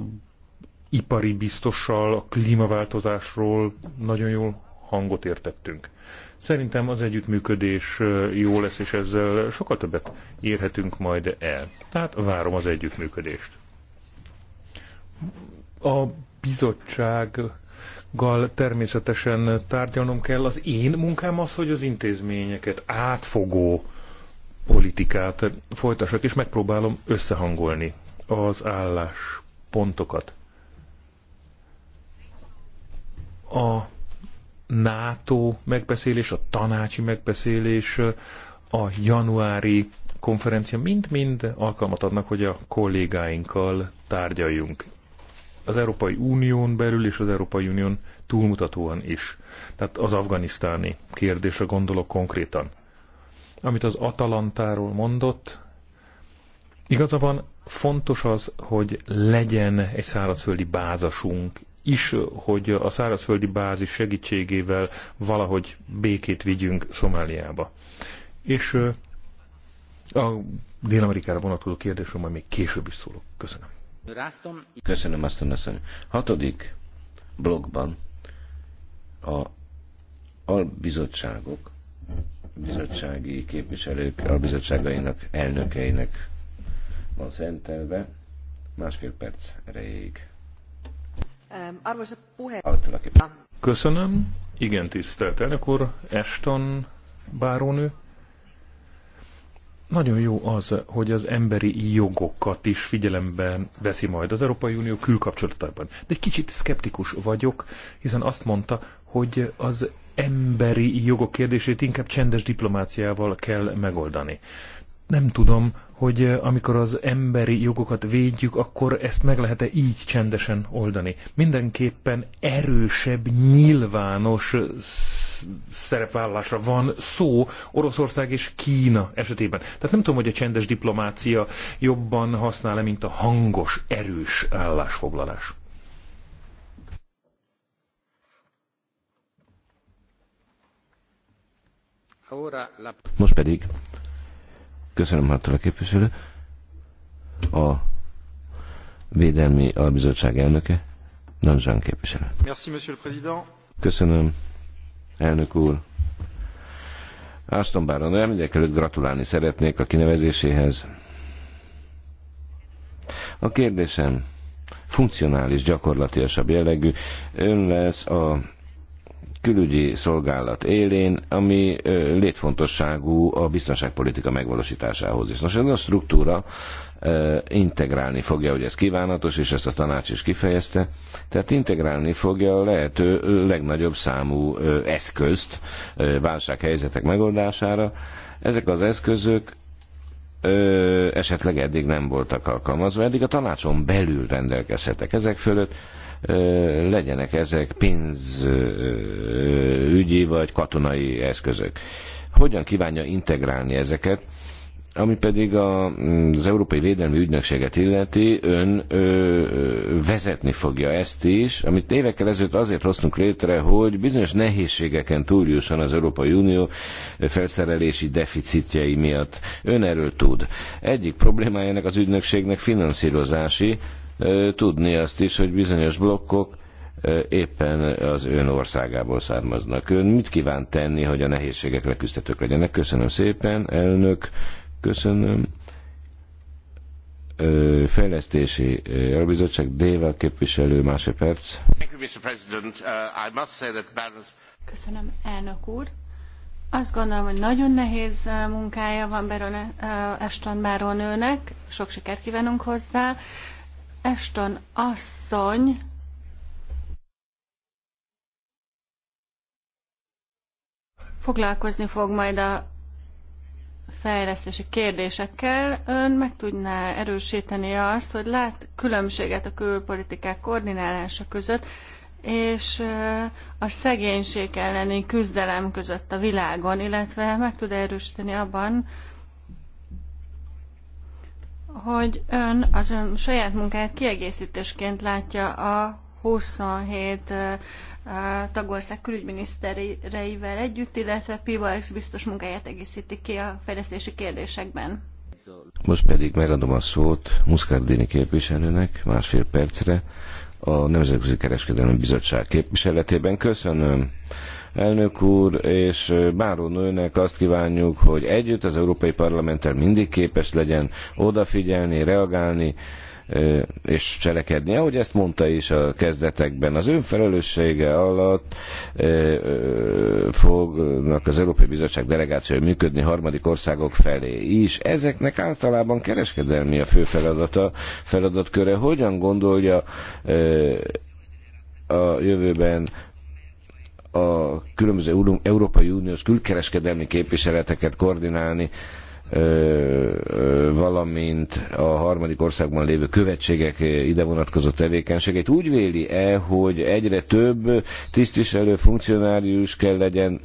ipari biztossal, a klímaváltozásról nagyon jól hangot értettünk. Szerintem az együttműködés jó lesz, és ezzel sokkal többet érhetünk majd el. Tehát várom az együttműködést. A bizottsággal természetesen tárgyalnom kell. Az én munkám az, hogy az intézményeket átfogó politikát folytassak, és megpróbálom összehangolni az álláspontokat. a NATO megbeszélés, a tanácsi megbeszélés, a januári konferencia mind-mind alkalmat adnak, hogy a kollégáinkkal tárgyaljunk. Az Európai Unión belül és az Európai Unión túlmutatóan is. Tehát az afganisztáni kérdésre gondolok konkrétan. Amit az Atalantáról mondott, igaza van, fontos az, hogy legyen egy szárazföldi bázasunk is, hogy a szárazföldi bázis segítségével valahogy békét vigyünk Szomáliába. És a Dél-Amerikára vonatkozó kérdésről majd még később is szólok. Köszönöm. Köszönöm, aztán asszony. Hatodik blogban a albizottságok, bizottsági képviselők, albizottságainak elnökeinek van szentelve másfél perc erejéig. Ehm, arvoisa Köszönöm. Igen, tisztelt elnök úr, Eston bárónő. Nagyon jó az, hogy az emberi jogokat is figyelemben veszi majd az Európai Unió külkapcsolatában. De egy kicsit szkeptikus vagyok, hiszen azt mondta, hogy az emberi jogok kérdését inkább csendes diplomáciával kell megoldani. Nem tudom, hogy eh, amikor az emberi jogokat védjük, akkor ezt meg lehet-e így csendesen oldani. Mindenképpen erősebb, nyilvános eh, szerepvállásra van szó Oroszország és Kína esetében. Tehát nem tudom, hogy a csendes diplomácia jobban használ-e, mint a hangos, erős állásfoglalás. Most pedig Köszönöm, a képviselő. A Védelmi Albizottság elnöke, Danzsán képviselő. Merci, monsieur le président. Köszönöm, elnök úr. Aston Baron, elmegyek előtt gratulálni szeretnék a kinevezéséhez. A kérdésem funkcionális, gyakorlatilasabb jellegű. Ön lesz a külügyi szolgálat élén, ami létfontosságú a biztonságpolitika megvalósításához is. Nos, ez a struktúra integrálni fogja, hogy ez kívánatos, és ezt a tanács is kifejezte, tehát integrálni fogja a lehető legnagyobb számú eszközt válsághelyzetek megoldására. Ezek az eszközök ö, esetleg eddig nem voltak alkalmazva, eddig a tanácson belül rendelkezhetek ezek fölött, legyenek ezek pénzügyi vagy katonai eszközök. Hogyan kívánja integrálni ezeket? Ami pedig a, az Európai Védelmi Ügynökséget illeti, ön ö, vezetni fogja ezt is, amit évekkel ezelőtt azért hoztunk létre, hogy bizonyos nehézségeken túljusson az Európai Unió felszerelési deficitjei miatt. Ön erről tud. Egyik problémája ennek az ügynökségnek finanszírozási, tudni azt is, hogy bizonyos blokkok éppen az ön országából származnak. Ön mit kíván tenni, hogy a nehézségek leküzdhetők legyenek? Köszönöm szépen, elnök, köszönöm. Fejlesztési Elbizottság Déva képviselő másodperc. Uh, köszönöm, elnök úr. Azt gondolom, hogy nagyon nehéz uh, munkája van Baron Eston uh, nőnek. sok sikert kívánunk hozzá. Ashton asszony foglalkozni fog majd a fejlesztési kérdésekkel. Ön meg tudná erősíteni azt, hogy lát különbséget a külpolitikák koordinálása között, és a szegénység elleni küzdelem között a világon, illetve meg tud erősíteni abban, hogy ön az ön saját munkáját kiegészítésként látja a 27 tagország külügyminisztereivel együtt, illetve Pivax biztos munkáját egészíti ki a fejlesztési kérdésekben. Most pedig megadom a szót Muszkárdini képviselőnek másfél percre a Nemzetközi Kereskedelmi Bizottság képviseletében. Köszönöm, Elnök úr és Báró nőnek azt kívánjuk, hogy együtt az Európai Parlamenttel mindig képes legyen odafigyelni, reagálni, és cselekedni. Ahogy ezt mondta is a kezdetekben, az önfelelőssége alatt fognak az Európai Bizottság delegációi működni harmadik országok felé is. Ezeknek általában kereskedelmi a fő feladata, feladatköre. Hogyan gondolja a jövőben a különböző Európai Uniós külkereskedelmi képviseleteket koordinálni, valamint a harmadik országban lévő követségek ide vonatkozó tevékenységét. Úgy véli-e, hogy egyre több tisztviselő, funkcionárius kell legyen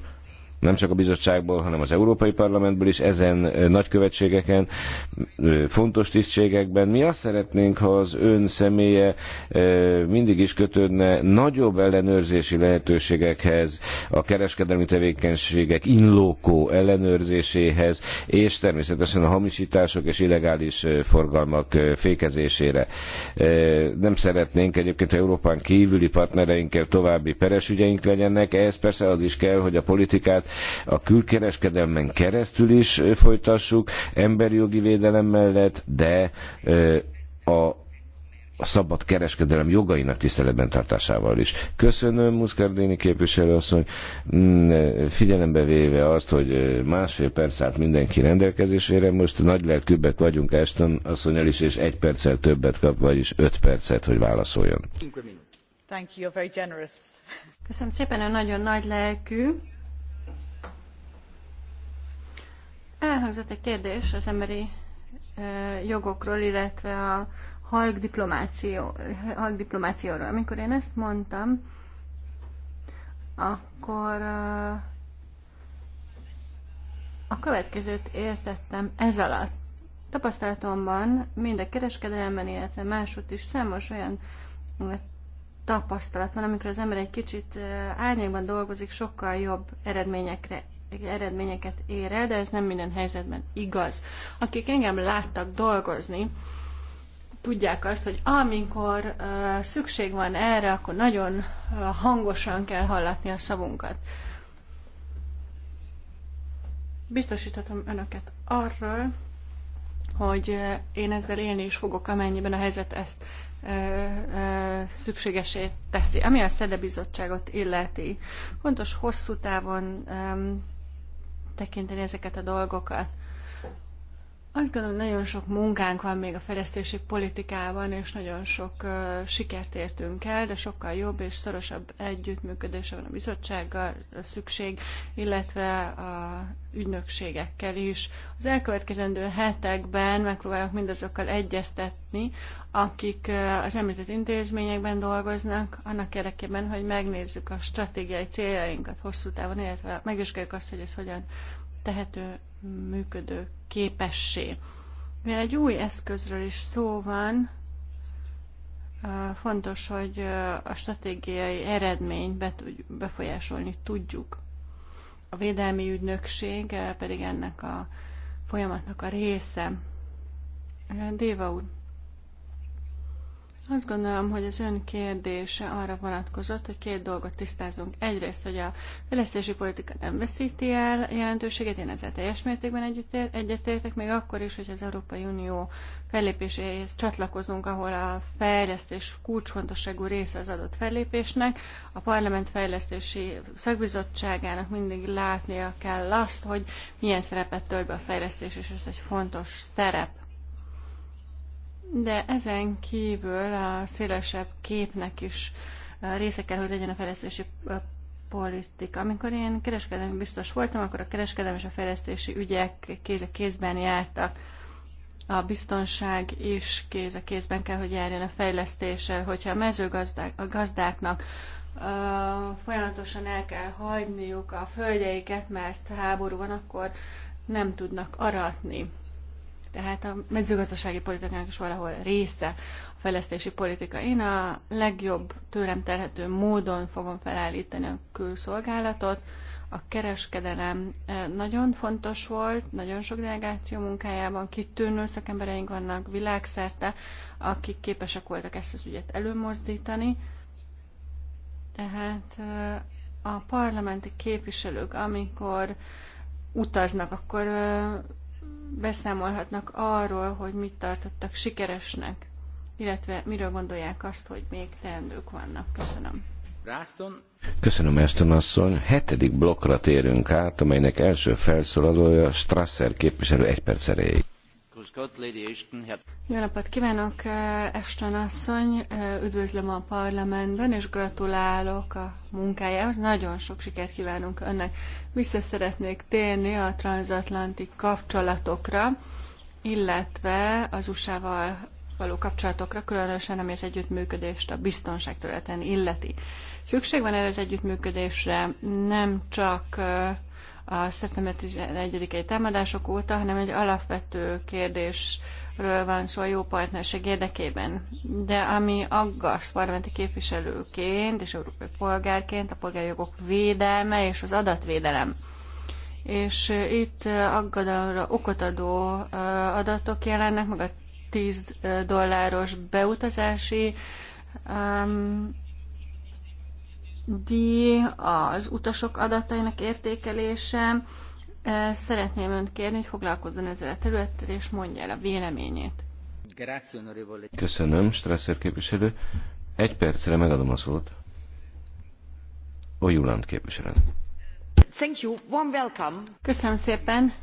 nem csak a bizottságból, hanem az Európai Parlamentből is, ezen nagykövetségeken, fontos tisztségekben. Mi azt szeretnénk, ha az ön személye mindig is kötődne nagyobb ellenőrzési lehetőségekhez, a kereskedelmi tevékenységek inlókó ellenőrzéséhez, és természetesen a hamisítások és illegális forgalmak fékezésére. Nem szeretnénk egyébként, ha Európán kívüli partnereinkkel további peresügyeink legyenek, ehhez persze az is kell, hogy a politikát a külkereskedelmen keresztül is folytassuk, emberi jogi védelem mellett, de a a szabad kereskedelem jogainak tiszteletben tartásával is. Köszönöm, Muszkardini képviselőasszony, mm, figyelembe véve azt, hogy másfél perc állt mindenki rendelkezésére, most nagy lelkűbbek vagyunk Eston asszonyal is, és egy perccel többet kap, vagyis öt percet, hogy válaszoljon. Köszönöm szépen, nagyon nagy lelkű. Elhangzott egy kérdés az emberi jogokról, illetve a halkdiplomáció, halkdiplomációról. Amikor én ezt mondtam, akkor a következőt értettem ez alatt. Tapasztalatomban mind a kereskedelemben, illetve máshogy is számos olyan tapasztalat van, amikor az ember egy kicsit árnyékban dolgozik, sokkal jobb eredményekre eredményeket ér el, de ez nem minden helyzetben igaz. Akik engem láttak dolgozni, tudják azt, hogy amikor uh, szükség van erre, akkor nagyon uh, hangosan kell hallatni a szavunkat. Biztosíthatom önöket arról, hogy uh, én ezzel élni is fogok, amennyiben a helyzet ezt szükségesé teszi. Ami a Szede Bizottságot illeti, fontos hosszú távon um, tekinteni ezeket a dolgokat. Azt gondolom, nagyon sok munkánk van még a fejlesztési politikában, és nagyon sok uh, sikert értünk el, de sokkal jobb és szorosabb együttműködése van a bizottsággal a szükség, illetve a ügynökségekkel is. Az elkövetkezendő hetekben megpróbálok mindazokkal egyeztetni, akik uh, az említett intézményekben dolgoznak, annak érdekében, hogy megnézzük a stratégiai céljainkat hosszú távon, illetve megvizsgáljuk azt, hogy ez hogyan tehető működő képessé. Mivel egy új eszközről is szó van, fontos, hogy a stratégiai eredményt be tudj, befolyásolni tudjuk. A védelmi ügynökség pedig ennek a folyamatnak a része. Déva úr, azt gondolom, hogy az ön kérdése arra vonatkozott, hogy két dolgot tisztázunk. Egyrészt, hogy a fejlesztési politika nem veszíti el jelentőséget, én ezzel teljes mértékben egyetértek, még akkor is, hogy az Európai Unió fellépéséhez csatlakozunk, ahol a fejlesztés kulcsfontosságú része az adott fellépésnek. A Parlament Fejlesztési Szakbizottságának mindig látnia kell azt, hogy milyen szerepet tölt be a fejlesztés, és ez egy fontos szerep de ezen kívül a szélesebb képnek is eh, része kell, hogy legyen a fejlesztési eh, politika. Amikor én kereskedelmi biztos voltam, akkor a kereskedelmi és a fejlesztési ügyek kéz a kézben jártak. A biztonság is kéz a kézben kell, hogy járjon a fejlesztéssel. Hogyha a mezőgazdák, a gazdáknak eh, folyamatosan el kell hagyniuk a földjeiket, mert háború van, akkor nem tudnak aratni. Tehát a mezőgazdasági politikának is valahol része a fejlesztési politika. Én a legjobb tőlem telhető módon fogom felállítani a külszolgálatot. A kereskedelem eh, nagyon fontos volt, nagyon sok delegáció munkájában kitűnő szakembereink vannak világszerte, akik képesek voltak ezt az ügyet előmozdítani. Tehát eh, a parlamenti képviselők, amikor utaznak, akkor eh, beszámolhatnak arról, hogy mit tartottak sikeresnek, illetve miről gondolják azt, hogy még teendők vannak. Köszönöm. Köszönöm, Eston asszony. Hetedik blokkra térünk át, amelynek első felszólalója Strasser képviselő egy perc erejéig. Jó napot kívánok, Eston eh, asszony! Eh, üdvözlöm a parlamentben, és gratulálok a munkájához. Nagyon sok sikert kívánunk önnek. Vissza szeretnék térni a transatlanti kapcsolatokra, illetve az USA-val való kapcsolatokra, különösen ami az együttműködést a biztonság területen illeti. Szükség van erre az együttműködésre nem csak eh, a szeptember 11-i támadások óta, hanem egy alapvető kérdésről van szó a jó partnerség érdekében. De ami aggaszt parlamenti képviselőként és európai polgárként, a polgárjogok védelme és az adatvédelem. És eh, itt eh, aggadalomra okot adó eh, adatok jelennek, meg a 10 dolláros beutazási um, díj, az utasok adatainak értékelése. Szeretném önt kérni, hogy foglalkozzon ezzel a területtel, és mondja el a véleményét. Köszönöm, Strasser képviselő. Egy percre megadom a szót. Ojuland képviselő. Thank you. Warm welcome. Köszönöm szépen.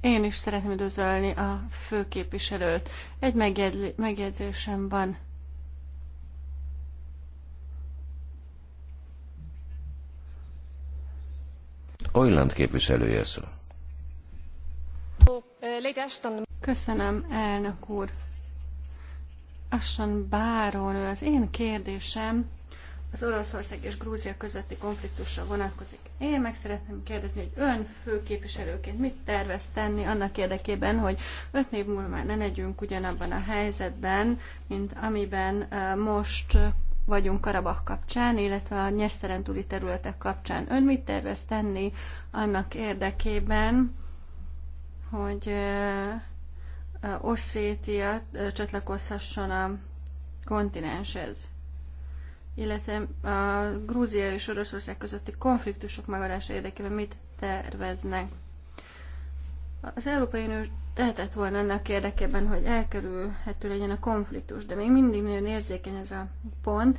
Én is szeretném üdvözölni a főképviselőt. Egy megjegyzésem van Ojland képviselője szó. Köszönöm, elnök úr. Aston Báron, az én kérdésem az Oroszország és Grúzia közötti konfliktusra vonatkozik. Én meg szeretném kérdezni, hogy ön főképviselőként mit tervez tenni annak érdekében, hogy öt év múlva már ne legyünk ugyanabban a helyzetben, mint amiben most vagyunk Karabach kapcsán, illetve a nyeszteren túli területek kapcsán. Ön mit tervez tenni annak érdekében, hogy Oszétia csatlakozhasson a kontinenshez? illetve a Grúzia és Oroszország közötti konfliktusok megadása érdekében mit terveznek. Az Európai Unió tehetett volna annak érdekében, hogy elkerülhető legyen a konfliktus, de még mindig nagyon érzékeny ez a pont,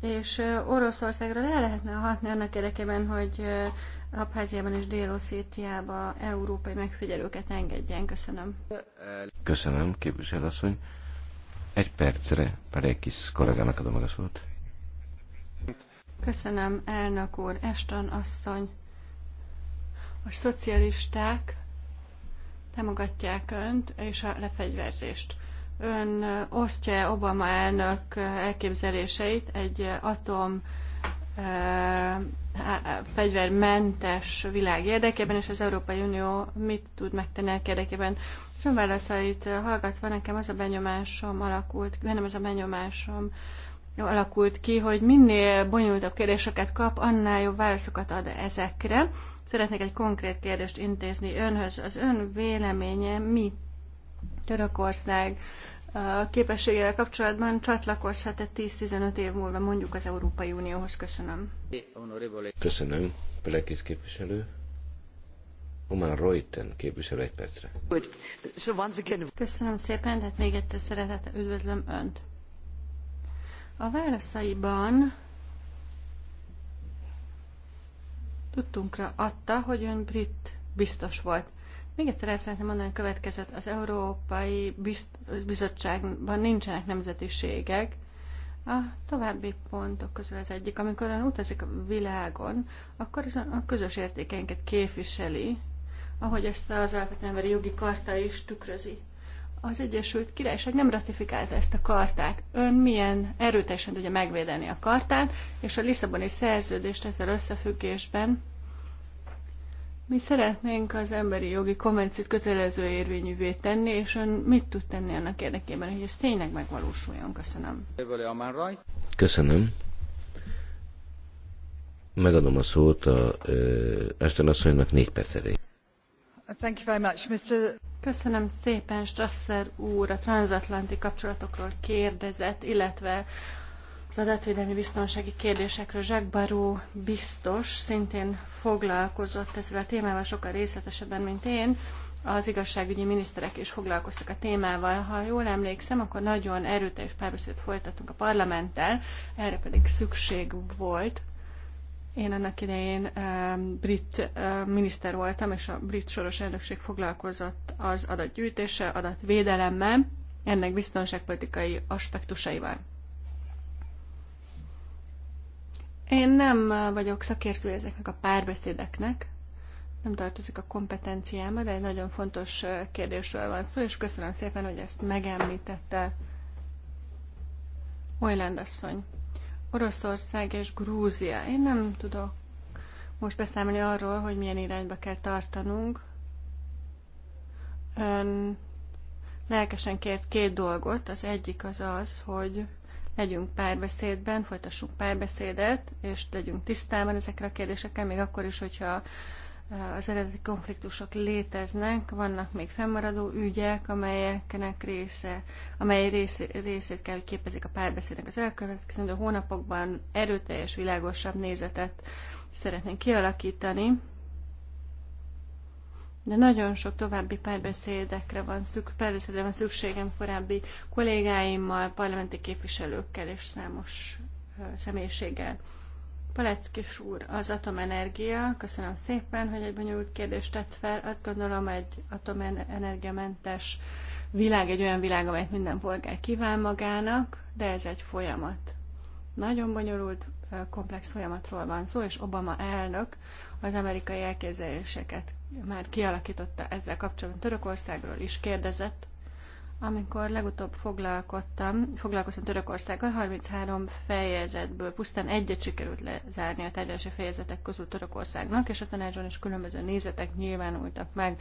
és Oroszországra le lehetne hatni annak érdekében, hogy Abháziában és dél európai megfigyelőket engedjen. Köszönöm. Köszönöm, képviselőasszony. Egy percre Parekis kollégának adom a szót. Köszönöm, elnök úr, Eston asszony. A szocialisták támogatják önt és a lefegyverzést. Ön osztja Obama elnök elképzeléseit egy atom fegyvermentes világ érdekében, és az Európai Unió mit tud megtenni ennek érdekében. Az ön válaszait hallgatva nekem az a benyomásom alakult, nem az a benyomásom alakult ki, hogy minél bonyolultabb kérdéseket kap, annál jobb válaszokat ad ezekre. Szeretnék egy konkrét kérdést intézni önhöz. Az ön véleménye mi? Törökország képességével kapcsolatban csatlakozhat-e 10-15 év múlva mondjuk az Európai Unióhoz? Köszönöm. Köszönöm, Pelekis képviselő. Oman Reuten képviselő egy percre. Köszönöm szépen, tehát még egyszer szeretettel üdvözlöm Önt. A válaszaiban tudtunkra adta, hogy ön brit biztos volt. Még egyszer el szeretném mondani a következőt. Az Európai Bizottságban nincsenek nemzetiségek. A további pontok közül az egyik, amikor ön utazik a világon, akkor a közös értékeinket képviseli, ahogy ezt az alapvető emberi jogi karta is tükrözi az Egyesült Királyság nem ratifikálta ezt a kartát. Ön milyen erőteljesen tudja megvédeni a kartát, és a Lisszaboni szerződést ezzel összefüggésben mi szeretnénk az emberi jogi konvenciót kötelező érvényűvé tenni, és ön mit tud tenni annak érdekében, hogy ez tényleg megvalósuljon? Köszönöm. Köszönöm. Megadom a szót a Esten asszonynak négy perc Thank you very much, Mr. Köszönöm szépen, Strasser úr, a transatlanti kapcsolatokról kérdezett, illetve az adatvédelmi biztonsági kérdésekről Jacques Baró biztos szintén foglalkozott ezzel a témával sokkal részletesebben, mint én. Az igazságügyi miniszterek is foglalkoztak a témával. Ha jól emlékszem, akkor nagyon erőteljes párbeszédet folytattunk a parlamenttel, erre pedig szükség volt, én annak idején brit miniszter voltam, és a brit soros elnökség foglalkozott az adatgyűjtéssel, adatvédelemmel, ennek biztonságpolitikai aspektusaival. Én nem vagyok szakértő ezeknek a párbeszédeknek, nem tartozik a kompetenciáma, de egy nagyon fontos kérdésről van szó, és köszönöm szépen, hogy ezt megemlítette Olyland asszony. Oroszország és Grúzia. Én nem tudok most beszámolni arról, hogy milyen irányba kell tartanunk. Ön lelkesen kért két dolgot. Az egyik az az, hogy legyünk párbeszédben, folytassunk párbeszédet, és legyünk tisztában ezekre a kérdésekkel, még akkor is, hogyha az eredeti konfliktusok léteznek, vannak még fennmaradó ügyek, amelyeknek része, amely rész, részét kell, hogy képezik a párbeszédnek az elkövetkező hónapokban erőteljes, világosabb nézetet szeretnénk kialakítani. De nagyon sok további párbeszédekre van, szük, párbeszédre van szükségem korábbi kollégáimmal, parlamenti képviselőkkel és számos személyiséggel. Paleckis úr, az atomenergia, köszönöm szépen, hogy egy bonyolult kérdést tett fel. Azt gondolom, egy atomenergiamentes világ egy olyan világ, amelyet minden polgár kíván magának, de ez egy folyamat. Nagyon bonyolult, komplex folyamatról van szó, és Obama elnök az amerikai elképzeléseket már kialakította ezzel kapcsolatban. Törökországról is kérdezett, amikor legutóbb foglalkoztam, foglalkoztam Törökországgal, 33 fejezetből pusztán egyet sikerült lezárni a tárgyalási fejezetek közül Törökországnak, és a tanácson is különböző nézetek nyilvánultak meg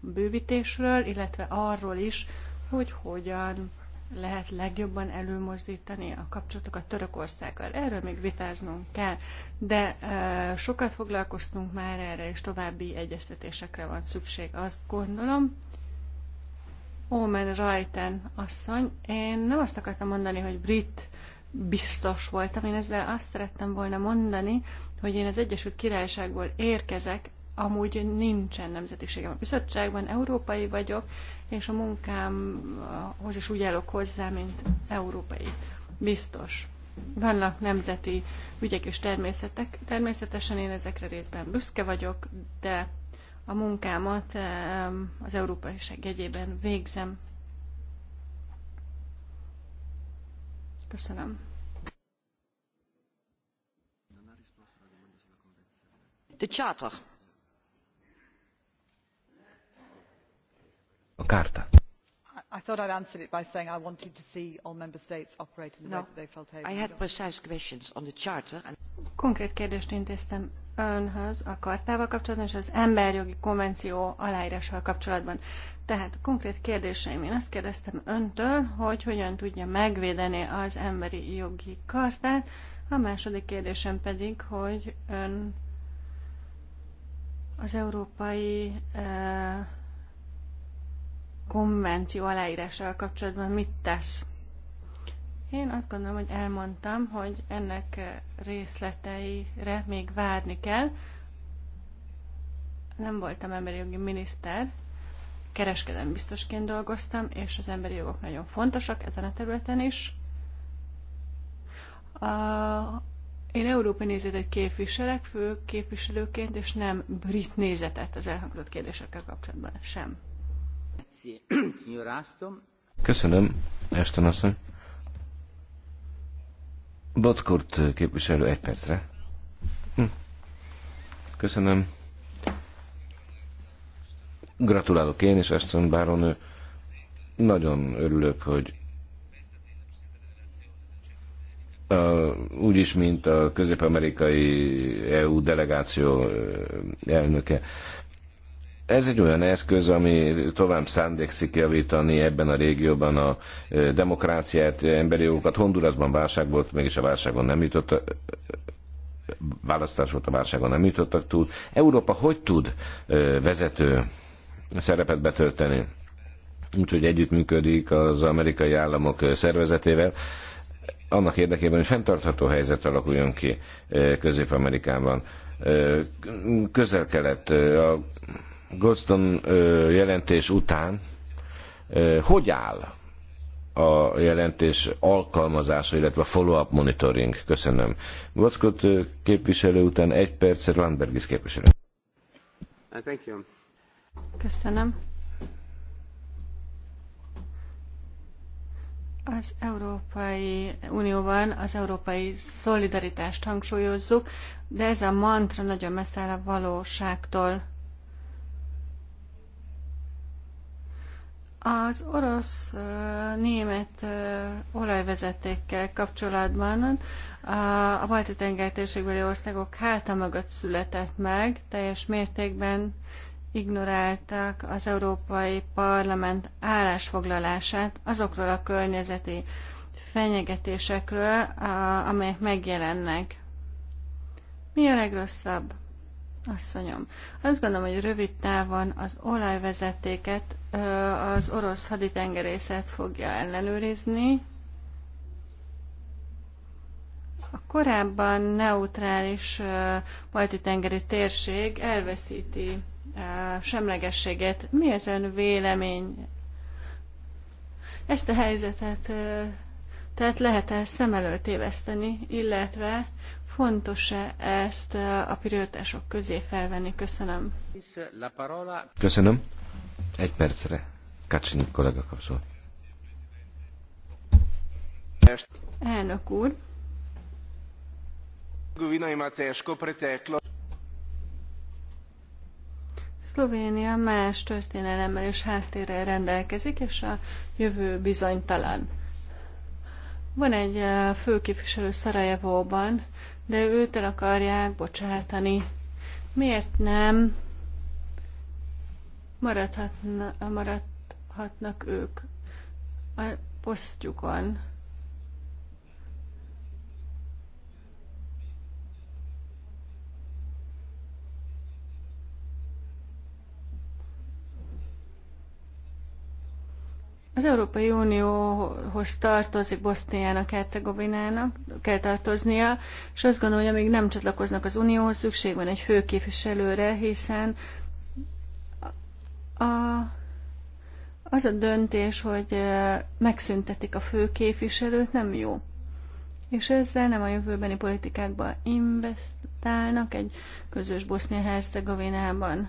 bővítésről, illetve arról is, hogy hogyan lehet legjobban előmozdítani a kapcsolatokat Törökországgal. Erről még vitáznunk kell, de e, sokat foglalkoztunk már erre, és további egyeztetésekre van szükség, azt gondolom. Omen Rajten asszony, én nem azt akartam mondani, hogy brit biztos voltam, én ezzel azt szerettem volna mondani, hogy én az Egyesült Királyságból érkezek, amúgy nincsen nemzetiségem a bizottságban, európai vagyok, és a munkámhoz is úgy állok hozzá, mint európai biztos. Vannak nemzeti ügyek és természetek. Természetesen én ezekre részben büszke vagyok, de a munkámat eh, az Európai Segegyében végzem. Köszönöm. The charter. A kárta. I thought I'd answered it by saying I wanted to see all member states operate in the no, way that they felt able. I had precise questions on the charter. And... Konkrét kérdést intéztem önhöz a kartával kapcsolatban és az emberjogi konvenció aláírásával kapcsolatban. Tehát konkrét kérdéseim, én azt kérdeztem öntől, hogy hogyan tudja megvédeni az emberi jogi kartát, a második kérdésem pedig, hogy ön az európai eh, konvenció aláírásával kapcsolatban mit tesz? Én azt gondolom, hogy elmondtam, hogy ennek részleteire még várni kell. Nem voltam emberi jogi miniszter, Kereskedem biztosként dolgoztam, és az emberi jogok nagyon fontosak ezen a területen is. A, én európai nézetet képviselek, fő képviselőként, és nem brit nézetet az elhangzott kérdésekkel kapcsolatban sem. Köszönöm, Ashton asszony. Bockurt képviselő egy percre. Hm. Köszönöm. Gratulálok én is, Ashton Báronő. Nagyon örülök, hogy a, úgyis, mint a közép-amerikai EU delegáció elnöke. Ez egy olyan eszköz, ami tovább szándékszik javítani ebben a régióban a demokráciát, emberi jogokat. Hondurasban válság volt, mégis a válságon nem jutott választás volt a válságon, nem jutottak túl. Európa hogy tud vezető szerepet betölteni? Úgyhogy együttműködik az amerikai államok szervezetével, annak érdekében, hogy fenntartható helyzet alakuljon ki Közép-Amerikában. Közel-kelet, a Goldstone jelentés után hogy áll a jelentés alkalmazása, illetve a follow-up monitoring. Köszönöm. Gockot képviselő után egy percet Landbergis képviselő. Uh, thank you. Köszönöm. Az Európai Unióban az európai szolidaritást hangsúlyozzuk, de ez a mantra nagyon messze áll a valóságtól. Az orosz-német olajvezetékkel kapcsolatban a balti tenger térségbeli országok háta mögött született meg, teljes mértékben ignorálták az Európai Parlament állásfoglalását azokról a környezeti fenyegetésekről, amelyek megjelennek. Mi a legrosszabb? asszonyom. Azt gondolom, hogy rövid távon az olajvezetéket az orosz haditengerészet fogja ellenőrizni. A korábban neutrális balti tengeri térség elveszíti semlegességet. Mi az ön vélemény? Ezt a helyzetet tehát lehet -e szem előtt éveszteni, illetve Fontos-e ezt a prioritások közé felvenni? Köszönöm. Köszönöm. Egy percre. Kacsini kollega kapszol. Elnök úr. Szlovénia más történelemmel és háttérrel rendelkezik, és a jövő bizonytalan. Van egy főképviselő Szarajevóban, de őt el akarják bocsátani. Miért nem maradhatna, maradhatnak ők a posztjukon? Az Európai Unióhoz tartozik Boszniának, Hercegovinának, kell tartoznia, és azt gondolom, hogy amíg nem csatlakoznak az Unióhoz, szükség van egy főképviselőre, hiszen a, az a döntés, hogy megszüntetik a főképviselőt, nem jó. És ezzel nem a jövőbeni politikákba investálnak egy közös Bosznia-Hercegovinában.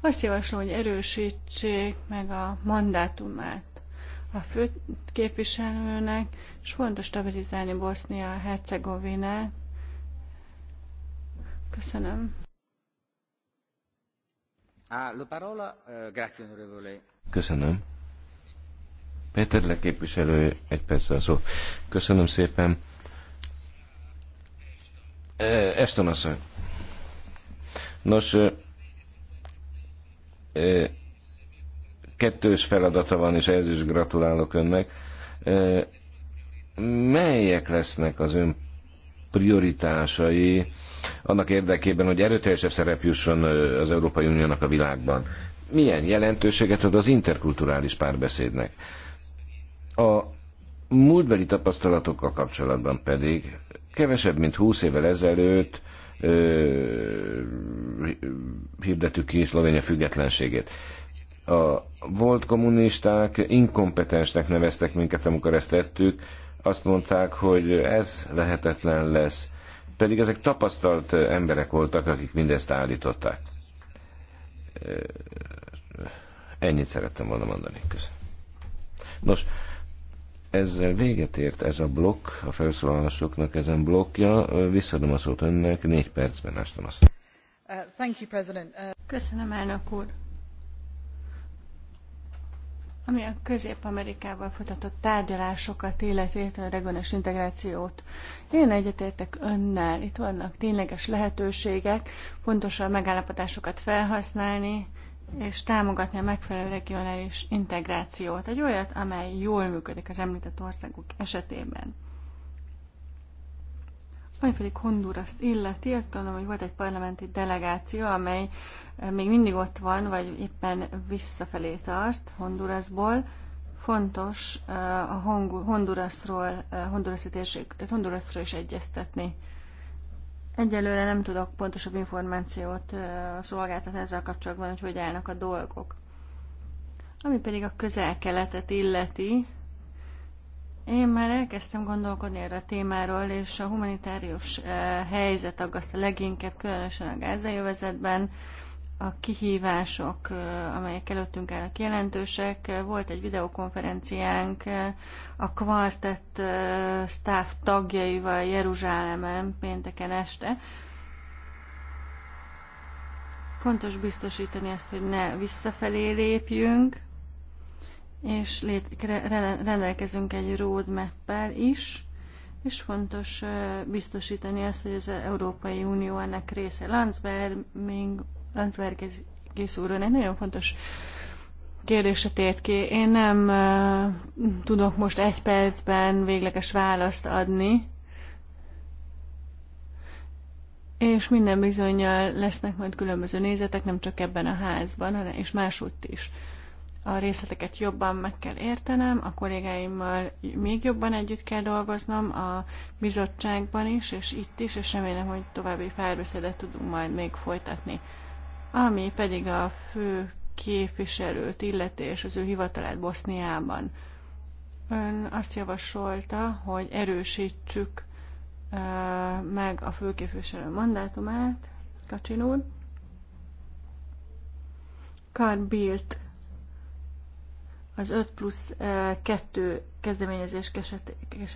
Azt javaslom, hogy erősítsék meg a mandátumát a fő képviselőnek, és fontos stabilizálni Bosznia-Hercegovinát. Köszönöm. Eh, Köszönöm. Péter képviselő egy perc a szó. Köszönöm szépen. Eh, Eston asszony. Nos, eh, kettős feladata van, és ehhez is gratulálok önnek. Melyek lesznek az ön prioritásai annak érdekében, hogy erőteljesebb szerep jusson az Európai Uniónak a világban? Milyen jelentőséget ad az interkulturális párbeszédnek? A múltbeli tapasztalatokkal kapcsolatban pedig kevesebb, mint 20 évvel ezelőtt hirdettük ki Szlovénia függetlenségét. A volt kommunisták inkompetensnek neveztek minket, amikor ezt tettük. Azt mondták, hogy ez lehetetlen lesz. Pedig ezek tapasztalt emberek voltak, akik mindezt állították. Ennyit szerettem volna mondani. Köszönöm. Nos, ezzel véget ért ez a blokk, a felszólalásoknak ezen blokkja. Visszadom a szót önnek, négy percben ástam azt. Uh, Köszönöm, Ami a Közép-Amerikával folytatott tárgyalásokat illeti, a regionális integrációt, én egyetértek önnel, itt vannak tényleges lehetőségek, fontos a megállapodásokat felhasználni, és támogatni a megfelelő regionális integrációt, egy olyat, amely jól működik az említett országok esetében. Ami pedig Honduraszt illeti, azt gondolom, hogy volt egy parlamenti delegáció, amely eh, még mindig ott van, vagy éppen visszafelé tart Hondurasból. Fontos eh, a Hondurasról, eh, Honduraszi térség, tehát Hondurasról is egyeztetni. Egyelőre nem tudok pontosabb információt szolgáltatni ezzel kapcsolatban, hogy hogy állnak a dolgok. Ami pedig a közel-keletet illeti, én már elkezdtem gondolkodni erre a témáról, és a humanitárius eh, helyzet aggaszt a leginkább, különösen a gázai övezetben. A kihívások, eh, amelyek előttünk állnak jelentősek. Volt egy videokonferenciánk eh, a Quartet staff tagjaival Jeruzsálemen pénteken este, fontos biztosítani azt, hogy ne visszafelé lépjünk, és lét, rendelkezünk egy roadmap-el is, és fontos biztosítani azt, hogy az Európai Unió ennek része. Landsberg, Landsberg úr, egy nagyon fontos kérdése tért ki. Én nem uh, tudok most egy percben végleges választ adni, és minden bizonyal lesznek majd különböző nézetek, nem csak ebben a házban, hanem és máshogy is. Uh, a részleteket jobban meg kell értenem, a kollégáimmal még jobban együtt kell dolgoznom a bizottságban is, és itt is, és remélem, hogy további párbeszédet tudunk majd még folytatni. Ami pedig a fő képviselőt illeti, és az ő hivatalát Boszniában. Ön azt javasolta, hogy erősítsük meg a főképviselő mandátumát, Kacsin úr. Carl az 5 plusz 2 kezdeményezés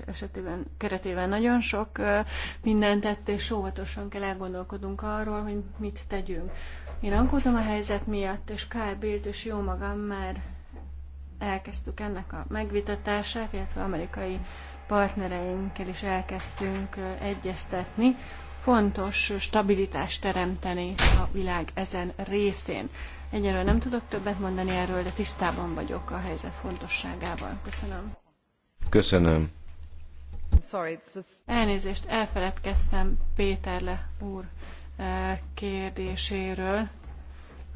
esetében, keretében nagyon sok mindent tett, és óvatosan kell elgondolkodunk arról, hogy mit tegyünk. Én aggódom a helyzet miatt, és Kár Bild és jó magam már elkezdtük ennek a megvitatását, illetve amerikai partnereinkkel is elkezdtünk egyeztetni. Fontos stabilitást teremteni a világ ezen részén. Egyelőre nem tudok többet mondani erről, de tisztában vagyok a helyzet fontosságával. Köszönöm. Köszönöm. Elnézést, elfeledkeztem Péterle úr eh, kérdéséről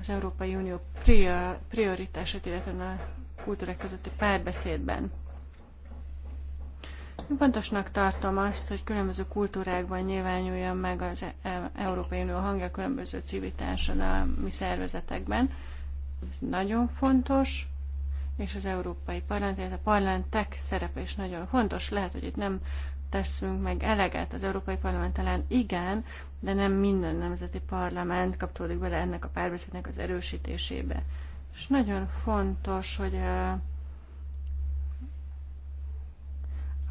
az Európai Unió prioritását, illetve a kultúrák közötti párbeszédben. Fontosnak tartom azt, hogy különböző kultúrákban nyilvánuljon meg az e- e- Európai Unió hangja különböző civil társadalmi szervezetekben. Ez nagyon fontos, és az Európai Parlament, illetve a parlamentek szerepe is nagyon fontos. Lehet, hogy itt nem teszünk meg eleget. Az Európai Parlament talán igen, de nem minden nemzeti parlament kapcsolódik bele ennek a párbeszédnek az erősítésébe. És nagyon fontos, hogy uh,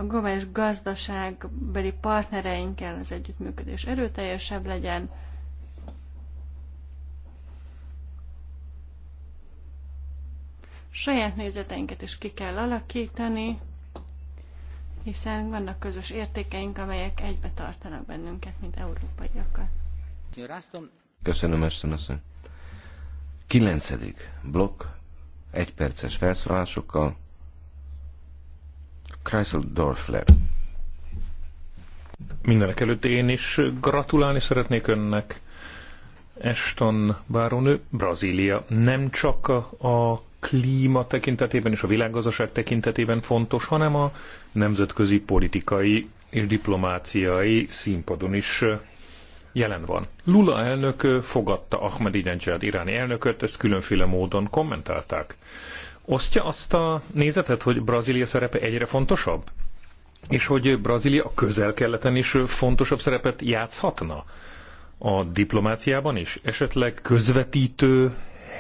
a globális gazdaságbeli partnereinkkel az együttműködés erőteljesebb legyen, saját nézeteinket is ki kell alakítani, hiszen vannak közös értékeink, amelyek egybe tartanak bennünket, mint európaiakat. Köszönöm, Esten Kilencedik blokk, egyperces felszólásokkal, Kreisel Dorfler. Mindenek előtt én is gratulálni szeretnék önnek. Eston Báronő, Brazília nem csak a klíma tekintetében és a világgazdaság tekintetében fontos, hanem a nemzetközi politikai és diplomáciai színpadon is jelen van. Lula elnök fogadta Ahmadinejad iráni elnököt, ezt különféle módon kommentálták. Osztja azt a nézetet, hogy Brazília szerepe egyre fontosabb? És hogy Brazília a közel-keleten is fontosabb szerepet játszhatna? A diplomáciában is? Esetleg közvetítő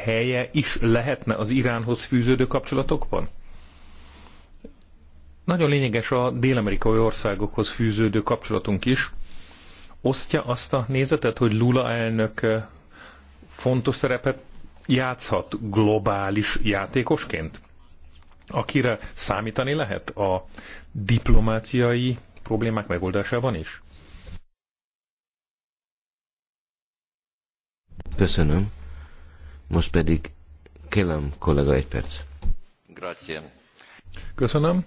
helye is lehetne az Iránhoz fűződő kapcsolatokban? Nagyon lényeges a dél-amerikai országokhoz fűződő kapcsolatunk is. Osztja azt a nézetet, hogy Lula elnök fontos szerepet játszhat globális játékosként, akire számítani lehet a diplomáciai problémák megoldásában is? Köszönöm. Most pedig kérem kollega egy perc. Grazie. Köszönöm.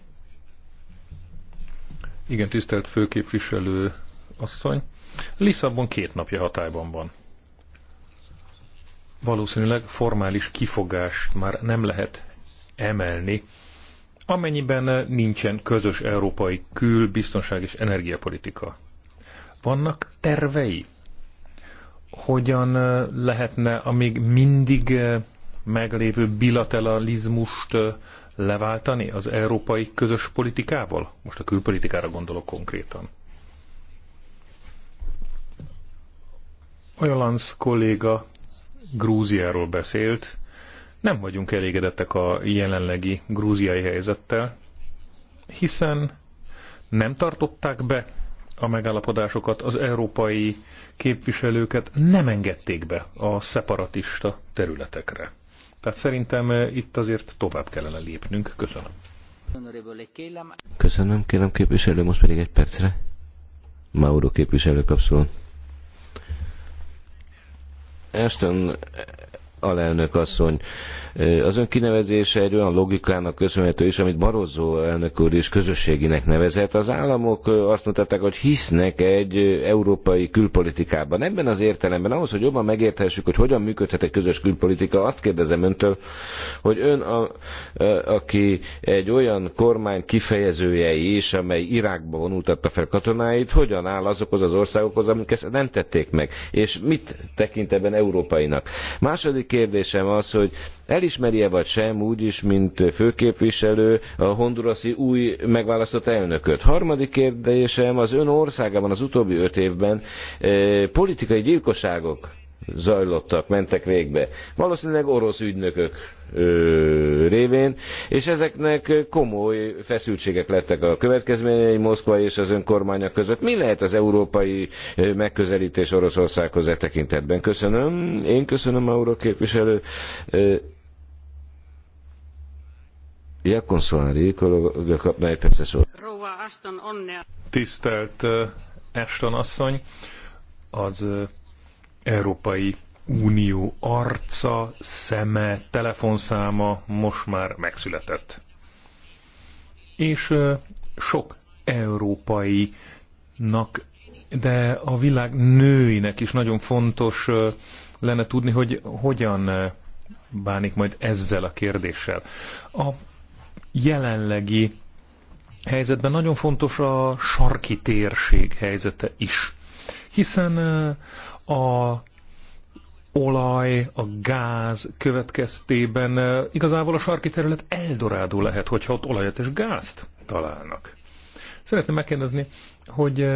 Igen, tisztelt főképviselő asszony. Lisszabon két napja hatályban van valószínűleg formális kifogást már nem lehet emelni, amennyiben nincsen közös európai külbiztonság és energiapolitika. Vannak tervei? Hogyan lehetne a még mindig meglévő bilateralizmust leváltani az európai közös politikával? Most a külpolitikára gondolok konkrétan. Olyan kolléga Grúziáról beszélt. Nem vagyunk elégedettek a jelenlegi grúziai helyzettel, hiszen nem tartották be a megállapodásokat, az európai képviselőket nem engedték be a szeparatista területekre. Tehát szerintem eh, itt azért tovább kellene lépnünk. Köszönöm. Köszönöm, kérem képviselő, most pedig egy percre. Mauro képviselő kapszulon. Ashton alelnök asszony. Az ön kinevezése egy olyan logikának köszönhető is, amit Barozó elnök úr is közösséginek nevezett. Az államok azt mutatták, hogy hisznek egy európai külpolitikában. Ebben az értelemben ahhoz, hogy jobban megérthessük, hogy hogyan működhet egy közös külpolitika, azt kérdezem öntől, hogy ön, a, a, aki egy olyan kormány kifejezője is, amely Irákba vonultatta fel katonáit, hogyan áll azokhoz az országokhoz, amik ezt nem tették meg, és mit tekint ebben európainak. Második második kérdésem az, hogy elismerje vagy sem úgy is, mint főképviselő a hondurasi új megválasztott elnököt. Harmadik kérdésem az ön országában az utóbbi öt évben eh, politikai gyilkosságok zajlottak, mentek végbe. Valószínűleg orosz ügynökök ö, révén, és ezeknek komoly feszültségek lettek a következményei Moszkva és az önkormányok között. Mi lehet az európai megközelítés Oroszországhoz e tekintetben? Köszönöm. Én köszönöm, Aura képviselő. Jakon Szóári, de kapna egy perces Tisztelt Eston asszony, az Európai Unió arca, szeme, telefonszáma most már megszületett. És sok európainak, de a világ nőinek is nagyon fontos lenne tudni, hogy hogyan bánik majd ezzel a kérdéssel. A jelenlegi helyzetben nagyon fontos a sarki térség helyzete is, hiszen a olaj, a gáz következtében igazából a sarki terület eldorádó lehet, hogyha ott olajat és gázt találnak. Szeretném megkérdezni, hogy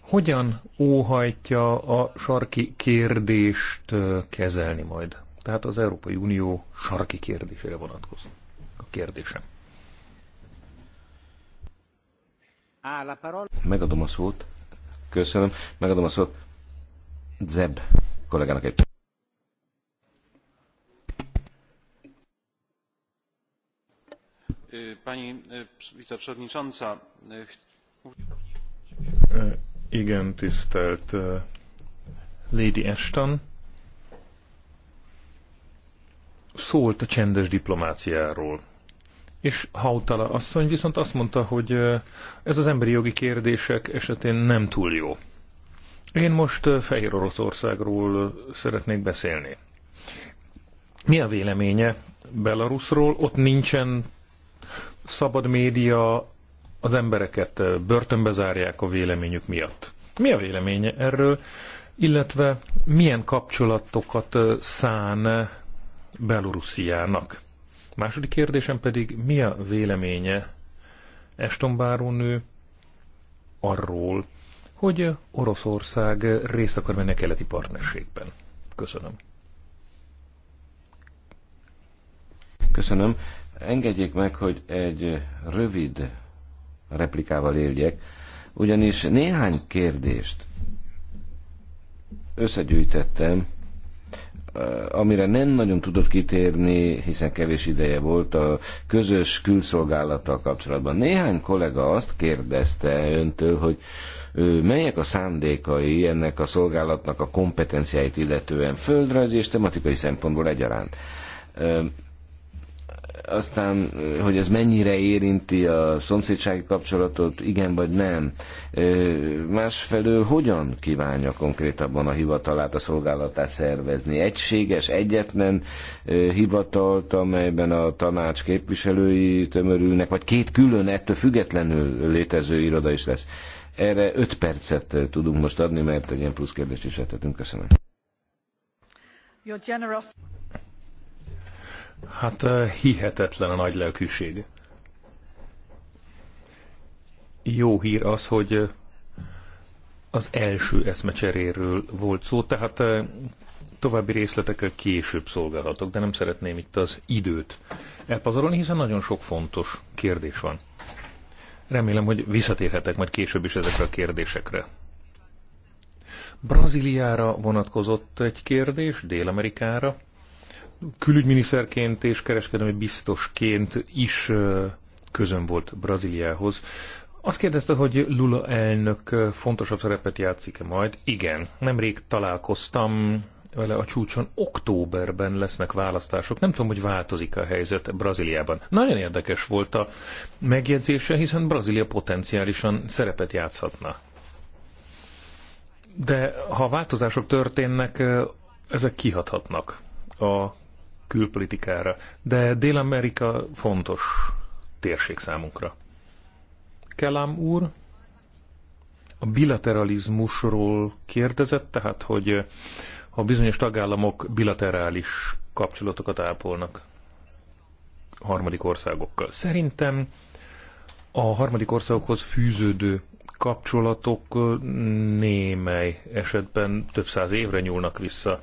hogyan óhajtja a sarki kérdést kezelni majd? Tehát az Európai Unió sarki kérdésére vonatkozó a kérdésem. Ah, Megadom a szót. Köszönöm. Megadom a szót Zeb kollégának egy pani wiceprzewodnicząca! E, igen, tisztelt Lady Ashton. Szólt a csendes diplomáciáról. És Hautala asszony viszont azt mondta, hogy ez az emberi jogi kérdések esetén nem túl jó. Én most Fehér Oroszországról szeretnék beszélni. Mi a véleménye Belarusról? Ott nincsen szabad média, az embereket börtönbe zárják a véleményük miatt. Mi a véleménye erről, illetve milyen kapcsolatokat szán Belorussziának? Második kérdésem pedig, mi a véleménye Eston nő arról, hogy Oroszország részt akar venni a keleti partnerségben. Köszönöm. Köszönöm. Engedjék meg, hogy egy rövid replikával éljek, ugyanis néhány kérdést összegyűjtettem, amire nem nagyon tudott kitérni, hiszen kevés ideje volt a közös külszolgálattal kapcsolatban. Néhány kollega azt kérdezte öntől, hogy melyek a szándékai ennek a szolgálatnak a kompetenciáit illetően földrajzi és tematikai szempontból egyaránt aztán, hogy ez mennyire érinti a szomszédsági kapcsolatot, igen vagy nem. Másfelől hogyan kívánja konkrétabban a hivatalát, a szolgálatát szervezni? Egységes, egyetlen hivatalt, amelyben a tanács képviselői tömörülnek, vagy két külön, ettől függetlenül létező iroda is lesz. Erre öt percet tudunk most adni, mert egy ilyen plusz kérdést is eltettünk. Köszönöm. Hát eh, hihetetlen a nagy lelkűség. Jó hír az, hogy eh, az első eszmecseréről volt szó, tehát eh, további részletekkel később szolgálhatok, de nem szeretném itt az időt elpazarolni, hiszen nagyon sok fontos kérdés van. Remélem, hogy visszatérhetek majd később is ezekre a kérdésekre. Brazíliára vonatkozott egy kérdés, Dél-Amerikára külügyminiszerként és kereskedelmi biztosként is közön volt Brazíliához. Azt kérdezte, hogy Lula elnök fontosabb szerepet játszik-e majd? Igen, nemrég találkoztam vele a csúcson. Októberben lesznek választások. Nem tudom, hogy változik a helyzet Brazíliában. Nagyon érdekes volt a megjegyzése, hiszen Brazília potenciálisan szerepet játszhatna. De ha változások történnek, ezek kihathatnak a külpolitikára, de Dél-Amerika fontos térség számunkra. Kelám úr a bilateralizmusról kérdezett, tehát hogy eh, ha bizonyos tagállamok bilaterális kapcsolatokat ápolnak harmadik országokkal. Szerintem a harmadik országokhoz fűződő kapcsolatok eh, némely esetben több száz évre nyúlnak vissza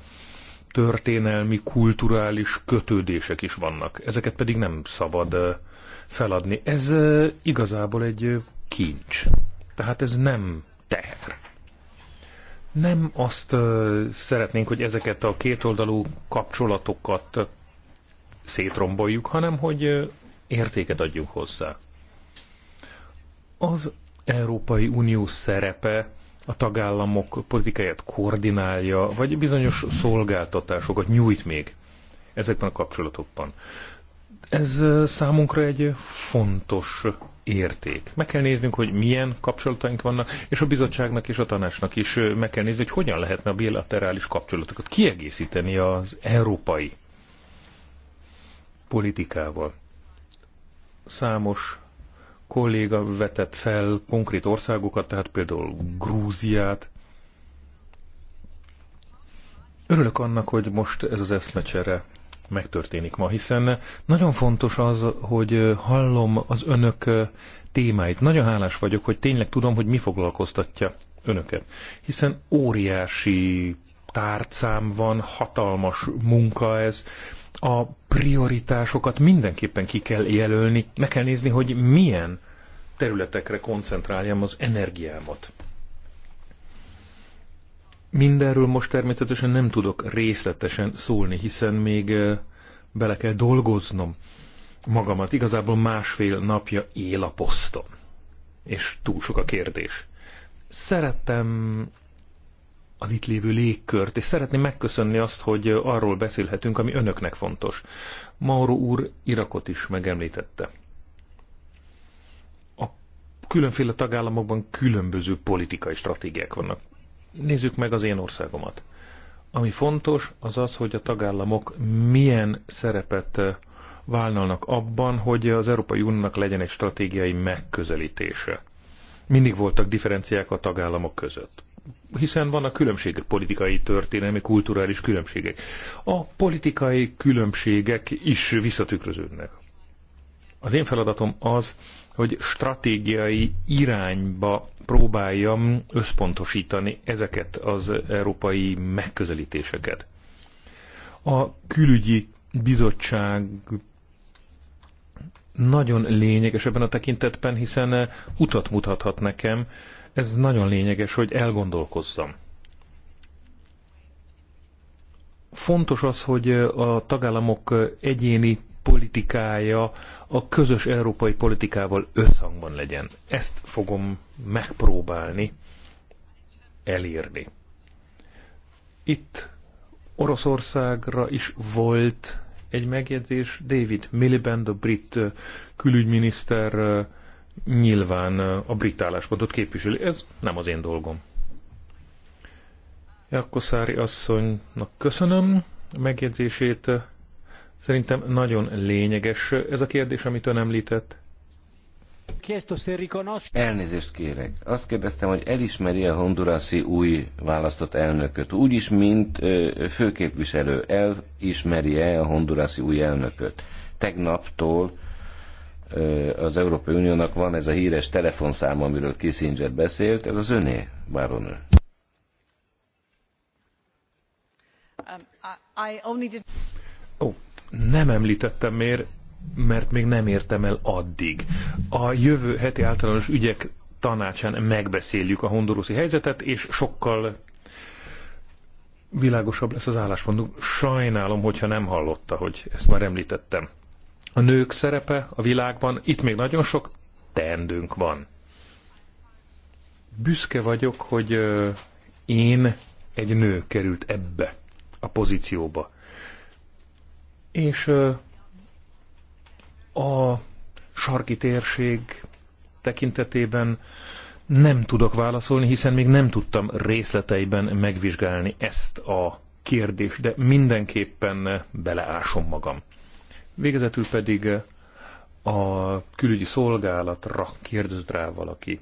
történelmi, kulturális kötődések is vannak. Ezeket pedig nem szabad feladni. Ez igazából egy kincs. Tehát ez nem teher. Nem azt szeretnénk, hogy ezeket a kétoldalú kapcsolatokat szétromboljuk, hanem hogy értéket adjunk hozzá. Az Európai Unió szerepe a tagállamok politikáját koordinálja, vagy bizonyos szolgáltatásokat nyújt még ezekben a kapcsolatokban. Ez számunkra egy fontos érték. Meg kell néznünk, hogy milyen kapcsolataink vannak, és a bizottságnak és a tanácsnak is meg kell nézni, hogy hogyan lehetne a bilaterális kapcsolatokat kiegészíteni az európai politikával. Számos kolléga vetett fel konkrét országokat, tehát például Grúziát. Örülök annak, hogy most ez az eszmecsere megtörténik ma, hiszen nagyon fontos az, hogy hallom az önök témáit. Nagyon hálás vagyok, hogy tényleg tudom, hogy mi foglalkoztatja önöket. Hiszen óriási tárcám van, hatalmas munka ez, a prioritásokat mindenképpen ki kell jelölni, meg kell nézni, hogy milyen területekre koncentráljam az energiámat. Mindenről most természetesen nem tudok részletesen szólni, hiszen még bele kell dolgoznom magamat. Igazából másfél napja él a posztom. És túl sok a kérdés. Szerettem az itt lévő légkört, és szeretném megköszönni azt, hogy arról beszélhetünk, ami önöknek fontos. Mauro úr Irakot is megemlítette. A különféle tagállamokban különböző politikai stratégiák vannak. Nézzük meg az én országomat. Ami fontos, az az, hogy a tagállamok milyen szerepet eh, vállalnak abban, hogy az Európai Uniónak legyen egy stratégiai megközelítése. Mindig voltak differenciák a tagállamok között hiszen vannak különbségek, politikai, történelmi, kulturális különbségek. A politikai különbségek is visszatükröződnek. Az én feladatom az, hogy stratégiai irányba próbáljam összpontosítani ezeket az európai megközelítéseket. A külügyi bizottság nagyon lényeges ebben a tekintetben, hiszen utat mutathat nekem, ez nagyon lényeges, hogy elgondolkozzam. Fontos az, hogy a tagállamok egyéni politikája a közös európai politikával összhangban legyen. Ezt fogom megpróbálni elérni. Itt Oroszországra is volt egy megjegyzés. David Miliband, a brit külügyminiszter nyilván a brit álláspontot képviseli. Ez nem az én dolgom. Jakoszári asszonynak köszönöm a megjegyzését. Szerintem nagyon lényeges ez a kérdés, amit ön említett. Elnézést kérek. Azt kérdeztem, hogy elismeri a hondurászi új választott elnököt. Úgyis, mint főképviselő, elismeri-e a hondurászi új elnököt? Tegnaptól az Európai Uniónak van ez a híres telefonszám, amiről Kissinger beszélt, ez az öné, báronő. Um, Ó, oh, nem említettem miért, mert még nem értem el addig. A jövő heti általános ügyek tanácsán megbeszéljük a honduruszi helyzetet, és sokkal világosabb lesz az álláspontunk. Sajnálom, hogyha nem hallotta, hogy ezt már említettem a nők szerepe a világban, itt még nagyon sok teendőnk van. Büszke vagyok, hogy én egy nő került ebbe a pozícióba. És a sarki térség tekintetében nem tudok válaszolni, hiszen még nem tudtam részleteiben megvizsgálni ezt a kérdést, de mindenképpen beleásom magam. Végezetül pedig eh, a külügyi szolgálatra kérdez rá valaki.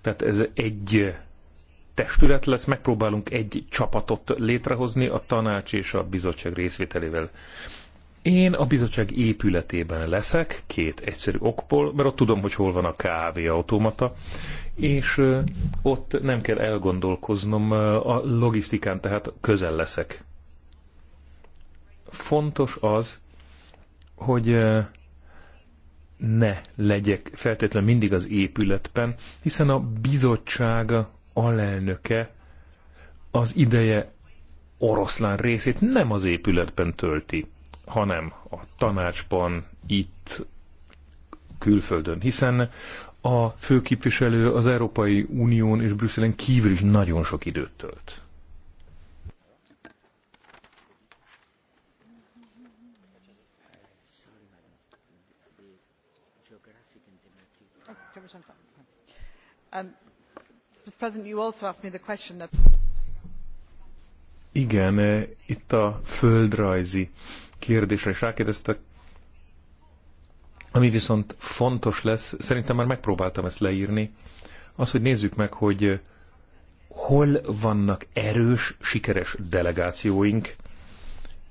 Tehát ez egy eh, testület lesz, megpróbálunk egy csapatot létrehozni a tanács és a bizottság részvételével. Én a bizottság épületében leszek, két egyszerű okból, mert ott tudom, hogy hol van a kávéautomata, és eh, ott nem kell elgondolkoznom a logisztikán, tehát közel leszek. Fontos az, hogy ne legyek feltétlenül mindig az épületben, hiszen a bizottsága alelnöke az ideje oroszlán részét nem az épületben tölti, hanem a tanácsban, itt, külföldön, hiszen a főképviselő az Európai Unión és Brüsszelen kívül is nagyon sok időt tölt. Igen, eh, itt a földrajzi kérdésre is rákérdeztek. Ami viszont fontos lesz, szerintem már megpróbáltam ezt leírni, az, hogy nézzük meg, hogy hol vannak erős, sikeres delegációink,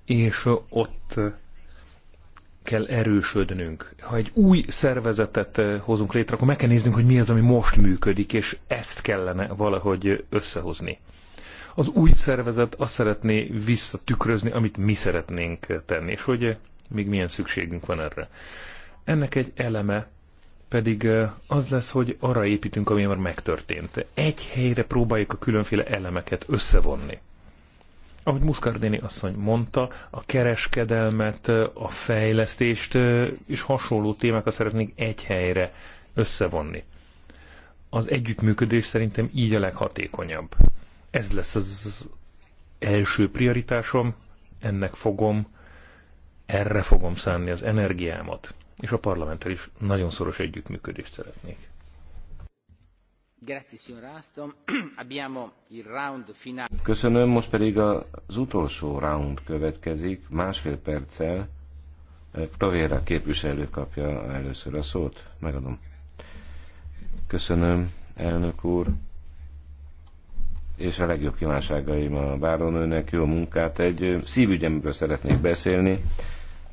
és ott kell erősödnünk. Ha egy új szervezetet eh, hozunk létre, akkor meg kell néznünk, hogy mi az, ami most működik, és ezt kellene valahogy összehozni. Az új szervezet azt szeretné visszatükrözni, amit mi szeretnénk tenni, és hogy eh, még milyen szükségünk van erre. Ennek egy eleme pedig eh, az lesz, hogy arra építünk, ami már megtörtént. Egy helyre próbáljuk a különféle elemeket összevonni ahogy Muscardini asszony mondta, a kereskedelmet, a fejlesztést és hasonló témákat szeretnék egy helyre összevonni. Az együttműködés szerintem így a leghatékonyabb. Ez lesz az első prioritásom, ennek fogom, erre fogom szánni az energiámat, és a parlamenttel is nagyon szoros együttműködést szeretnék. Köszönöm, most pedig az utolsó round következik, másfél perccel. Tavéra eh, képviselő kapja először a szót, megadom. Köszönöm, elnök úr, és a legjobb kívánságaim a báronőnek, jó munkát. Egy eh, szívügyemről szeretnék beszélni.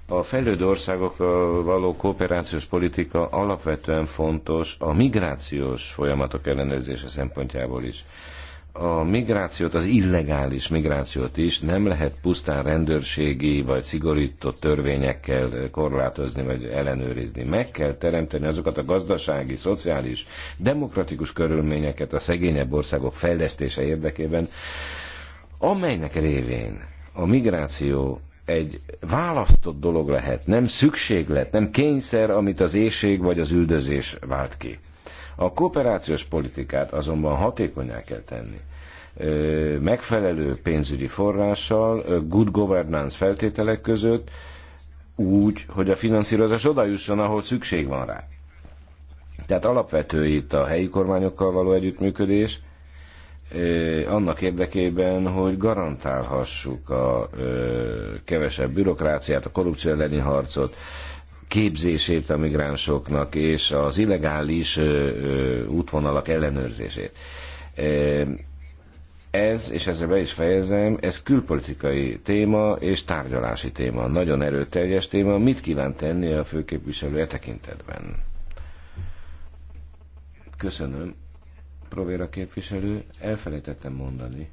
A fejlődő országokkal való kooperációs politika alapvetően fontos a migrációs folyamatok ellenőrzése szempontjából is. A migrációt, az illegális migrációt is nem lehet pusztán rendőrségi vagy szigorított törvényekkel korlátozni vagy ellenőrizni. Meg kell teremteni azokat a gazdasági, szociális, demokratikus körülményeket a szegényebb országok fejlesztése érdekében, amelynek révén a migráció egy választott dolog lehet, nem szükséglet, nem kényszer, amit az éjség vagy az üldözés vált ki. A kooperációs politikát azonban hatékonyá kell tenni. Megfelelő pénzügyi forrással, good governance feltételek között, úgy, hogy a finanszírozás oda jusson, ahol szükség van rá. Tehát alapvető itt a helyi kormányokkal való együttműködés, annak érdekében, hogy garantálhassuk a kevesebb bürokráciát, a korrupció elleni harcot, képzését a migránsoknak és az illegális útvonalak ellenőrzését. Ez, és ezzel be is fejezem, ez külpolitikai téma és tárgyalási téma, nagyon erőteljes téma. Mit kíván tenni a főképviselő e tekintetben? Köszönöm. Provéra képviselő, elfelejtettem mondani,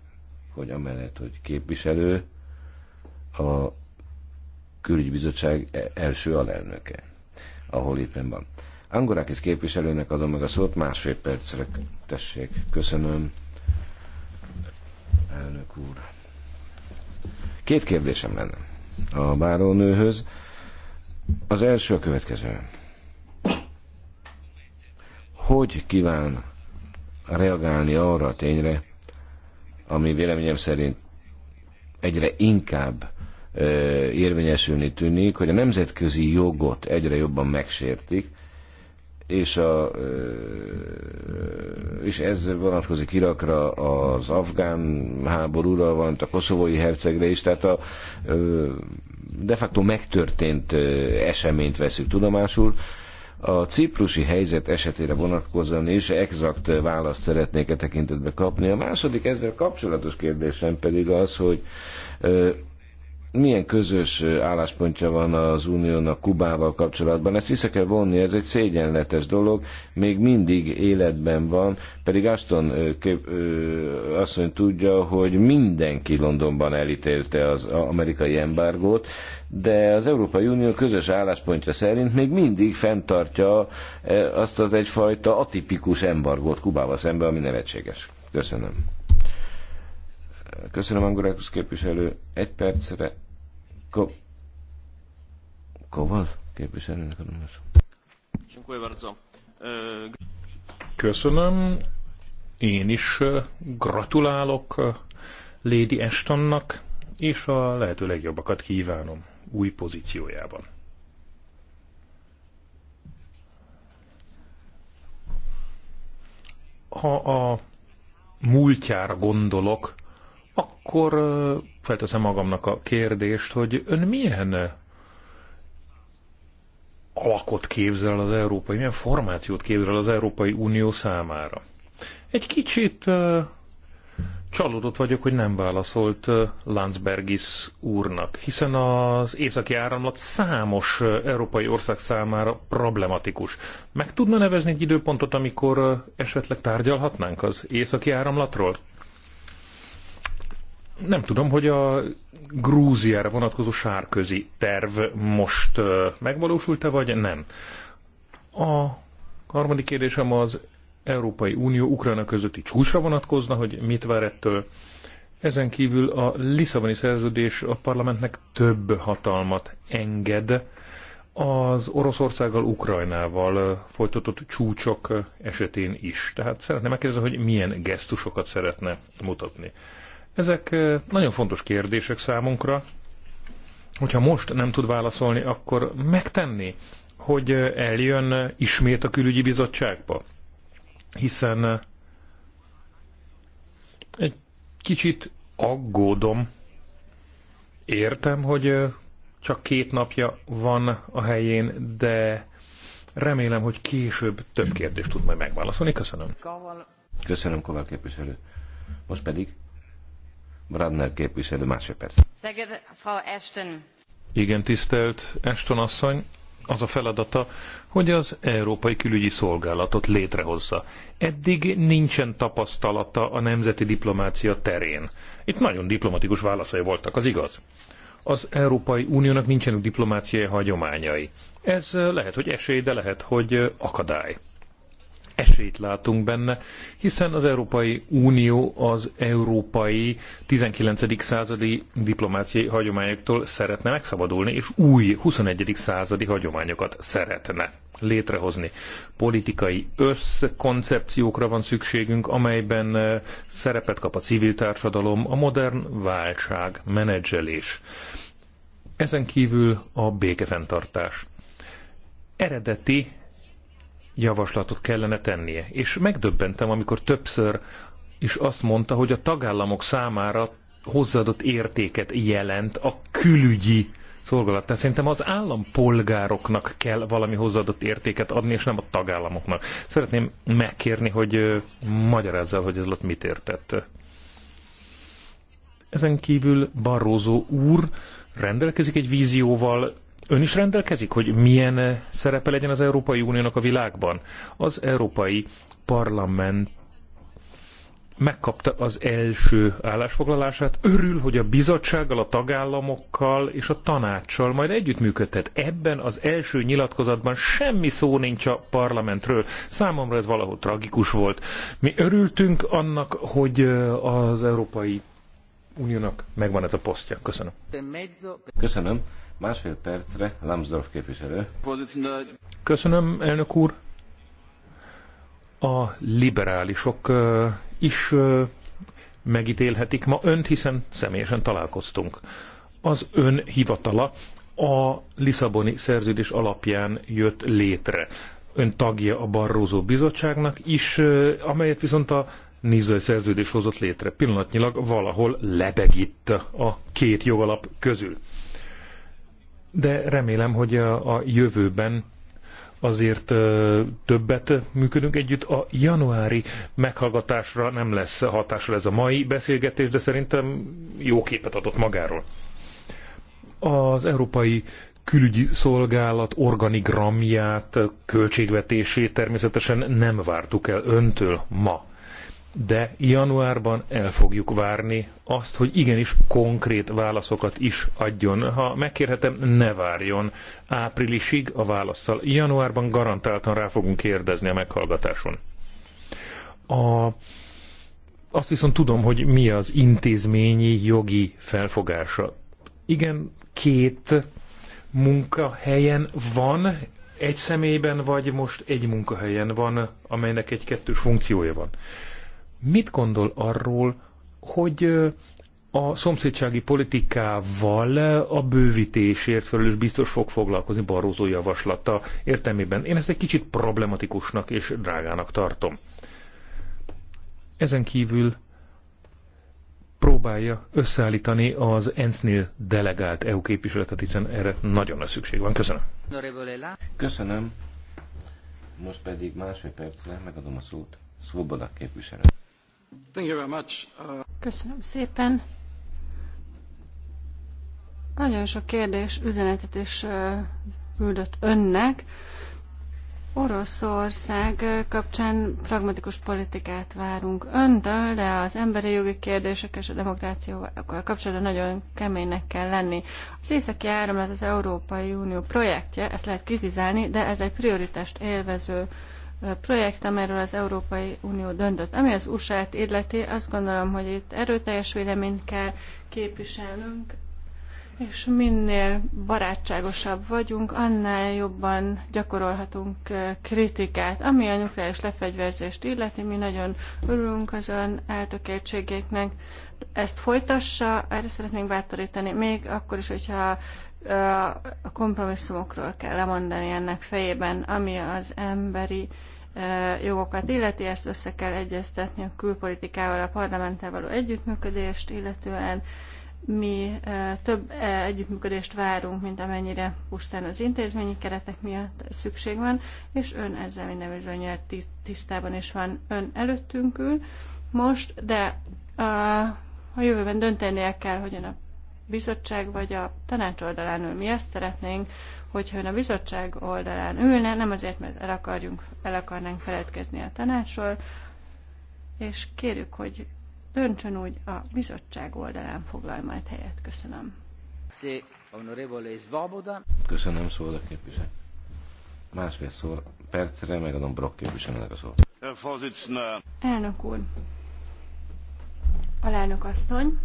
hogy amellett, hogy képviselő, a külügybizottság e- első alelnöke, ahol éppen van. Angorakis képviselőnek adom meg a szót, másfél percre tessék. Köszönöm, elnök úr. Két kérdésem lenne a bárónőhöz. Az első a következő. Hogy kíván reagálni arra a tényre, ami véleményem szerint egyre inkább ö, érvényesülni tűnik, hogy a nemzetközi jogot egyre jobban megsértik, és, a, és ez vonatkozik Irakra, az afgán háborúra, valamint a koszovói hercegre is, tehát a de facto megtörtént eseményt veszük tudomásul, a ciprusi helyzet esetére vonatkozóan is exakt választ szeretnék e tekintetbe kapni. A második ezzel kapcsolatos kérdésem pedig az, hogy milyen közös álláspontja van az uniónak Kubával kapcsolatban. Ezt vissza kell vonni, ez egy szégyenletes dolog, még mindig életben van, pedig Aston kép, asszony tudja, hogy mindenki Londonban elítélte az amerikai embargót, de az Európai Unió közös álláspontja szerint még mindig fenntartja azt az egyfajta atipikus embargót Kubával szemben, ami nevetséges. Köszönöm. Köszönöm, Angorákusz képviselő. Egy percre Ko- Kowal, képviselőnek adom most. E, Köszönöm. Én is e, gratulálok e, Lady Estonnak, és a lehető legjobbakat kívánom új pozíciójában. Ha a múltjára gondolok, akkor felteszem magamnak a kérdést, hogy ön milyen alakot képzel az európai, milyen formációt képzel az Európai Unió számára. Egy kicsit csalódott vagyok, hogy nem válaszolt Landsbergis úrnak, hiszen az északi áramlat számos európai ország számára problematikus. Meg tudna nevezni egy időpontot, amikor esetleg tárgyalhatnánk az északi áramlatról? nem tudom, hogy a Grúziára vonatkozó sárközi terv most megvalósult-e, vagy nem. A harmadik kérdésem az Európai Unió Ukrajna közötti csúcsra vonatkozna, hogy mit vár ettől. Ezen kívül a Lisszaboni szerződés a parlamentnek több hatalmat enged az Oroszországgal, Ukrajnával folytatott csúcsok esetén is. Tehát szeretném megkérdezni, hogy milyen gesztusokat szeretne mutatni. Ezek nagyon fontos kérdések számunkra. Hogyha most nem tud válaszolni, akkor megtenni, hogy eljön ismét a külügyi bizottságba. Hiszen egy kicsit aggódom. Értem, hogy csak két napja van a helyén, de remélem, hogy később több kérdést tud majd megválaszolni. Köszönöm. Köszönöm, Kovács képviselő. Most pedig Brandner képviselő másodperc. Igen, tisztelt Ashton asszony, az a feladata, hogy az Európai Külügyi Szolgálatot létrehozza. Eddig nincsen tapasztalata a nemzeti diplomácia terén. Itt nagyon diplomatikus válaszai voltak, az igaz. Az Európai Uniónak nincsenek diplomáciai hagyományai. Ez lehet, hogy esély, de lehet, hogy akadály esélyt látunk benne, hiszen az Európai Unió az európai 19. századi diplomáciai hagyományoktól szeretne megszabadulni, és új 21. századi hagyományokat szeretne létrehozni. Politikai összkoncepciókra van szükségünk, amelyben eh, szerepet kap a civil társadalom, a modern válság menedzselés. Ezen kívül a békefenntartás. Eredeti javaslatot kellene tennie. És megdöbbentem, amikor többször is azt mondta, hogy a tagállamok számára hozzáadott értéket jelent a külügyi szolgálat. Tehát szerintem az állampolgároknak kell valami hozzáadott értéket adni, és nem a tagállamoknak. Szeretném megkérni, hogy magyarázza, hogy ez ott mit értett. Ezen kívül Barroso úr rendelkezik egy vízióval, Ön is rendelkezik, hogy milyen szerepe legyen az Európai Uniónak a világban? Az Európai Parlament megkapta az első állásfoglalását, örül, hogy a bizottsággal, a tagállamokkal és a tanácssal majd együttműködhet. Ebben az első nyilatkozatban semmi szó nincs a parlamentről. Számomra ez valahol tragikus volt. Mi örültünk annak, hogy az Európai Uniónak megvan ez a posztja. Köszönöm. Köszönöm. Másfél percre Lambsdorff képviselő. Köszönöm, elnök úr. A liberálisok is megítélhetik ma önt, hiszen személyesen találkoztunk. Az ön hivatala a Lisszaboni szerződés alapján jött létre. Ön tagja a Barrózó Bizottságnak is, amelyet viszont a Nizai szerződés hozott létre. Pillanatnyilag valahol lebeg itt a két jogalap közül de remélem, hogy a, a jövőben azért többet működünk együtt. A januári meghallgatásra nem lesz hatással ez a mai beszélgetés, de szerintem jó képet adott magáról. Az Európai Külügyi Szolgálat organigramját, költségvetését természetesen nem vártuk el öntől ma de januárban el fogjuk várni azt, hogy igenis konkrét válaszokat is adjon. Ha megkérhetem, ne várjon áprilisig a válaszsal. Januárban garantáltan rá fogunk kérdezni a meghallgatáson. A... Azt viszont tudom, hogy mi az intézményi jogi felfogása. Igen, két munkahelyen van, egy személyben, vagy most egy munkahelyen van, amelynek egy kettős funkciója van. Mit gondol arról, hogy a szomszédsági politikával a bővítésért felelős biztos fog foglalkozni Barózó javaslata értelmében. Én ezt egy kicsit problematikusnak és drágának tartom. Ezen kívül próbálja összeállítani az ENSZ-nél delegált EU képviseletet, hiszen erre nagyon nagy szükség van. Köszönöm. Köszönöm. Most pedig másfél percre megadom a szót Svoboda képviselő. Köszönöm szépen. Nagyon sok kérdés, üzenetet is küldött önnek. Oroszország kapcsán pragmatikus politikát várunk öntől, de az emberi jogi kérdések és a demokrációval kapcsolatban nagyon keménynek kell lenni. Az északi áramlat az Európai Unió projektje, ezt lehet kritizálni, de ez egy prioritást élvező projekt, amiről az Európai Unió döntött. Ami az USA-t azt gondolom, hogy itt erőteljes véleményt kell képviselnünk, és minél barátságosabb vagyunk, annál jobban gyakorolhatunk kritikát. Ami a nukleáris lefegyverzést illeti, mi nagyon örülünk az ön eltökéltségéknek. Ezt folytassa, erre szeretnénk bátorítani, még akkor is, hogyha a kompromisszumokról kell lemondani ennek fejében, ami az emberi uh, jogokat illeti, ezt össze kell egyeztetni a külpolitikával, a parlamenttel való együttműködést, illetően mi több együttműködést várunk, mint amennyire pusztán az intézményi keretek miatt szükség van, és ön ezzel minden bizonyal tisztában is van ön előttünkül most, de a, a jövőben döntenie kell, ön a bizottság vagy a tanács oldalán ül. Mi azt szeretnénk, hogyha ön a bizottság oldalán ülne, nem azért, mert el, akarjunk, el akarnánk feledkezni a tanácsról, és kérjük, hogy döntsön úgy, a bizottság oldalán foglal majd helyet. Köszönöm. Köszönöm, szóval a képviselő. Másfél szó, percre megadom Brock képviselőnek a szót. Elnök úr, alelnök asszony,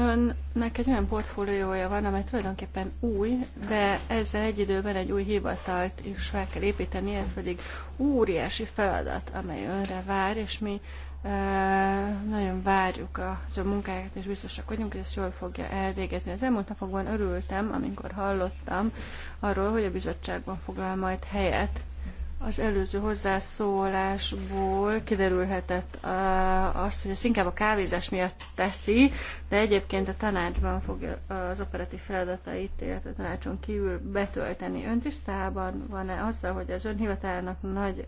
Önnek egy olyan portfóliója van, amely tulajdonképpen új, de ezzel egy időben egy új hivatalt is fel kell építeni, ez pedig óriási feladat, amely önre vár, és mi e, nagyon várjuk az a munkáját, és biztosak vagyunk, hogy ezt jól fogja elvégezni. Az elmúlt napokban örültem, amikor hallottam arról, hogy a bizottságban foglal majd helyet az előző hozzászólásból kiderülhetett az, hogy ezt inkább a kávézás miatt teszi, de egyébként a tanácsban fogja az operatív feladatait, illetve a tanácson kívül betölteni. Ön tisztában van-e azzal, hogy az ön nagy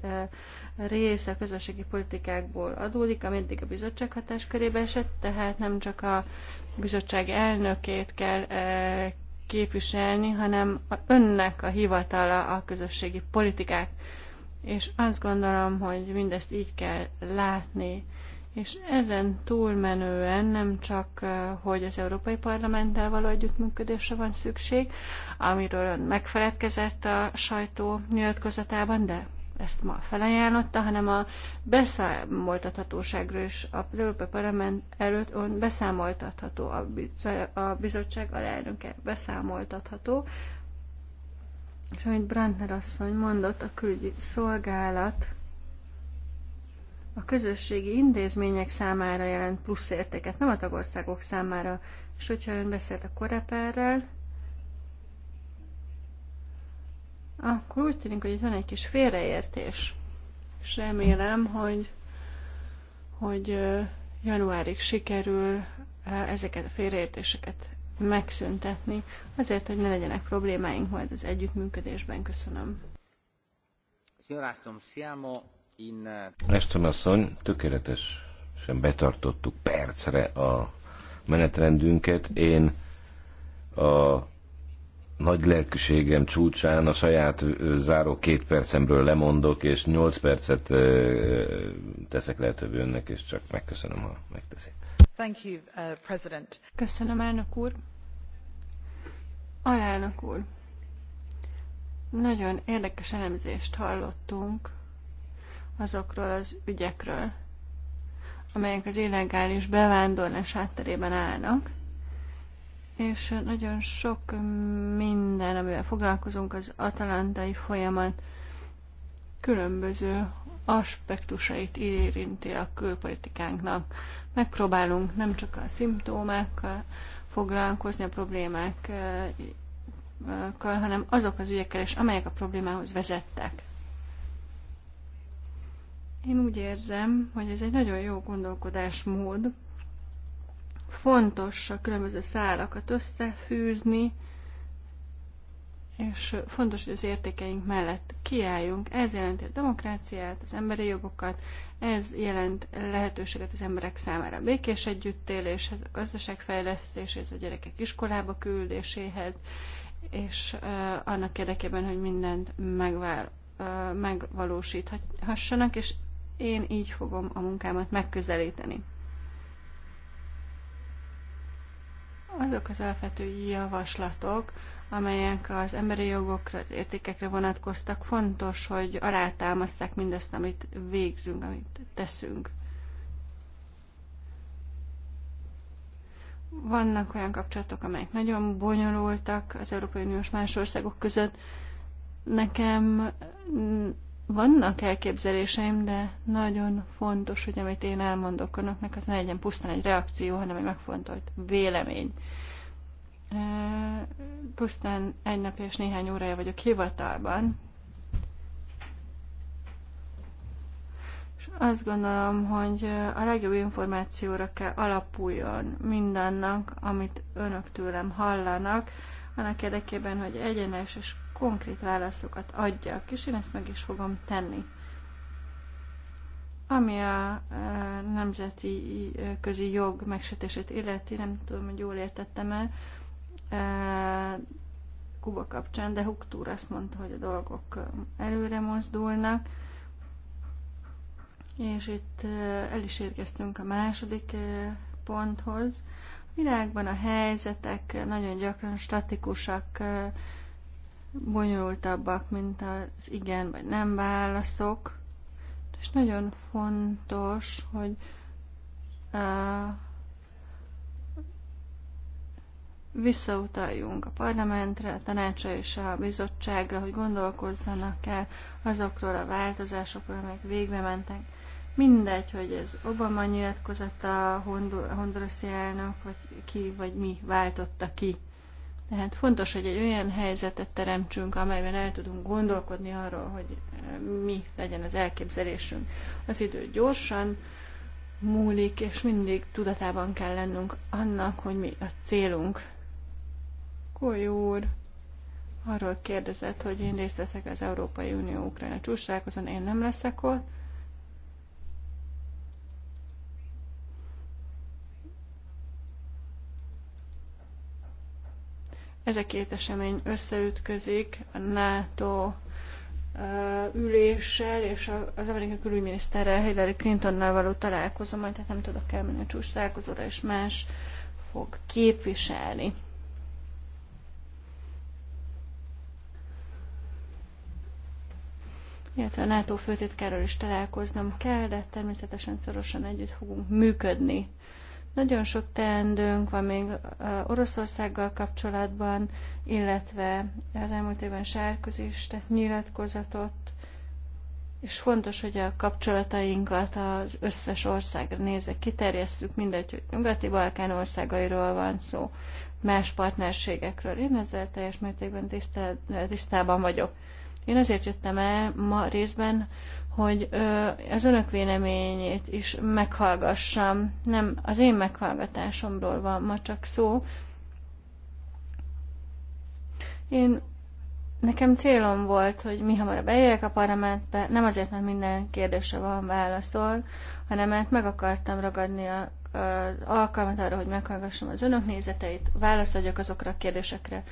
része a közösségi politikákból adódik, ameddig a bizottság hatáskörébe esett, tehát nem csak a bizottság elnökét kell képviselni, hanem önnek a hivatala a közösségi politikák és azt gondolom, hogy mindezt így kell látni. És ezen túlmenően nem csak, eh, hogy az Európai Parlamenttel való együttműködésre van szükség, amiről megfeledkezett a sajtó nyilatkozatában, de ezt ma felajánlotta, hanem a beszámoltathatóságról is az Európai Parlament előtt ön beszámoltatható, a bizottság alelnöke beszámoltatható, és amit Brandner asszony mondott, a külügyi szolgálat a közösségi intézmények számára jelent plusz értéket, nem a tagországok számára. És hogyha ön beszélt a koreperrel, akkor úgy tűnik, hogy itt van egy kis félreértés. És remélem, hogy, hogy januárig sikerül ezeket a félreértéseket megszüntetni, azért, hogy ne legyenek problémáink majd az együttműködésben. Köszönöm. Eh, Ashton asszony, tökéletesen betartottuk percre a menetrendünket. Én a nagy lelkűségem csúcsán a saját záró két percemről lemondok, és nyolc percet teszek lehetővé önnek, és csak megköszönöm, ha megteszi. Uh, Köszönöm, Alelnök úr, nagyon érdekes elemzést hallottunk azokról az ügyekről, amelyek az illegális bevándorlás hátterében állnak, és nagyon sok minden, amivel foglalkozunk, az atalantai folyamat különböző aspektusait érinti a külpolitikánknak. Megpróbálunk nem csak a szimptómákkal foglalkozni, a problémákkal, hanem azok az ügyekkel is, amelyek a problémához vezettek. Én úgy érzem, hogy ez egy nagyon jó gondolkodásmód. Fontos a különböző szálakat összefűzni, és fontos, hogy az értékeink mellett kiálljunk. Ez jelenti a demokráciát, az emberi jogokat, ez jelent lehetőséget az emberek számára a békés együttéléshez, a gazdaságfejlesztéshez, a gyerekek iskolába küldéséhez, és uh, annak érdekében, hogy mindent megvál, uh, megvalósíthassanak, és én így fogom a munkámat megközelíteni. Azok az alapvető javaslatok, amelyek az emberi jogokra, az értékekre vonatkoztak. Fontos, hogy alátámaszták mindazt, amit végzünk, amit teszünk. Vannak olyan kapcsolatok, amelyek nagyon bonyolultak az Európai Uniós más országok között. Nekem vannak elképzeléseim, de nagyon fontos, hogy amit én elmondok önöknek, az ne legyen pusztán egy reakció, hanem egy megfontolt vélemény pusztán egy nap és néhány órája vagyok hivatalban, és azt gondolom, hogy a legjobb információra kell alapuljon mindannak, amit önök tőlem hallanak, annak érdekében, hogy egyenes és konkrét válaszokat adjak, és én ezt meg is fogom tenni. Ami a nemzeti közi jog megsötését illeti, nem tudom, hogy jól értettem el, Kuba kapcsán, de Huktúr azt mondta, hogy a dolgok előre mozdulnak, és itt el is érkeztünk a második ponthoz. A világban a helyzetek nagyon gyakran statikusak, bonyolultabbak, mint az igen vagy nem válaszok, és nagyon fontos, hogy visszautaljunk a parlamentre, a tanácsra és a bizottságra, hogy gondolkozzanak el azokról a változásokról, amelyek végbe mentek. Mindegy, hogy ez Obama nyilatkozata, Hondurasi elnök, vagy ki, vagy mi váltotta ki. Tehát fontos, hogy egy olyan helyzetet teremtsünk, amelyben el tudunk gondolkodni arról, hogy eh, mi legyen az elképzelésünk. Az idő gyorsan múlik, és mindig tudatában kell lennünk annak, hogy mi a célunk. Koly úr arról kérdezett, hogy én részt veszek az Európai Unió Ukrajna csúcsrálkozón, én nem leszek ott. Ez a két esemény összeütközik a NATO üléssel és az amerikai külügyminiszterrel Hillary Clintonnal való találkozom, tehát nem tudok elmenni a csúcs találkozóra, és más fog képviselni. illetve a NATO főtitkáról is találkoznom kell, de természetesen szorosan együtt fogunk működni. Nagyon sok teendőnk van még Oroszországgal kapcsolatban, illetve az elmúlt évben Sárközi is tett nyilatkozatot, és fontos, hogy a kapcsolatainkat az összes országra nézve kiterjesztjük, mindegy, hogy nyugati Balkán országairól van szó, más partnerségekről. Én ezzel teljes mértékben tisztában vagyok. Én azért jöttem el ma részben, hogy az önök véleményét is meghallgassam. Nem az én meghallgatásomról van ma csak szó. Én nekem célom volt, hogy mi hamarabb eljöjjek a parlamentbe, nem azért, mert minden kérdésre van válaszol, hanem mert meg akartam ragadni a, a alkalmat arra, hogy meghallgassam az önök nézeteit, választ adjak azokra a kérdésekre,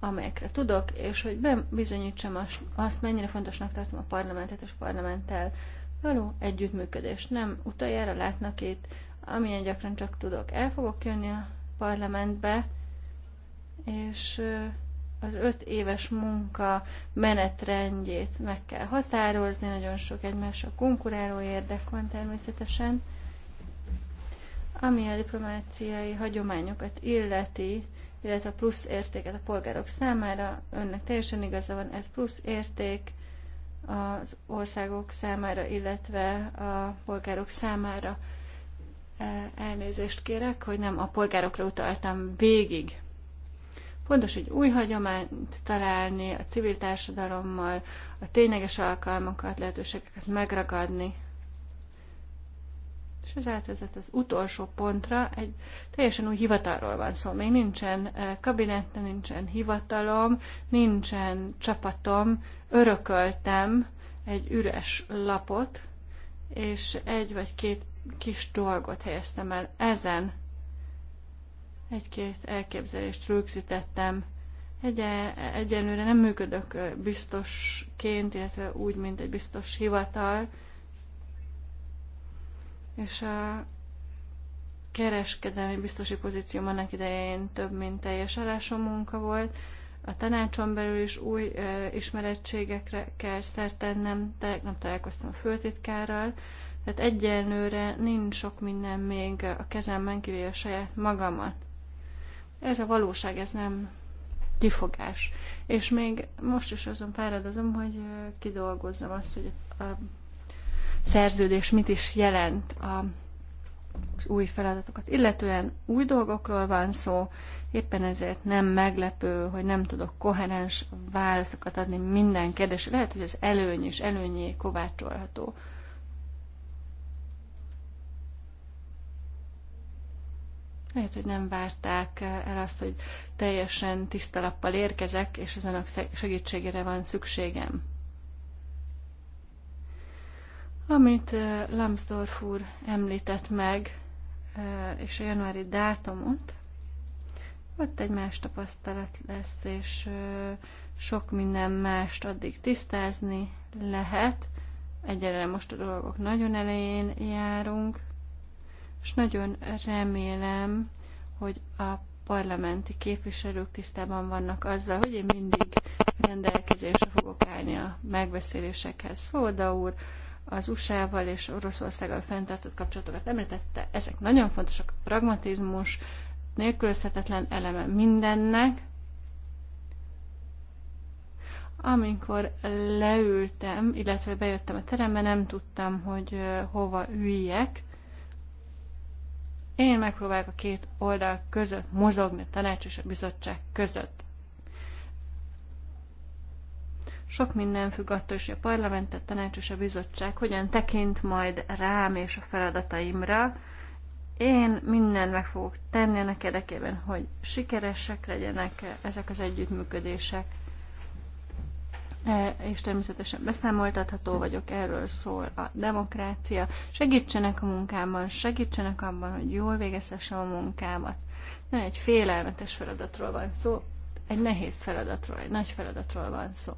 amelyekre tudok, és hogy bebizonyítsam azt, mennyire fontosnak tartom a parlamentet és a parlamenttel való együttműködést. Nem utoljára látnak itt, amilyen gyakran csak tudok. El fogok jönni a parlamentbe, és az öt éves munka menetrendjét meg kell határozni, nagyon sok egymásra konkuráló érdek van természetesen. Ami a diplomáciai hagyományokat illeti, illetve a plusz értéket a polgárok számára. Önnek teljesen igaza van, ez plusz érték az országok számára, illetve a polgárok számára. E, elnézést kérek, hogy nem a polgárokra utaltam végig. Fontos egy új hagyományt találni a civil társadalommal, a tényleges alkalmakat, lehetőségeket megragadni, és ez átvezet az utolsó pontra, egy teljesen új hivatalról van szó. Még nincsen eh, kabinettem, nincsen hivatalom, nincsen csapatom, örököltem egy üres lapot, és egy vagy két kis dolgot helyeztem el ezen. Egy-két elképzelést rögzítettem. Egy egyenlőre nem működök eh, biztosként, illetve úgy, mint egy biztos hivatal, és a kereskedelmi biztosi pozícióm annak idején több mint teljes állásom munka volt. A tanácson belül is új ö, ismerettségekre kell szert tennem, nem találkoztam a főtitkárral, tehát egyenlőre nincs sok minden még a kezemben, kivéve a saját magamat. Ez a valóság, ez nem kifogás. És még most is azon fáradozom, hogy kidolgozzam azt, hogy a szerződés mit is jelent a az új feladatokat. Illetően új dolgokról van szó, éppen ezért nem meglepő, hogy nem tudok koherens válaszokat adni minden kérdés. Lehet, hogy az előny és előnyé kovácsolható. Lehet, hogy nem várták el azt, hogy teljesen tisztalappal érkezek, és az önök segítségére van szükségem. Amit eh, Lambsdorff úr említett meg, eh, és a januári dátumot, ott egy más tapasztalat lesz, és eh, sok minden mást addig tisztázni lehet. Egyelőre most a dolgok nagyon elején járunk, és nagyon remélem, hogy a parlamenti képviselők tisztában vannak azzal, hogy én mindig rendelkezésre fogok állni a megbeszélésekhez. Szóda úr, az USA-val és Oroszországgal fenntartott kapcsolatokat említette. Ezek nagyon fontosak. A pragmatizmus nélkülözhetetlen eleme mindennek. Amikor leültem, illetve bejöttem a terembe, nem tudtam, hogy hova üljek. Én megpróbálok a két oldal között mozogni, a tanács és a bizottság között. Sok minden függ attól is, hogy a parlament, a tanács és a bizottság hogyan tekint majd rám és a feladataimra. Én mindent meg fogok tenni ennek érdekében, hogy sikeresek legyenek ezek az együttműködések. E, és természetesen beszámoltatható vagyok, erről szól a demokrácia. Segítsenek a munkámban, segítsenek abban, hogy jól végezhessem a munkámat. Nem egy félelmetes feladatról van szó, egy nehéz feladatról, egy nagy feladatról van szó.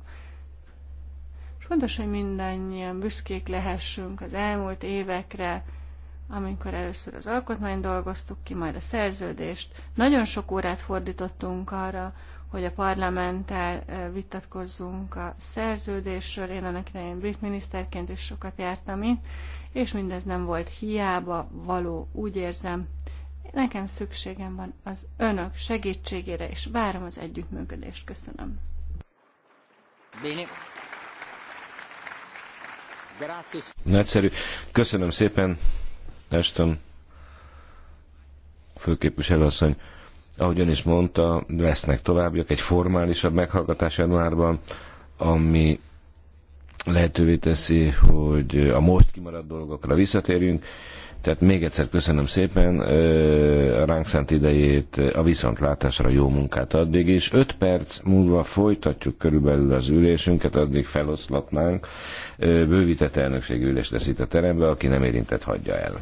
Fontos, hogy mindannyian büszkék lehessünk az elmúlt évekre, amikor először az alkotmány dolgoztuk ki, majd a szerződést. Nagyon sok órát fordítottunk arra, hogy a parlamenttel vitatkozzunk a szerződésről. Én annak idején brit miniszterként is sokat jártam itt, és mindez nem volt hiába való, úgy érzem. Nekem szükségem van az önök segítségére, és várom az együttműködést. Köszönöm. Béni. Nagyszerű. Köszönöm szépen, Eston főképviselőasszony. Ahogy ön is mondta, lesznek továbbiak, egy formálisabb meghallgatás januárban, ami lehetővé teszi, hogy a most kimaradt dolgokra visszatérjünk, tehát még egyszer köszönöm szépen a ránk szánt idejét, a viszontlátásra jó munkát addig is. Öt perc múlva folytatjuk körülbelül az ülésünket, addig feloszlatnánk. Bővített elnökségi ülést lesz itt a terembe, aki nem érintett hagyja el.